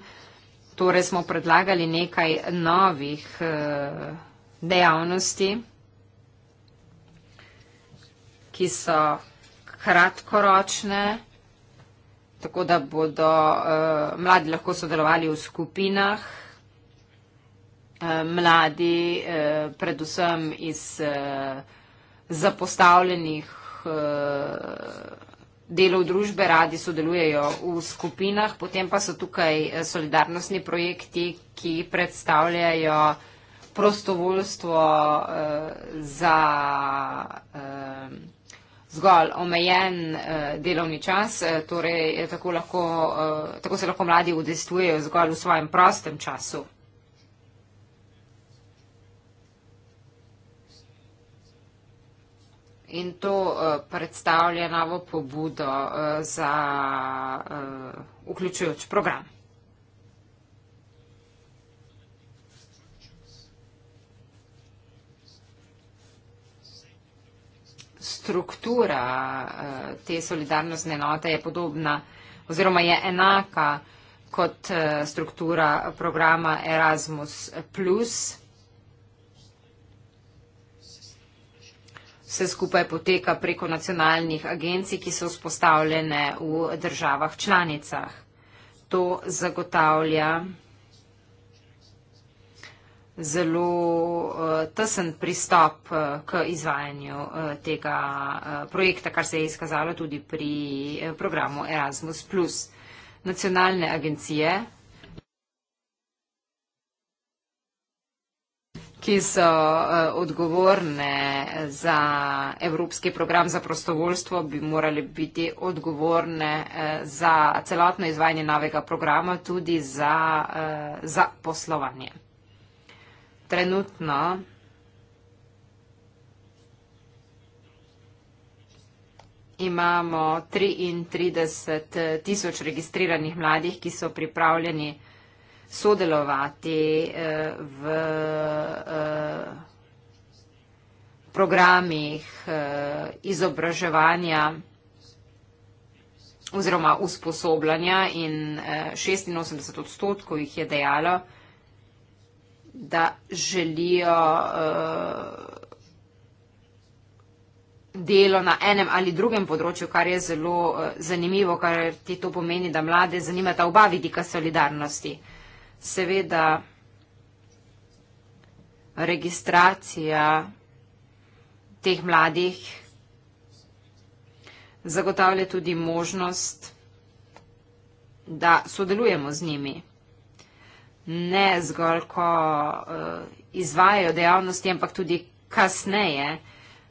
torej smo predlagali nekaj novih. Eh, dejavnosti, ki so kratkoročne, tako da bodo uh, mladi lahko sodelovali v skupinah. Eh, mladi, eh, predvsem iz zapostavljenih delov družbe, radi sodelujejo v skupinah, potem pa so tukaj solidarnostni projekti, ki predstavljajo prostovoljstvo uh, za uh, zgolj omejen uh, delovni čas, uh, torej tako, lahko, uh, tako se lahko mladi udestujejo zgolj v svojem prostem času. In to uh, predstavlja novo pobudo uh, za uh, vključujoč program. struktura eh, te solidarnostne enote je podobna oziroma je enaka kot eh, struktura programa Erasmus. Vse skupaj poteka preko nacionalnih agencij, ki so vzpostavljene v državah članicah. To zagotavlja zelo uh, tesen pristop uh, k izvajanju uh, tega uh, projekta, kar se je izkazalo tudi pri uh, programu Erasmus plus nacionalne agencije, ki so uh, odgovorne za Evropski program za prostovoljstvo, bi morali biti odgovorne uh, za celotno izvajanje novega programa, tudi za, uh, za poslovanje trenutno imamo 33 tisoč registriranih mladih, ki so pripravljeni sodelovati eh, v eh, programih eh, izobraževanja oziroma usposobljanja in 86 odstotkov jih je dejalo, da želijo eh, delo na enem ali drugem področju, kar je zelo eh, zanimivo, kar ti to pomeni, da mlade zanimata oba vidika solidarnosti. Seveda registracija teh mladih zagotavlja tudi možnost, da sodelujemo z njimi ne zgolj, ko uh, izvajajo dejavnosti, ampak tudi kasneje.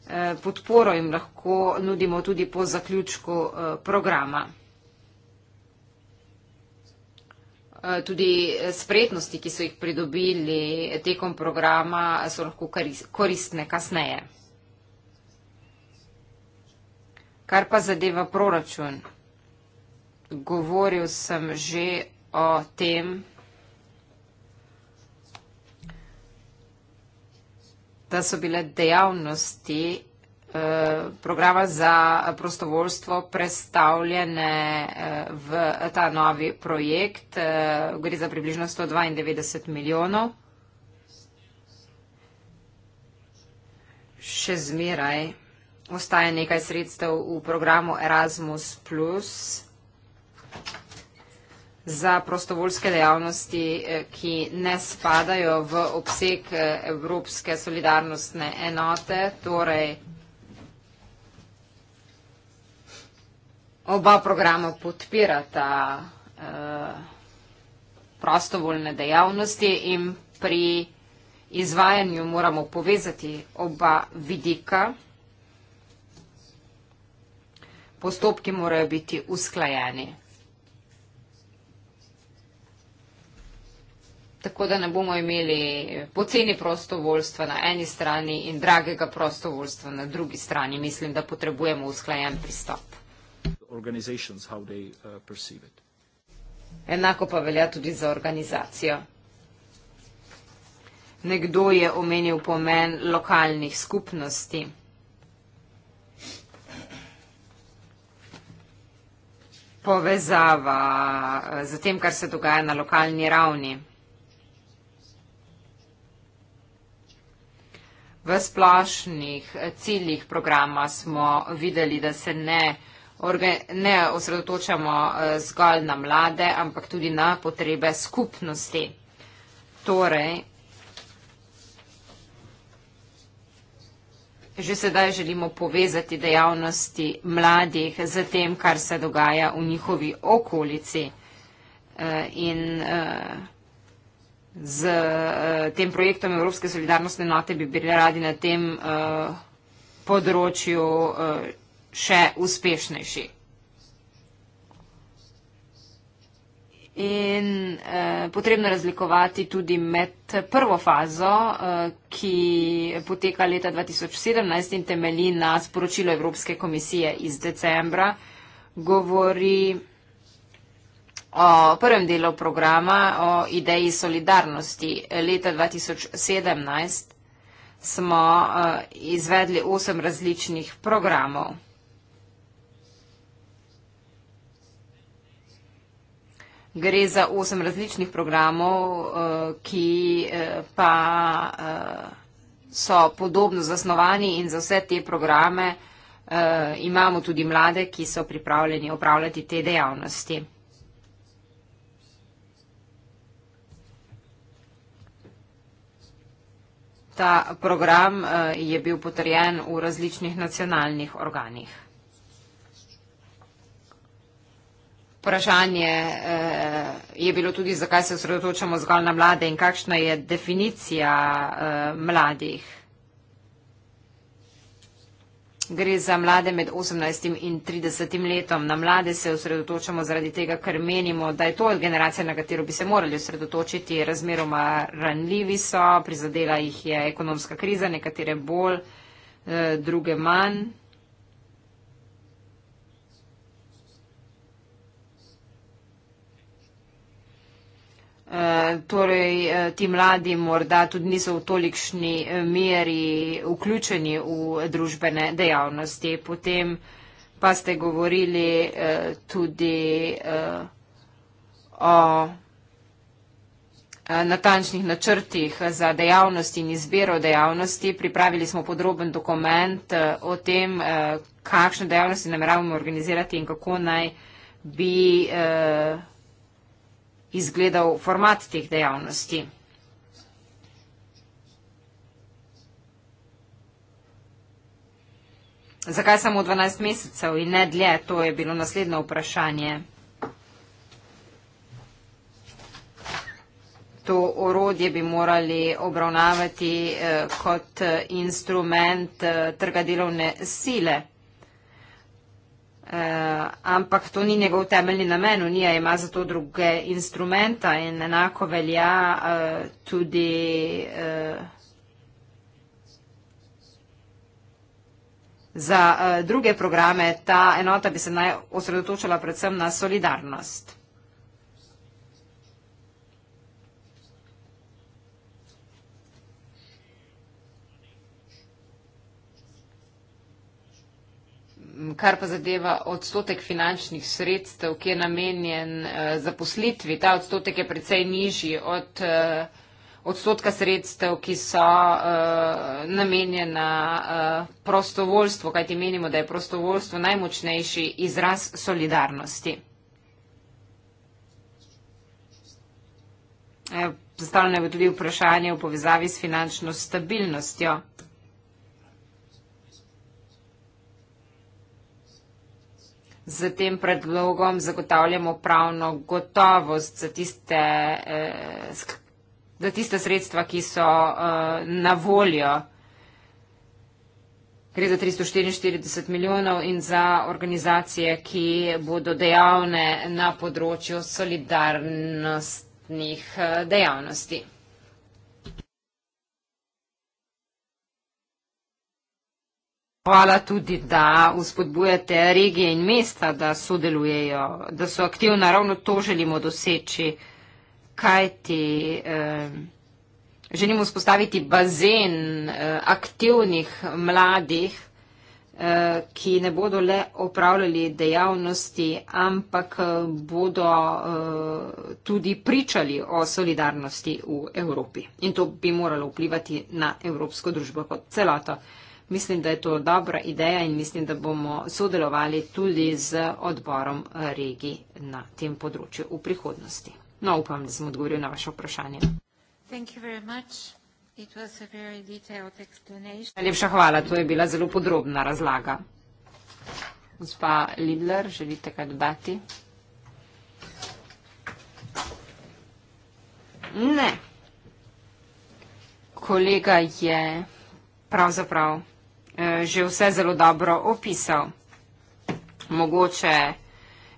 Eh, podporo jim lahko nudimo tudi po zaključku eh, programa. Tudi spretnosti, ki so jih pridobili tekom programa, so lahko koristne kasneje. Kar pa zadeva proračun, govoril sem že o tem, da so bile dejavnosti eh, programa za prostovoljstvo predstavljene eh, v ta novi projekt. Eh, gre za približno 192 milijonov. Še zmeraj ostaje nekaj sredstev v programu Erasmus za prostovoljske dejavnosti, eh, ki ne spadajo v obseg eh, Evropske solidarnostne enote, torej oba programa podpirata eh, prostovoljne dejavnosti in pri izvajanju moramo povezati oba vidika. Postopki morajo biti usklajeni. tako da ne bomo imeli poceni prostovoljstva na eni strani in dragega prostovoljstva na drugi strani. Mislim, da potrebujemo usklajen pristop. Uh, Enako pa velja tudi za organizacijo. Nekdo je omenil pomen lokalnih skupnosti. Povezava eh, z tem, kar se dogaja na lokalni ravni. v splošnih eh, ciljih programa smo videli, da se ne, ne osredotočamo eh, zgolj na mlade, ampak tudi na potrebe skupnosti. Torej, Že sedaj želimo povezati dejavnosti mladih z tem, kar se dogaja v njihovi okolici. Eh, in z uh, tem projektom Evropske solidarnostne note bi bili radi na tem uh, področju uh, še uspešnejši. In eh, potrebno razlikovati tudi med prvo fazo, eh, ki poteka leta 2017 in temelji na sporočilo Evropske komisije iz decembra, govori o prvem delu programa, o ideji solidarnosti. Leta 2017 smo eh, izvedli osem različnih programov. Gre za osem različnih programov, eh, ki eh, pa so podobno zasnovani in za vse te programe imamo tudi mlade, ki so pripravljeni opravljati te dejavnosti. Ta program eh, je bil potrjen v različnih nacionalnih organih. Vprašanje eh, je bilo tudi, zakaj se osredotočamo zgolj na mlade in kakšna je definicija eh, mladih gre za mlade med 18 in 30 letom. Na mlade se osredotočamo zaradi tega, ker menimo, da je to generacija, na katero bi se morali osredotočiti. Razmeroma ranljivi so, prizadela jih je ekonomska kriza, nekatere bolj, eh, druge manj. Eh, torej eh, ti mladi morda tudi niso v tolikšni eh, meri vključeni v družbene dejavnosti. Potem pa ste govorili tudi o natančnih načrtih za dejavnosti in izbero dejavnosti. Pripravili smo podroben dokument o tem, kakšne dejavnosti nameravamo organizirati in kako naj bi izgledal format teh dejavnosti. Zakaj samo 12 mesecev in ne dlje, to je bilo naslednje vprašanje. To orodje bi morali obravnavati eh, kot instrument eh, trga delovne sile. Eh, ampak to ni njegov temeljni namen, unija ima za to druge instrumenta in enako velja uh, tudi. Uh, Za uh, druge programe ta enota bi se naj osredotočila predvsem na solidarnost. kar pa zadeva odstotek finančnih sredstev, ki je namenjen uh, zaposlitvi, ta odstotek je precej nižji od uh, odstotka sredstev, ki so uh, namenjena uh, prostovoljstvu, kajti menimo, da je prostovoljstvo najmočnejši izraz solidarnosti. Uh, Zastavljeno je tudi vprašanje v povezavi s finančno stabilnostjo. z tem predlogom zagotavljamo pravno gotovost za tiste, eh, za tiste sredstva, ki so eh, na voljo. Gre za 344 milijonov in za organizacije, ki bodo dejavne na področju solidarnostnih eh, dejavnosti. Hvala tudi, da vzpodbujate regije in mesta, da sodelujejo, da so aktivna. Ravno to želimo doseči, kaj ti eh, želimo spostaviti bazen eh, aktivnih mladih, eh, ki ne bodo le opravljali dejavnosti, ampak eh, bodo eh, tudi pričali o solidarnosti v Evropi. In to bi moralo vplivati na evropsko družbo kot celoto. Mislim, da je to dobra ideja in mislim, da bomo sodelovali tudi z odborom regi na tem področju v prihodnosti. No, upam, da sem odgovoril na vaše vprašanje. Najlepša hvala, to je bila zelo podrobna razlaga. Gospa Lidler, želite kaj dodati? Ne. Kolega je pravzaprav. Eh, že vse zelo dobro opisal. Mogoče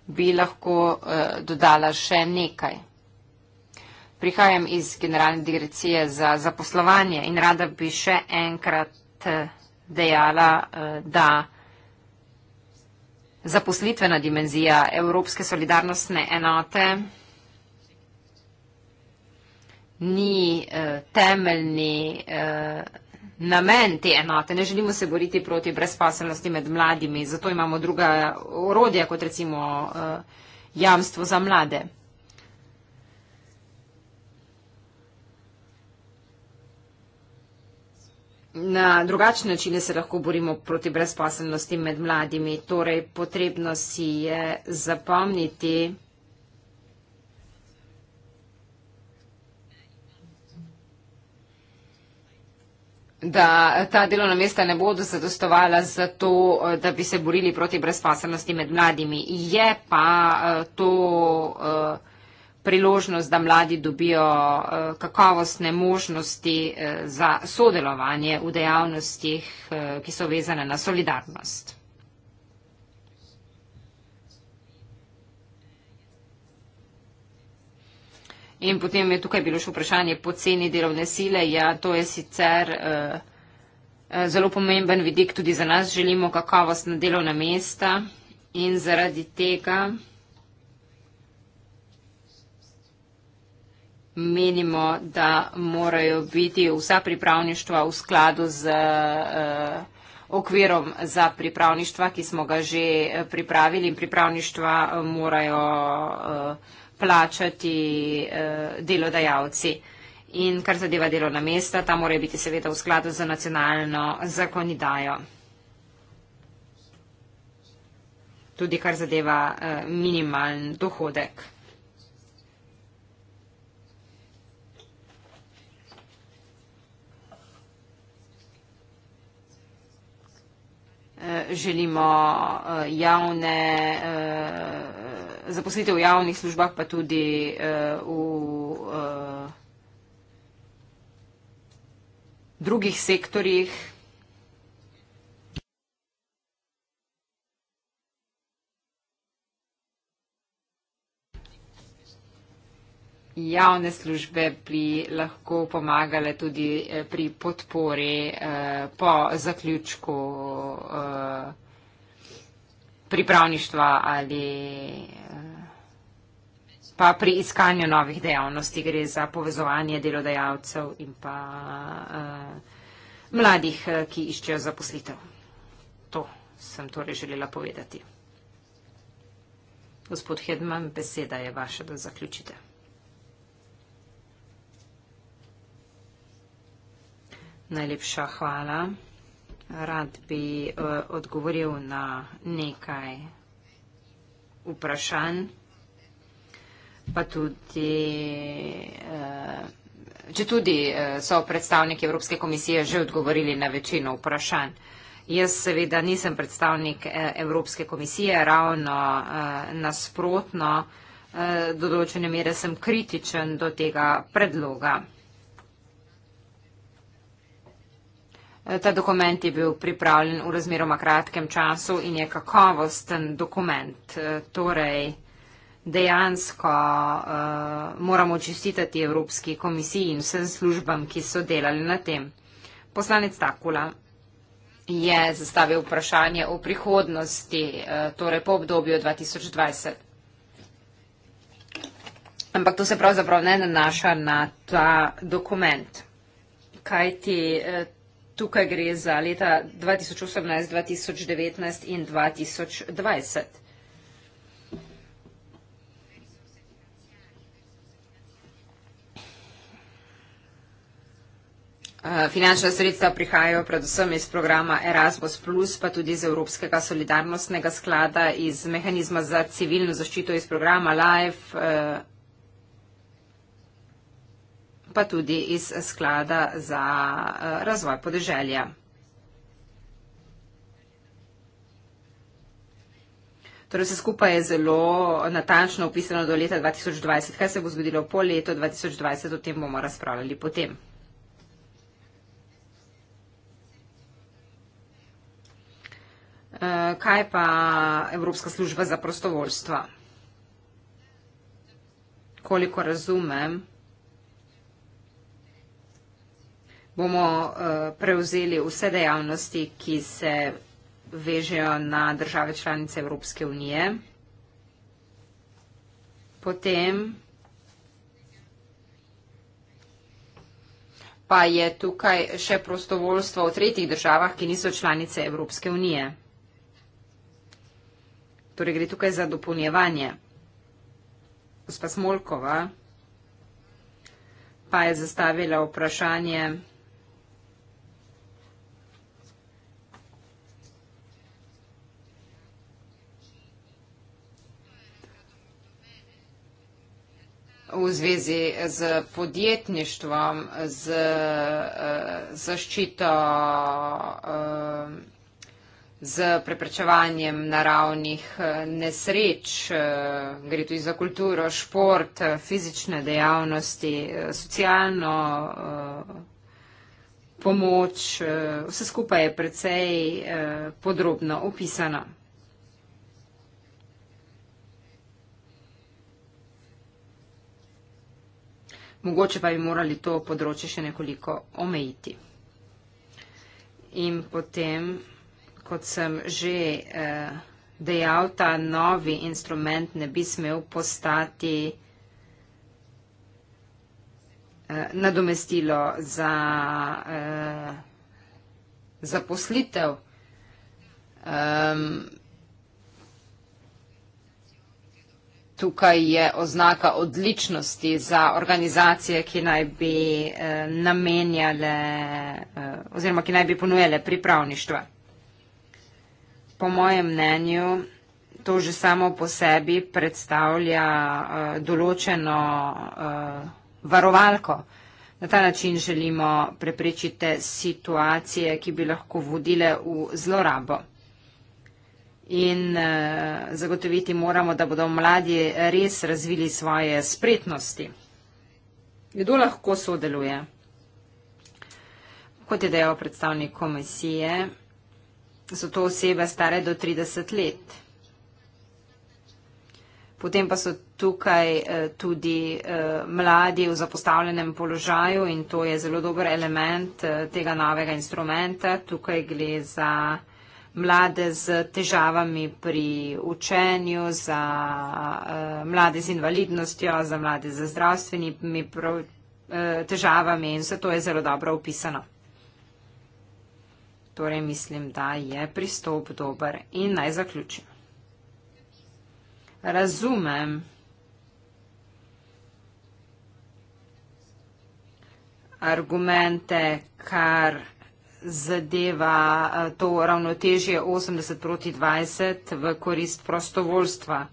bi lahko eh, dodala še nekaj. Prihajam iz Generalne direkcije za zaposlovanje in rada bi še enkrat eh, dejala, da zaposlitvena dimenzija Evropske solidarnostne enote ni temeljni temeljni namen te enote. Ne želimo se boriti proti brezposelnosti med mladimi, zato imamo druga orodja, kot recimo uh, jamstvo za mlade. Na drugačne načine se lahko borimo proti brezposelnosti med mladimi, torej potrebno si je zapomniti, da ta delovna mesta ne bodo zadostovala za to, da bi se borili proti brezpaselnosti med mladimi. Je pa eh, to eh, priložnost, da mladi dobijo eh, kakovostne možnosti za sodelovanje v dejavnostih, ki so vezane na solidarnost. In potem je tukaj bilo še vprašanje poceni delovne sile. Ja, to je sicer uh, zelo pomemben vidik tudi za nas. Želimo kakovost na delovna mesta in zaradi tega menimo, da morajo biti vsa pripravništva v skladu z. Uh, okvirom za pripravništva, ki smo ga že pripravili in pripravništva morajo uh, plačati eh, delodajalci. In kar zadeva delovna mesta, ta morajo biti seveda v skladu z nacionalno zakonidajo. Tudi kar zadeva eh, minimalen dohodek. Eh, želimo eh, javne eh, zaposlite v javnih službah, pa tudi uh, v uh, drugih sektorjih. Javne službe bi lahko pomagale tudi eh, pri podpori eh, po zaključku. Eh, pripravništva ali eh, pa pri iskanju novih dejavnosti gre za povezovanje delodajalcev in pa uh, mladih, eh, ki iščejo zaposlitev. To sem torej želela povedati. Gospod Hedman, beseda je vaša, da zaključite. Najlepša hvala. Rad bi uh, odgovoril na nekaj vprašanj, pa tudi, uh, eh, če tudi uh, so predstavniki Evropske komisije že odgovorili na večino vprašanj. Jaz seveda nisem predstavnik uh, Evropske komisije, ravno uh, nasprotno, uh, do določene mere sem kritičen do tega predloga. Eh, ta dokument je bil pripravljen v razmeroma kratkem času in je kakovosten dokument. Eh, torej, dejansko uh, moramo čestitati Evropski komisiji in vsem službam, ki so delali na tem. Poslanec Takula je zastavil vprašanje o prihodnosti, uh, torej po obdobju 2020. Ampak to se pravzaprav ne nanaša na ta dokument. Kaj ti? Uh, tukaj gre za leta 2018, 2019 in 2020. Finančna sredstva prihajajo predvsem iz programa Erasmus+, pa tudi iz Evropskega solidarnostnega sklada, iz mehanizma za civilno zaščito, iz programa LIFE, e, pa tudi iz sklada za eh, razvoj podeželja. Torej se skupaj je zelo natančno opisano do leta 2020. Kaj se bo zgodilo po leto 2020, o tem bomo razpravljali potem. Eh, kaj pa Evropska služba za prostovoljstva? Koliko razumem, bomo eh, prevzeli vse dejavnosti, ki se vežejo na države članice Evropske unije. Potem pa je tukaj še prostovoljstvo v tretjih državah, ki niso članice Evropske unije. Torej gre tukaj za dopolnjevanje. Gospa Smolkova pa je zastavila vprašanje. v zvezi z podjetništvom, z eh, zaščito, eh, z preprečevanjem naravnih eh, nesreč, gre tudi za kulturo, šport, fizične dejavnosti, socialno pomoč, vse skupaj je precej podrobno opisano. mogoče pa bi morali to področje še nekoliko omejiti. In potem, kot sem že eh, dejal, ta novi instrument ne bi smel postati eh, nadomestilo za eh, zaposlitev. Eh, tukaj je oznaka odličnosti za organizacije, ki naj bi eh, namenjale eh, oziroma ki naj bi ponujale pripravništva. Po mojem mnenju to že samo po sebi predstavlja eh, določeno eh, varovalko. Na ta način želimo preprečiti situacije, ki bi lahko vodile v zlorabo in eh, zagotoviti moramo, da bodo mladi res razvili svoje spretnosti. Kdo lahko sodeluje? Kot je dejal predstavnik komisije, so to osebe stare do 30 let. Potem pa so tukaj eh, tudi eh, mladi v zapostavljenem položaju in to je zelo dober element tega novega instrumenta. Tukaj gre za mlade z težavami pri učenju, za eh, mlade z invalidnostjo, za mlade z zdravstvenimi eh, težavami in vse to je zelo dobro opisano. Torej mislim, da je pristop dober in naj zaključim. Razumem. Argumente, kar zadeva eh, to ravnotežje 80 proti 20 v korist prostovoljstva.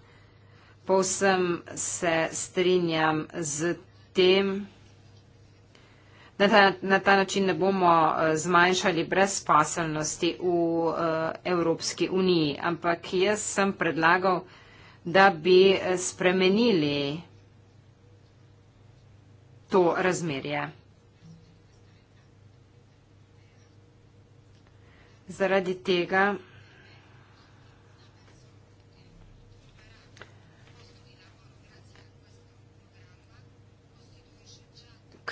Povsem se strinjam z tem, da na, na ta način ne bomo eh, zmanjšali brezpaselnosti v eh, Evropski uniji, ampak jaz sem predlagal, da bi spremenili to razmerje. zaradi tega,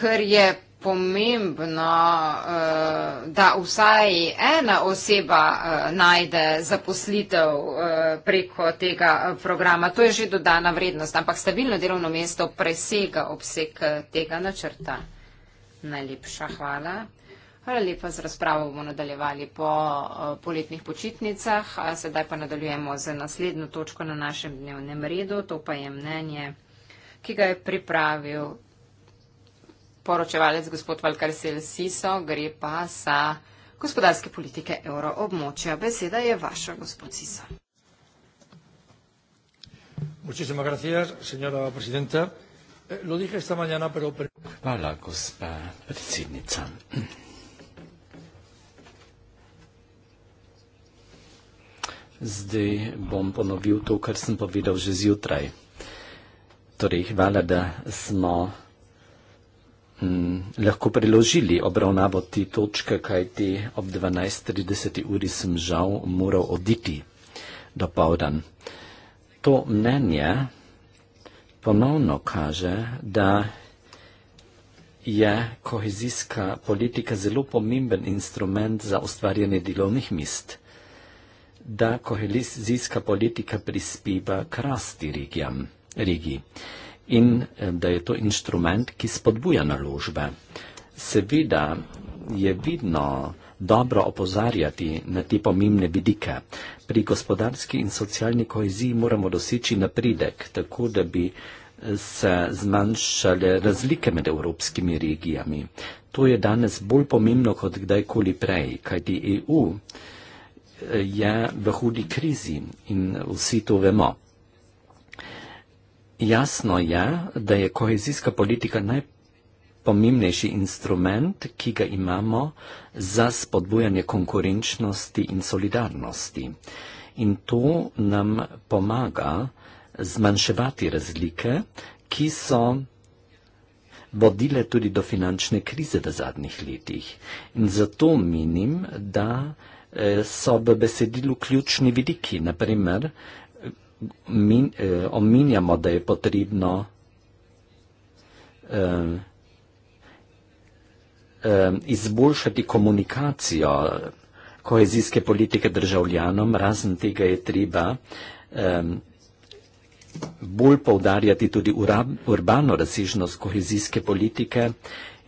ker je pomembno, eh, da vsaj ena oseba eh, najde zaposlitev eh, preko tega programa. To je že dodana vrednost, ampak stabilno delovno mesto presega obseg tega načrta. Najlepša hvala. Hvala lepa za razpravo. Bomo nadaljevali po eh, poletnih počitnicah. Sedaj pa nadaljujemo z naslednjo točko na našem dnevnem redu. To pa je mnenje, ki ga je pripravil poročevalec gospod Valkar Siso. Gre pa za gospodarske politike euroobmočja. Beseda je vaša, gospod Siso. Eh, Hvala, gospa predsednica. Zdaj bom ponovil to, kar sem povedal že zjutraj. Torej, hvala, da smo m, mm, lahko preložili obravnavo te točke, kajti ob 12.30 uri sem žal moral oditi do povdan. To mnenje ponovno kaže, da je kohezijska politika zelo pomemben instrument za ustvarjanje delovnih mest da kohezijska politika prispeva k rasti regijam, regij in eh, da je to inštrument, ki spodbuja naložbe. Seveda je vidno dobro opozarjati na te pomembne vidike. Pri gospodarski in socialni koheziji moramo doseči napredek, tako da bi eh, se zmanjšale razlike med evropskimi regijami. To je danes bolj pomembno kot kdajkoli prej, kajti EU je v hudi krizi in vsi to vemo. Jasno je, da je kohezijska politika najpomembnejši instrument, ki ga imamo za spodbujanje konkurenčnosti in solidarnosti. In to nam pomaga zmanjševati razlike, ki so vodile tudi do finančne krize v zadnjih letih. In zato menim, da Eh, so v besedilu ključni vidiki. Naprimer, min, eh, omenjamo, da je potrebno eh, eh, izboljšati komunikacijo kohezijske politike državljanom, razen tega je treba eh, bolj povdarjati tudi urab, urbano razsežnost kohezijske politike. Eh,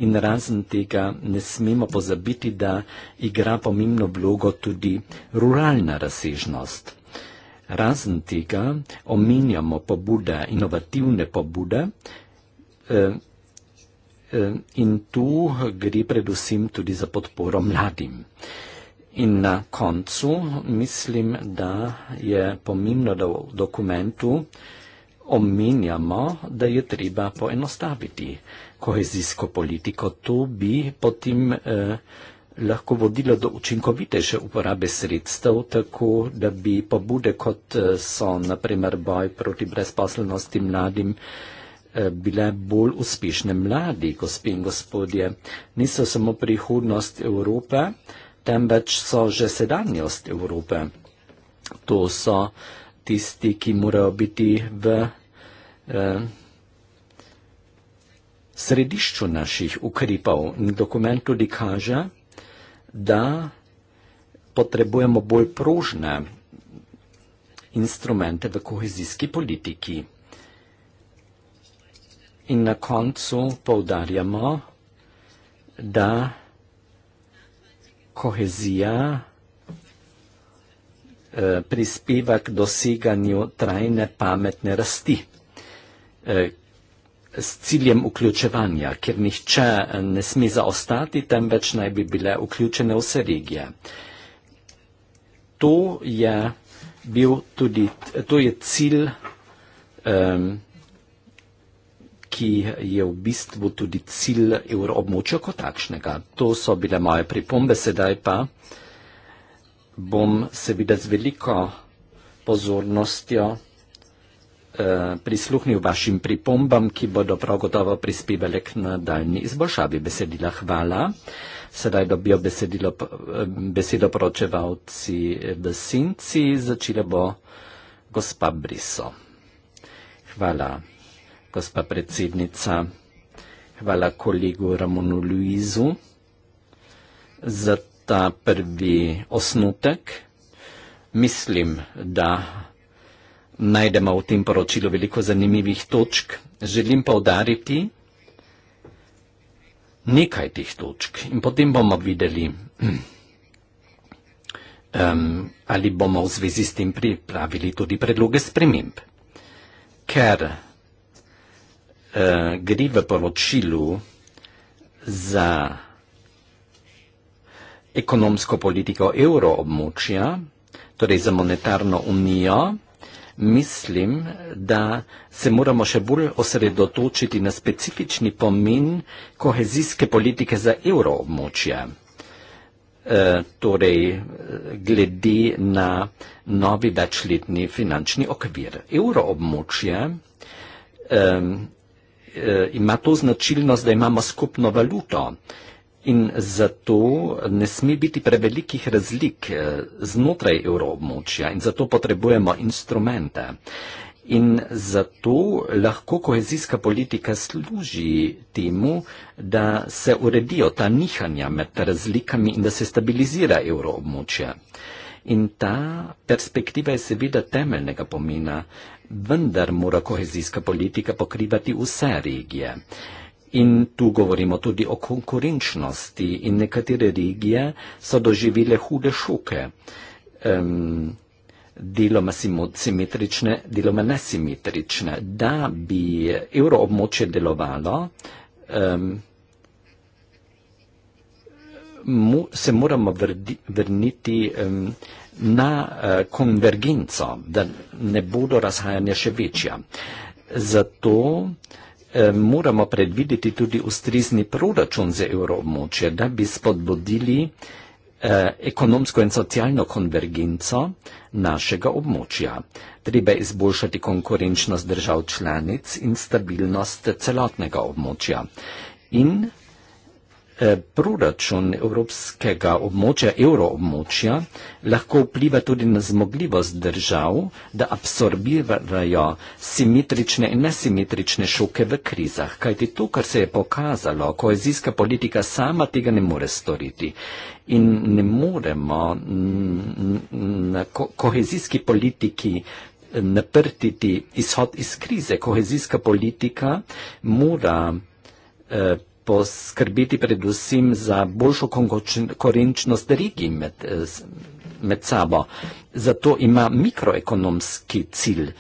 In razen tega ne smemo pozabiti, da igra pomembno vlogo tudi ruralna razsežnost. Razen tega omenjamo pobude, inovativne pobude eh, eh, in tu gre predvsem tudi za podporo mladim. In na koncu mislim, da je pomembno, da v dokumentu omenjamo, da je treba poenostaviti kohezijsko politiko, to bi potem eh, lahko vodilo do učinkovitejše uporabe sredstev, tako da bi pobude, kot eh, so naprimer boj proti brezposelnosti mladim, eh, bile bolj uspešne mladi, gospe in gospodje. Niso samo prihodnost Evrope, temveč so že sedanjost Evrope. To so tisti, ki morajo biti v. Eh, središču naših ukrepov in dokument tudi kaže, da potrebujemo bolj prožne instrumente v kohezijski politiki. In na koncu povdarjamo, da kohezija eh, prispeva k doseganju trajne pametne rasti, eh, s ciljem vključevanja, ker nihče ne sme zaostati, temveč naj bi bile vključene vse regije. To je, bil tudi, to je cilj, um, ki je v bistvu tudi cilj evroobmočja kot takšnega. To so bile moje pripombe, sedaj pa bom seveda z veliko pozornostjo Eh, prisluhnil vašim pripombam, ki bodo prav gotovo prispevali k nadaljni izboljšavi besedila. Hvala. Sedaj dobijo besedilo, eh, besedo poročevalci eh, v Sinci, začela bo gospa Briso. Hvala, gospa predsednica. Hvala kolegu Ramonu Luizu za ta prvi osnutek. Mislim, da najdemo v tem poročilu veliko zanimivih točk, želim pa udariti nekaj tih točk in potem bomo videli, um, <clears throat> ali bomo v zvezi s tem pripravili tudi predloge sprememb. Ker uh, gre v poročilu za ekonomsko politiko evroobmočja, torej za monetarno unijo, mislim, da se moramo še bolj osredotočiti na specifični pomen kohezijske politike za evroobmočje. E, torej, glede na novi večletni finančni okvir. Evroobmočje e, e, ima to značilnost, da imamo skupno valuto. E, In zato ne sme biti prevelikih razlik eh, znotraj evroobmočja in zato potrebujemo instrumente. In zato lahko kohezijska politika služi temu, da se uredijo ta nihanja med razlikami in da se stabilizira evroobmočje. In ta perspektiva je seveda temeljnega pomena, vendar mora kohezijska politika pokrivati vse regije. In tu govorimo tudi o konkurenčnosti in nekatere regije so doživile hude šoke, um, deloma simetrične, deloma nesimetrične, da bi evroobmoče delovalo. Um, Mu, se moramo vrdi, vrniti um, na uh, konvergenco, da ne bodo razhajanja še večja. Zato uh, Eh, moramo predvideti tudi ustrizni proračun za evroobmočje, da bi spodbudili eh, ekonomsko in socialno konvergenco našega območja. Treba izboljšati konkurenčnost držav članic in stabilnost celotnega območja. In Eh, proračun evropskega območja, evroobmočja, lahko vpliva tudi na zmogljivost držav, da absorbirajo simetrične in nesimetrične šoke v krizah. Kaj ti to, kar se je pokazalo, koezijska politika sama tega ne more storiti. In ne moremo mm, na koezijski politiki eh, naprtiti izhod iz krize. Koezijska politika mora eh, poskrbiti predvsem za boljšo konkurenčnost regij med, eh, med sabo. Zato ima mikroekonomski cilj.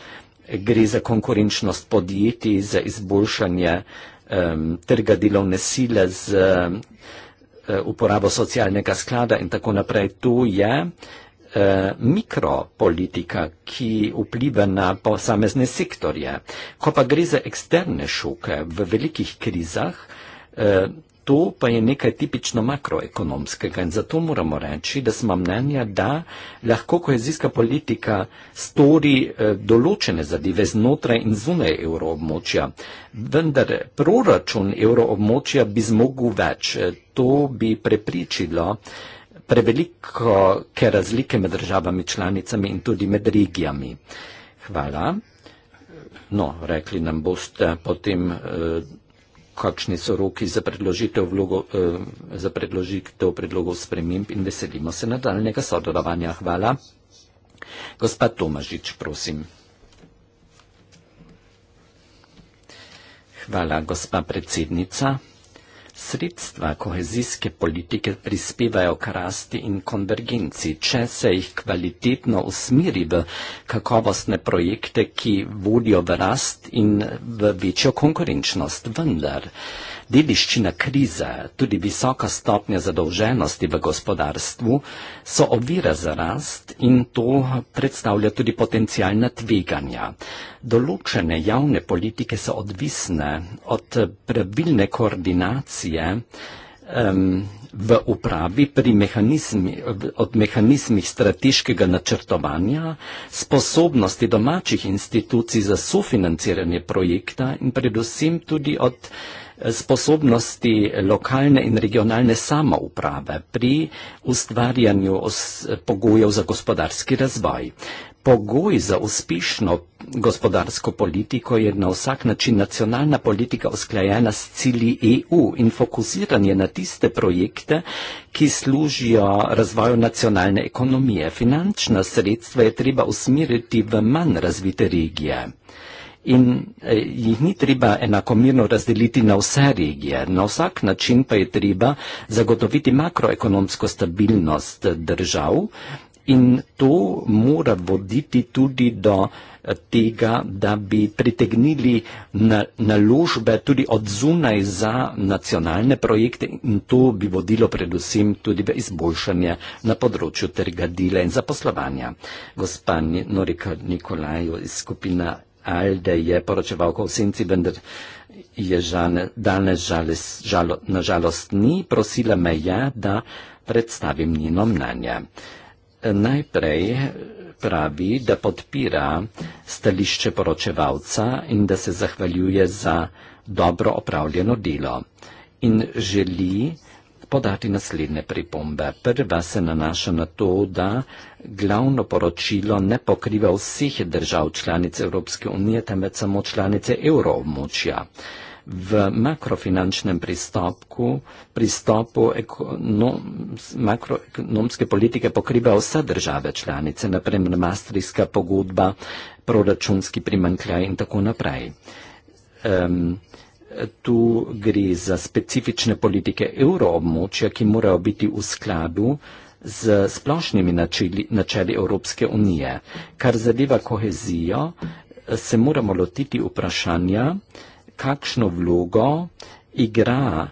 Gre za konkurenčnost podjetij, za izboljšanje um, trga delovne sile z um, uporabo socialnega sklada in tako naprej. To je eh, mikropolitika, ki vpliva na posamezne sektorje. Ko pa gre za eksterne šoke v velikih krizah, E, to pa je nekaj tipično makroekonomskega in zato moramo reči, da smo mnenja, da lahko kohezijska politika stori e, določene zadeve znotraj in zunaj evroobmočja. Vendar proračun evroobmočja bi zmogel več. E, to bi prepričilo preveliko razlike med državami članicami in tudi med regijami. Hvala. No, rekli nam boste potem. E, kakšni so roki za predložitev, vlogo, eh, za predložitev predlogov sprememb in veselimo se nadaljnega sodelovanja. Hvala. Gospa Tomažič, prosim. Hvala, gospa predsednica. Sredstva kohezijske politike prispevajo k rasti in konvergenci, če se jih kvalitetno usmeri v kakovostne projekte, ki vodijo v rast in v večjo konkurenčnost. Vendar Dediščina krize, tudi visoka stopnja zadolženosti v gospodarstvu, so ovira za rast in to predstavlja tudi potencijalna tveganja. Določene javne politike so odvisne od pravilne koordinacije um, v upravi pri mehanizmi, od mehanizmih strateškega načrtovanja, sposobnosti domačih institucij za sofinanciranje projekta in predvsem tudi od sposobnosti lokalne in regionalne samouprave pri ustvarjanju pogojev za gospodarski razvoj. Pogoj za uspešno gospodarsko politiko je na vsak način nacionalna politika usklajena s cili EU in fokusiranje na tiste projekte, ki služijo razvoju nacionalne ekonomije. Finančna sredstva je treba usmeriti v manj razvite regije in eh, jih ni treba enakomirno razdeliti na vse regije. Na vsak način pa je treba zagotoviti makroekonomsko stabilnost držav in to mora voditi tudi do eh, tega, da bi pritegnili naložbe na tudi od zunaj za nacionalne projekte in to bi vodilo predvsem tudi v izboljšanje na področju trga dela in zaposlovanja. Gospa Norika Nikolajo iz skupina Alde je poročeval ko v senci, vendar je žal, danes žales, žalo, na žalost ni, prosila me je, da predstavim njeno mnenje. Najprej pravi, da podpira stališče poročevalca in da se zahvaljuje za dobro opravljeno delo in želi, podati naslednje pripombe. Prva se nanaša na to, da glavno poročilo ne pokriva vseh držav članic Evropske unije, temveč samo članice evroobmočja. V makrofinančnem pristopku, pristopu ekonom, makroekonomske politike pokriva vse države članice, naprimer Maastrichtska pogodba, proračunski primankljaj in tako naprej. Um, tu gre za specifične politike evroobmočja, ki morajo biti v skladu z splošnimi načeli, načeli Evropske unije. Kar zadeva kohezijo, se moramo lotiti vprašanja, kakšno vlogo igra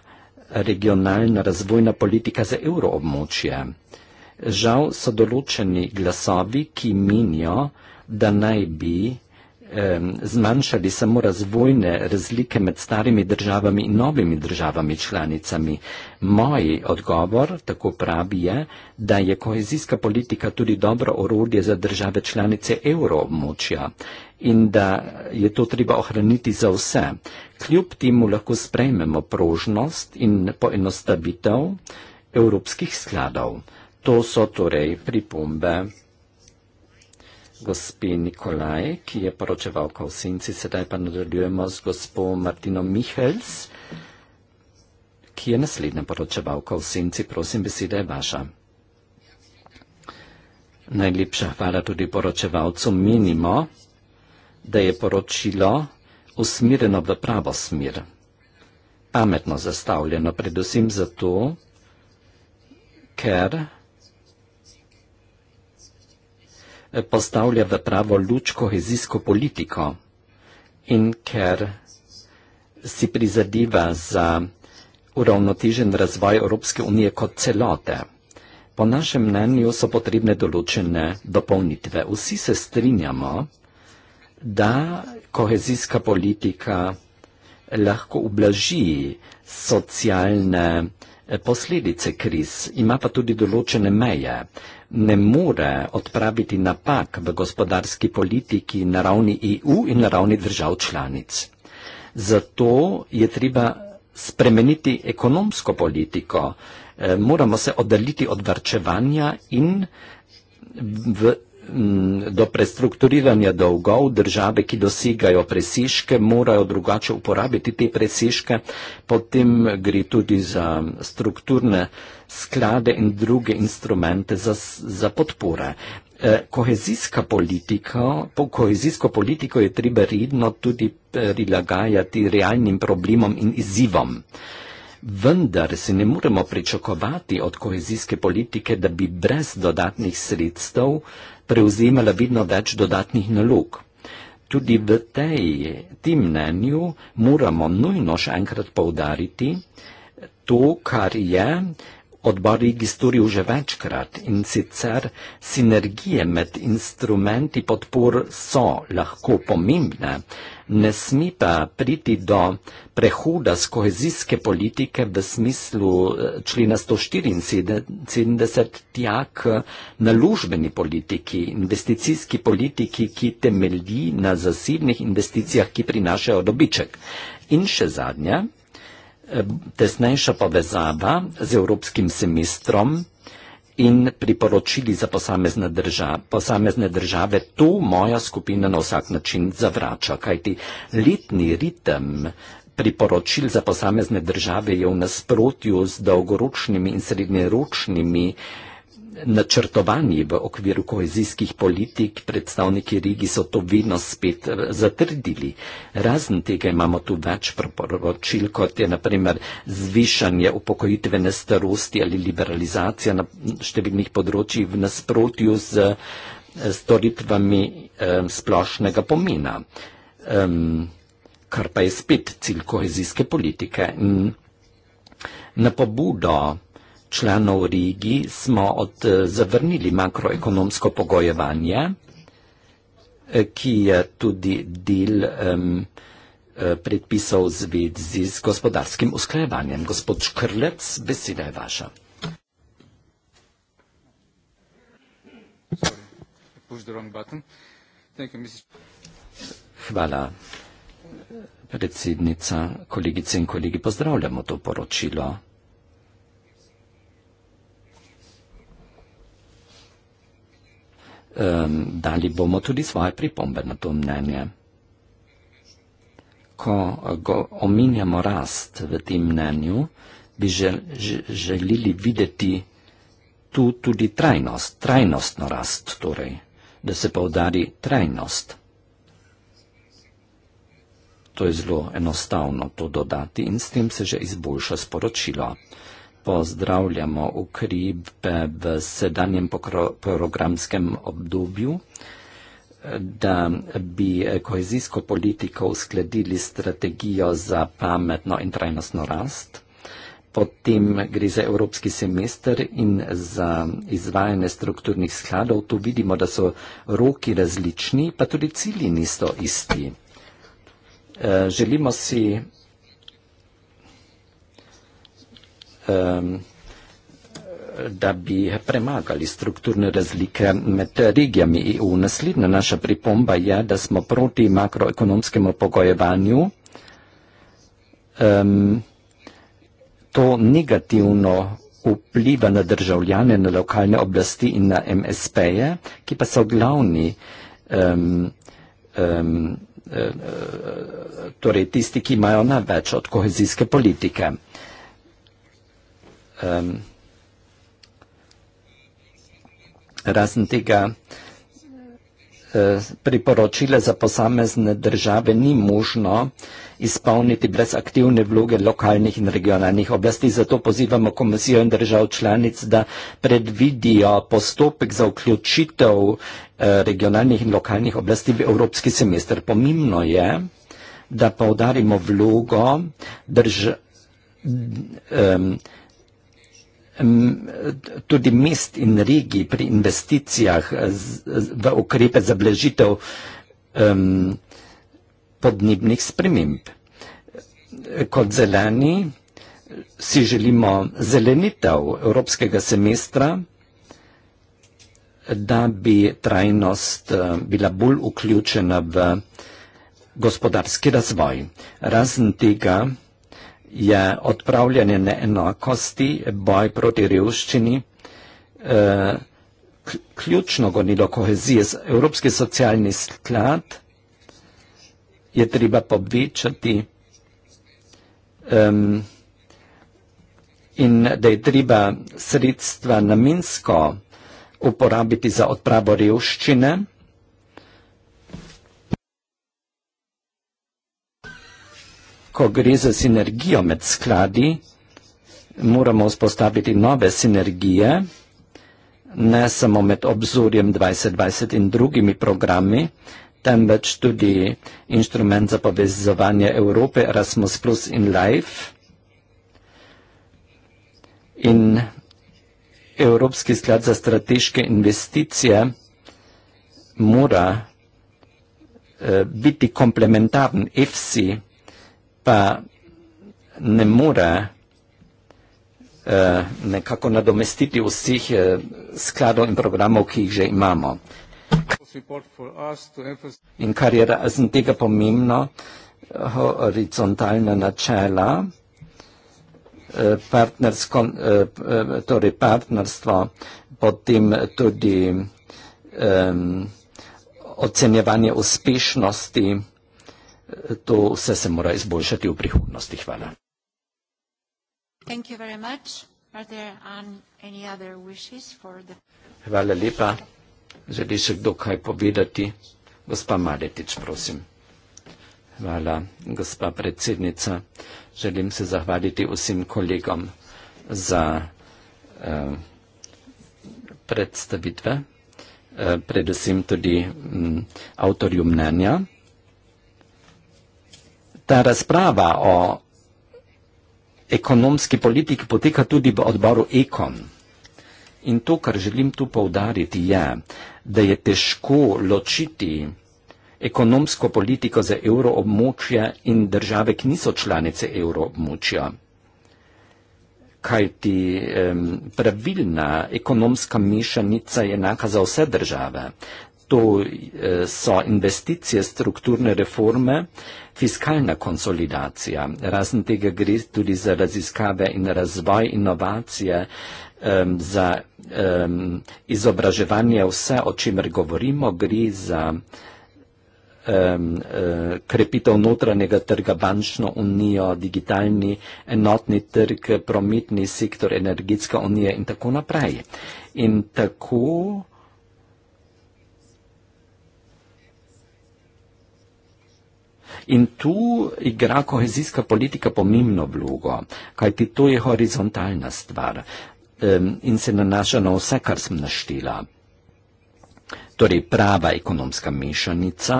regionalna razvojna politika za evroobmočje. Žal so določeni glasovi, ki menijo, da naj bi zmanjšali samo razvojne razlike med starimi državami in novimi državami članicami. Moj odgovor, tako pravi, je, da je kohezijska politika tudi dobro orodje za države članice evroobmočja in da je to treba ohraniti za vse. Kljub temu lahko sprejmemo prožnost in poenostavitev evropskih skladov. To so torej pripombe gospi Nikolaj, ki je poročevalka v Sinci. Sedaj pa nadaljujemo z gospo Martino Michels, ki je naslednja poročevalka v Sinci. Prosim, beseda je vaša. Najlepša hvala tudi poročevalcu. Menimo, da je poročilo usmireno v pravo smer, pametno zastavljeno, predvsem zato, ker postavlja v pravo luč kohezijsko politiko in ker si prizadeva za uravnotežen razvoj Evropske unije kot celote. Po našem mnenju so potrebne določene dopolnitve. Vsi se strinjamo, da kohezijska politika lahko ublaži socialne eh, posledice kriz, ima pa tudi določene meje ne more odpraviti napak v gospodarski politiki na ravni EU in na ravni držav članic. Zato je treba spremeniti ekonomsko politiko, eh, moramo se oddaljiti od varčevanja in v Mm, do prestrukturiranja dolgov države, ki dosegajo presiške, morajo drugače uporabiti te presiške, potem gre tudi za strukturne sklade in druge instrumente za, za podpore. E, kohezijska politika, po kohezijsko politiko je treba redno tudi prilagajati realnim problemom in izzivom. Vendar se ne moremo pričakovati od kohezijske politike, da bi brez dodatnih sredstev prevzemala vedno več dodatnih nalog. Tudi v tej, tem mnenju moramo nujno še enkrat povdariti to, kar je odborih storil že večkrat in sicer sinergije med instrumenti podpor so lahko pomembne, ne sme pa priti do prehuda z kohezijske politike v smislu eh, člena 174 tjak na lužbeni politiki, investicijski politiki, ki temelji na zasebnih investicijah, ki prinašajo dobiček. In še zadnja, tesnejša povezava z evropskim semestrom in priporočili za posamezne države. posamezne države. To moja skupina na vsak način zavrača, kajti letni ritem priporočil za posamezne države je v nasprotju z dolgoročnimi in srednjeročnimi eh, načrtovanji v okviru kohezijskih politik, predstavniki Rigi so to vedno spet eh, zatrdili. Razen tega imamo tu več proporočil, kot je naprimer zvišanje upokojitvene starosti ali liberalizacija na številnih področjih v nasprotju z eh, storitvami eh, splošnega pomena, kar pa je spet cilj kohezijske politike. Na pobudo članov Rigi smo od, eh, zavrnili makroekonomsko pogojevanje, eh, ki je tudi del um, predpisov zvezi z gospodarskim usklajevanjem. Gospod Škrlec, beseda je vaša. Hvala, predsednica, kolegice in kolegi, pozdravljamo to poročilo. um, dali bomo tudi svoje pripombe na to mnenje. Ko eh, go omenjamo rast v tem mnenju, bi žel, želili videti tu tudi trajnost, trajnostno rast torej, da se povdari trajnost. To je zelo enostavno to dodati in s tem se že izboljša sporočilo pozdravljamo ukrepe v sedanjem programskem obdobju, da bi kohezijsko politiko uskladili strategijo za pametno in trajnostno rast. Potem gre za evropski semester in za izvajanje strukturnih skladov. Tu vidimo, da so roki različni, pa tudi cilji niso isti. E, želimo si Um, da bi premagali strukturne razlike med regijami EU. Naslednja naša pripomba je, da smo proti makroekonomskemu pogojevanju. Um, to negativno vpliva na državljane, na lokalne oblasti in na MSP-je, ki pa so glavni um, um, uh, uh, torej tisti, ki imajo največ od kohezijske politike. Uh, um, razen tega e, priporočila za posamezne države ni možno izpolniti brez aktivne vloge lokalnih in regionalnih oblasti. Zato pozivamo komisijo in držav članic, da predvidijo postopek za vključitev e, regionalnih in lokalnih oblasti v evropski semester. Pomembno je, da poudarimo vlogo držav. Um, tudi mest in regij pri investicijah v ukrepe za blažitev um, podnebnih sprememb. Kot zeleni si želimo zelenitev evropskega semestra, da bi trajnost eh, bila bolj vključena v gospodarski razvoj. Razen tega, je odpravljanje neenakosti, boj proti revščini, eh, ključno gonilo kohezije. Evropski socialni sklad je treba povečati um, in da je treba sredstva namensko uporabiti za odpravo revščine. ko gre za sinergijo med skladi, moramo vzpostaviti nove sinergije, ne samo med obzorjem 2020 in drugimi programi, temveč tudi inštrument za povezovanje Evrope Erasmus Plus in Life in Evropski sklad za strateške investicije mora eh, biti komplementarn EFSI, pa ne more uh, nekako nadomestiti vseh uh, skladov in programov, ki jih že imamo. In kar je razen tega pomembno, horizontalna načela, eh, partnersko, torej partnerstvo, potem tudi um, ocenjevanje uspešnosti to vse se mora izboljšati v prihodnosti. Hvala. Hvala lepa. Želi še kdo kaj povedati? Gospa Maletič, prosim. Hvala, gospa predsednica. Želim se zahvaliti vsem kolegom za eh, predstavitve, eh, predvsem tudi mm, avtorju mnenja. Ta razprava o ekonomski politiki poteka tudi v odboru Ekon. In to, kar želim tu povdariti, je, da je težko ločiti ekonomsko politiko za evroobmočje in države, ki niso članice evroobmočja. Kaj ti pravilna ekonomska mešanica je enaka za vse države to eh, so investicije, strukturne reforme, fiskalna konsolidacija. Razen tega gre tudi za raziskave in razvoj inovacije, um, za um, izobraževanje vse, o čemer govorimo, gre za um, uh, krepitev notranjega trga, bančno unijo, digitalni enotni trg, prometni sektor, energetska unija in tako naprej. In tako In tu igra kohezijska politika pomembno vlogo, kajti to je horizontalna stvar um, in se nanaša na vse, kar sem naštela. Torej prava ekonomska mešanica,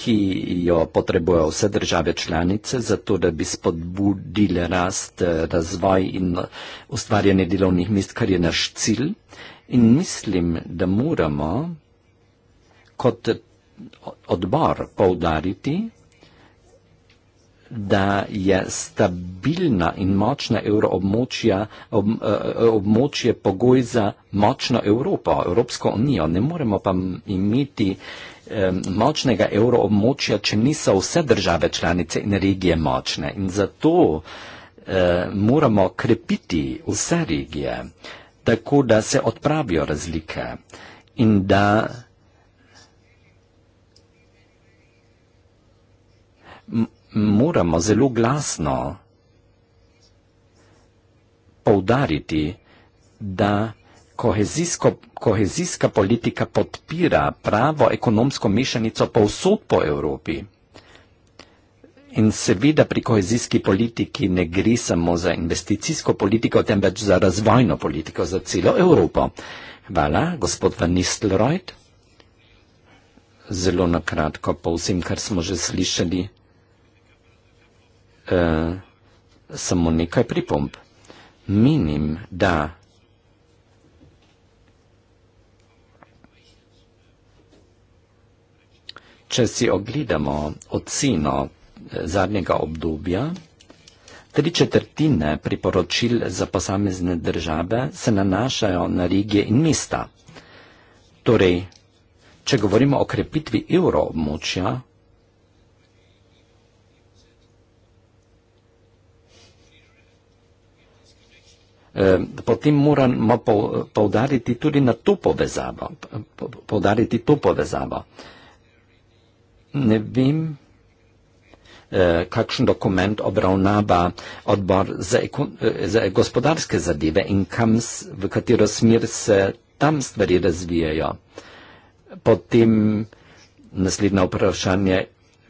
ki jo potrebujejo vse države članice, zato da bi spodbudile rast, eh, razvoj in eh, ustvarjanje delovnih mest, kar je naš cilj. In mislim, da moramo kot odbor poudariti, da je stabilna in močna evroobmočja ob, eh, eh, območje pogoj za močno Evropo, Evropsko unijo. Ne moremo pa imeti eh, močnega evroobmočja, če niso vse države članice in regije močne. In zato eh, moramo krepiti vse regije, tako da se odpravijo razlike in da moramo zelo glasno poudariti, da kohezijska politika podpira pravo ekonomsko mešanico povsod po Evropi. In seveda pri kohezijski politiki ne gre samo za investicijsko politiko, temveč za razvojno politiko za celo Evropo. Hvala, gospod Van Nistelrooy. Zelo nakratko povsem, kar smo že slišali uh, samo nekaj pripomb. Menim, da če si ogledamo oceno eh, zadnjega obdobja, tri četrtine priporočil za posamezne države se nanašajo na regije in mesta. Torej, če govorimo o krepitvi evroobmočja, Ehm, potem moramo povdariti tudi na to povezavo. Povdariti to povezavo. Ne vem, eh, kakšen dokument obravnava odbor za, eh, za gospodarske zadeve in kam, v katero smer se tam stvari razvijajo. Potem naslednje vprašanje,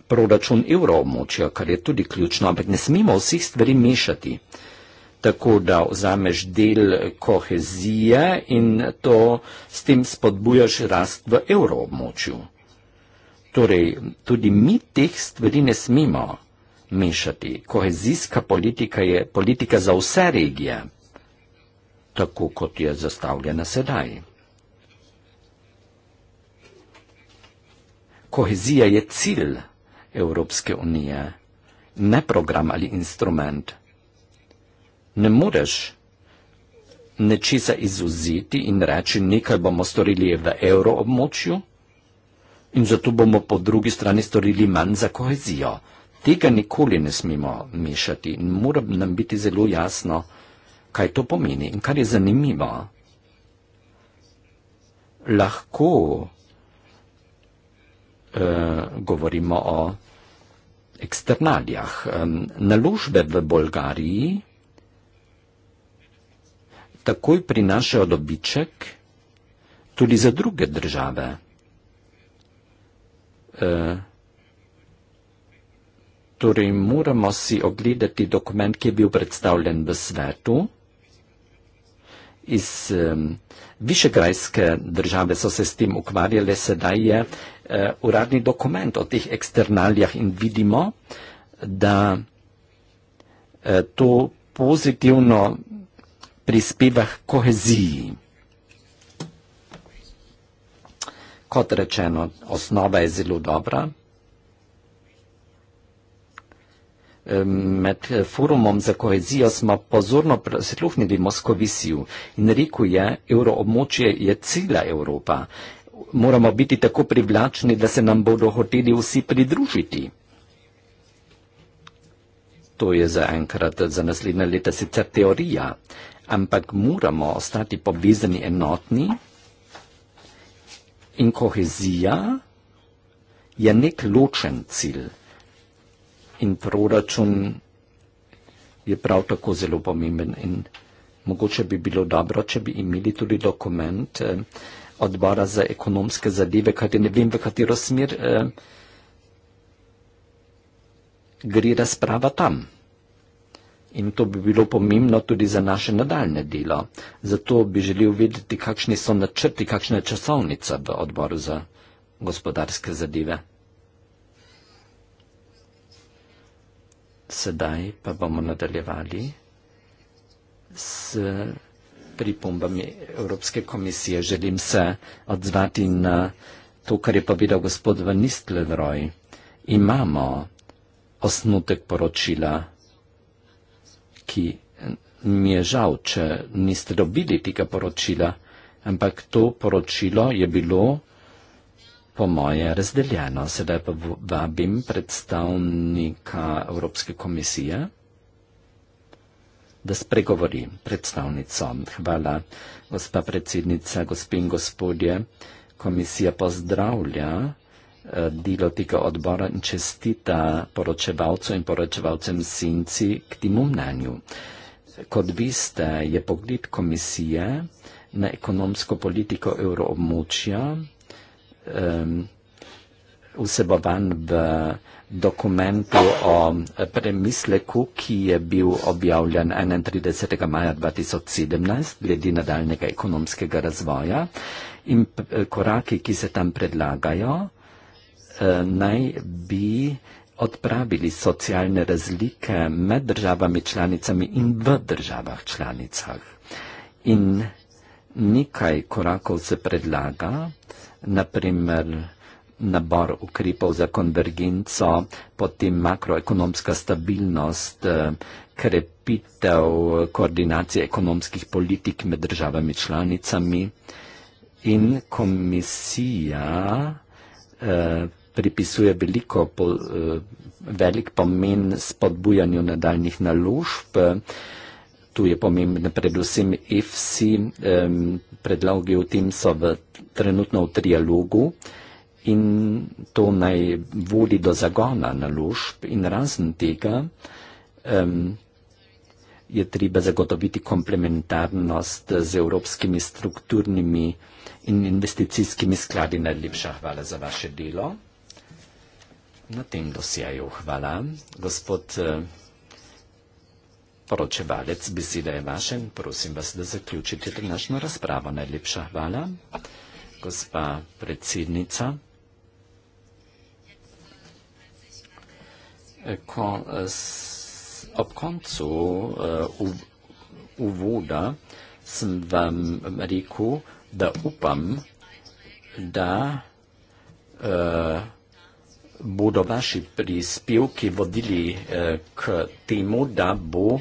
proračun evroobmočja, kar je tudi ključno, ampak ne smemo vseh stvari mešati. Uh, tako da vzameš del kohezije in to s tem spodbujaš rast v evroobmočju. Torej, tudi mi teh stvari ne smemo mešati. Kohezijska politika je politika za vse regije, tako kot je zastavljena sedaj. Kohezija je cilj Evropske unije, ne program ali instrument ne moreš nečesa izuzeti in reči, nekaj bomo storili v evroobmočju in zato bomo po drugi strani storili manj za kohezijo. Tega nikoli ne smemo mešati in mora nam biti zelo jasno, kaj to pomeni in kar je zanimivo. Lahko eh, govorimo o eksternalijah. Naložbe v Bolgariji takoj prinašajo dobiček tudi za druge države. E, torej, moramo si ogledati dokument, ki je bil predstavljen v svetu. Iz e, višegrajske države so se s tem ukvarjali, sedaj je e, uradni dokument o teh eksternalijah in vidimo, da e, to pozitivno prispevah koheziji. Kot rečeno, osnova je zelo dobra. Med forumom za kohezijo smo pozorno prisluhnili Moskovisiju in rekel je, euroobmočje je cela Evropa. Moramo biti tako privlačni, da se nam bodo hoteli vsi pridružiti. To je zaenkrat za naslednje leta sicer teorija ampak moramo ostati povezani enotni in kohezija je nek ločen cilj. In proračun je prav tako zelo pomemben in mogoče bi bilo dobro, če bi imeli tudi dokument eh, odbora za ekonomske zadeve, kajti ne vem, v katero smer eh, gre razprava tam in to bi bilo pomembno tudi za naše nadaljne delo. Zato bi želel vedeti, kakšni so načrti, kakšna je časovnica v odboru za gospodarske zadeve. Sedaj pa bomo nadaljevali s pripombami Evropske komisije. Želim se odzvati na to, kar je povedal gospod Van Nistelrooy. Imamo osnutek poročila ki mi je žal, če niste dobili tega poročila, ampak to poročilo je bilo po moje razdeljeno. Sedaj pa vabim predstavnika Evropske komisije, da spregovori predstavnico. Hvala, gospa predsednica, gospod in gospodje. Komisija pozdravlja dilo tiko odbora in čestita poročevalcu in poročevalcem sinci k timu mnenju. Kot viste, je pogled komisije na ekonomsko politiko euroobmočja um, vseboban v dokumentu o premisleku, ki je bil objavljen 31. maja 2017 glede nadaljnega ekonomskega razvoja in koraki, ki se tam predlagajo, Eh, naj bi odpravili socialne razlike med državami članicami in v državah članicah. In nekaj korakov se predlaga, naprimer nabor ukrepov za konvergenco, potem makroekonomska stabilnost, eh, krepitev koordinacije ekonomskih politik med državami članicami in komisija eh, pripisuje veliko, po, eh, velik pomen spodbujanju nadaljnih naložb. Tu je pomembno predvsem EFSI. Predlogi v tem so v, trenutno v trialogu in to naj vodi do zagona naložb in razen tega je treba zagotoviti komplementarnost z evropskimi strukturnimi in investicijskimi skladi. Najlepša hvala za vaše delo. Na tem dosjaju hvala. Gospod eh, poročevalec, beseda je vaša in prosim vas, da zaključite današnjo razpravo. Najlepša hvala. Gospa predsednica. Eh, ko, eh, ob koncu uvoda sem vam rekel, da upam, da uh, bodo vaši prispevki vodili eh, k temu, da bo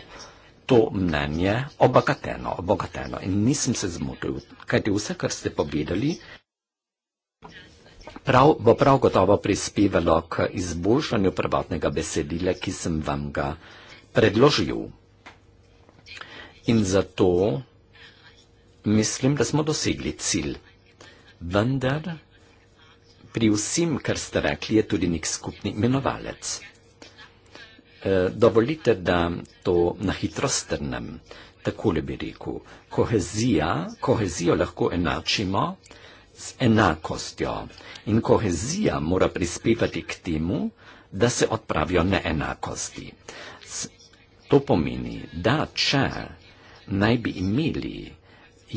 to mnenje obogateno, obogateno. In nisem se zmotil, kajte vse, kar ste povedali, prav, bo prav gotovo prispevalo k izboljšanju prvotnega besedila, ki sem vam ga predložil. In zato mislim, da smo dosegli cilj. Vendar pri vsem, kar ste rekli, je tudi nek skupni imenovalec. E, dovolite, da to na hitro strnem. Takole bi rekel, kohezija, kohezijo lahko enačimo z enakostjo in kohezija mora prispevati k temu, da se odpravijo neenakosti. To pomeni, da če naj bi imeli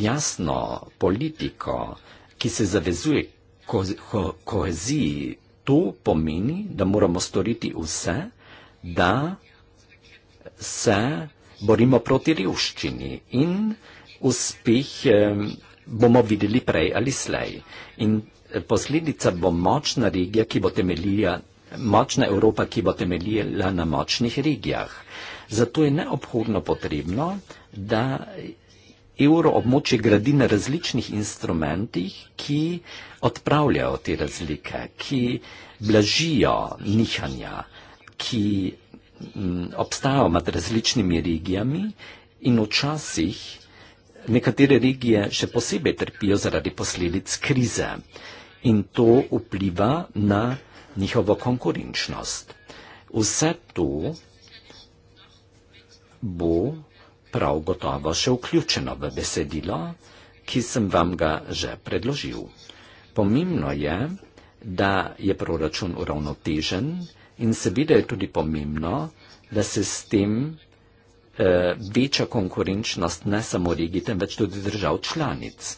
jasno politiko, ki se zavezuje ko, ko, koheziji, to pomeni, da moramo storiti vse, da se borimo proti revščini in uspeh bomo videli prej ali slej. In eh, posledica bo močna regija, ki bo temeljila, močna Evropa, ki bo temeljila na močnih regijah. Zato je neobhodno potrebno, da evroobmočje gradi na različnih instrumentih, ki eh, odpravljajo te razlike, ki blažijo nihanja, ki obstajajo med različnimi regijami in včasih nekatere regije še posebej trpijo zaradi posledic krize in to vpliva na njihovo konkurenčnost. Vse to bo prav gotovo še vključeno v besedilo, ki sem vam ga že predložil. Pomembno je, da je proračun uravnotežen in seveda je tudi pomembno, da se s tem eh, veča konkurenčnost ne samo regij, temveč tudi držav članic.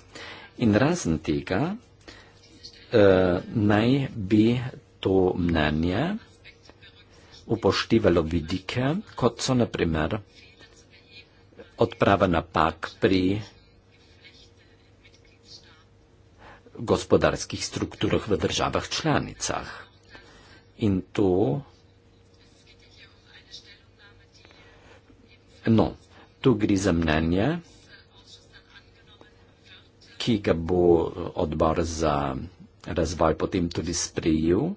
In razen tega eh, naj bi to mnenje upoštevalo vidike, kot so na primer odprava napak pri gospodarskih strukturah v državah članicah. In to. No, tu gre za mnenje, ki ga bo odbor za razvoj potem tudi sprejel.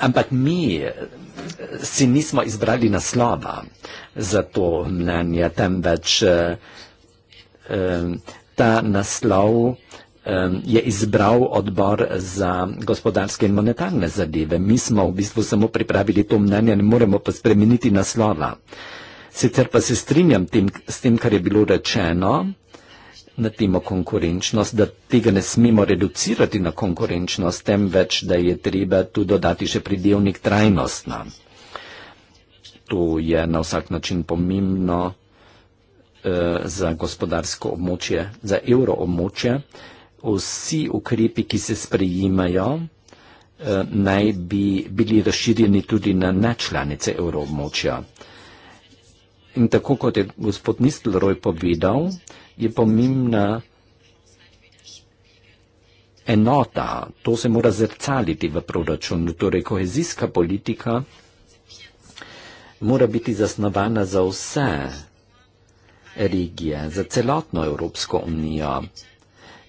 Ampak mi eh, si nismo izbrali naslova za to mnenje, temveč eh, eh, ta naslov je izbral odbor za gospodarske in monetarne zadeve. Mi smo v bistvu samo pripravili to mnenje, ne moremo pa spremeniti naslova. Sicer pa se strinjam tem, s tem, kar je bilo rečeno, na temo konkurenčnost, da tega ne smemo reducirati na konkurenčnost, temveč da je treba tu dodati še pridevnik trajnostna. To je na vsak način pomembno eh, za gospodarsko območje, za evro območje. Vsi ukrepi, ki se sprejimajo, eh, naj bi bili razširjeni tudi na nečlanice evro območja. In tako kot je gospod Nistelroj povedal, je pomembna enota, to se mora zrcaliti v proračunu. Torej, kohezijska politika mora biti zasnovana za vse regije, za celotno Evropsko unijo.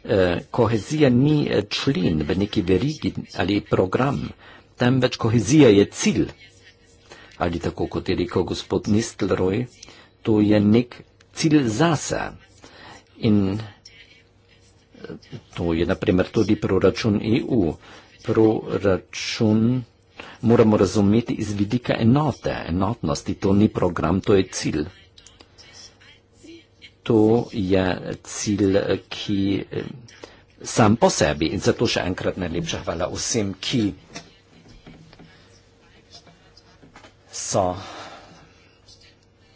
E, kohezija ni člen v neki verigi ali program, temveč kohezija je cilj. Ali tako kot je rekel gospod Nistelrooy, to je nek cilj zase. In eh, to je naprimer tudi proračun EU. Proračun moramo razumeti iz vidika enote, enotnosti. To ni program, to je cilj. To je cilj, ki eh, sam po sebi. In zato še enkrat najlepša hvala vsem, ki so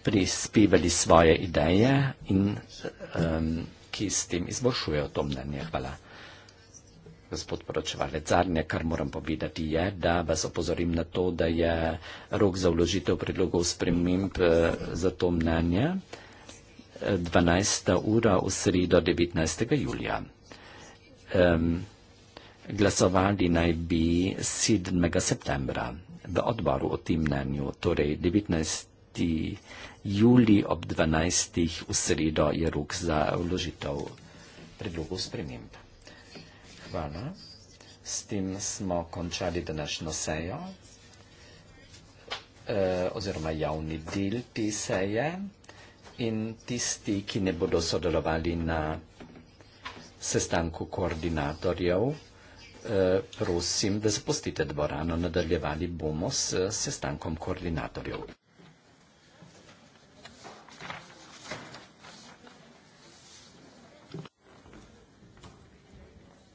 prispevali svoje ideje in um, ki s tem izboljšujejo to mnenje. Hvala. Gospod poročevalec, zadnje, kar moram povedati, je, da vas opozorim na to, da je rok za vložitev predlogov sprememb eh, za to mnenje 12. Eh, ura v sredo 19. julija. Um, glasovali naj bi 7. septembra v odboru o tem mnenju, torej 19 juli ob 12. v sredo je rok za vložitev predlogov sprememb. Hvala. S tem smo končali današnjo sejo eh, oziroma javni del te seje in tisti, ki ne bodo sodelovali na sestanku koordinatorjev, eh, prosim, da zapustite dvorano, nadaljevali bomo s sestankom koordinatorjev.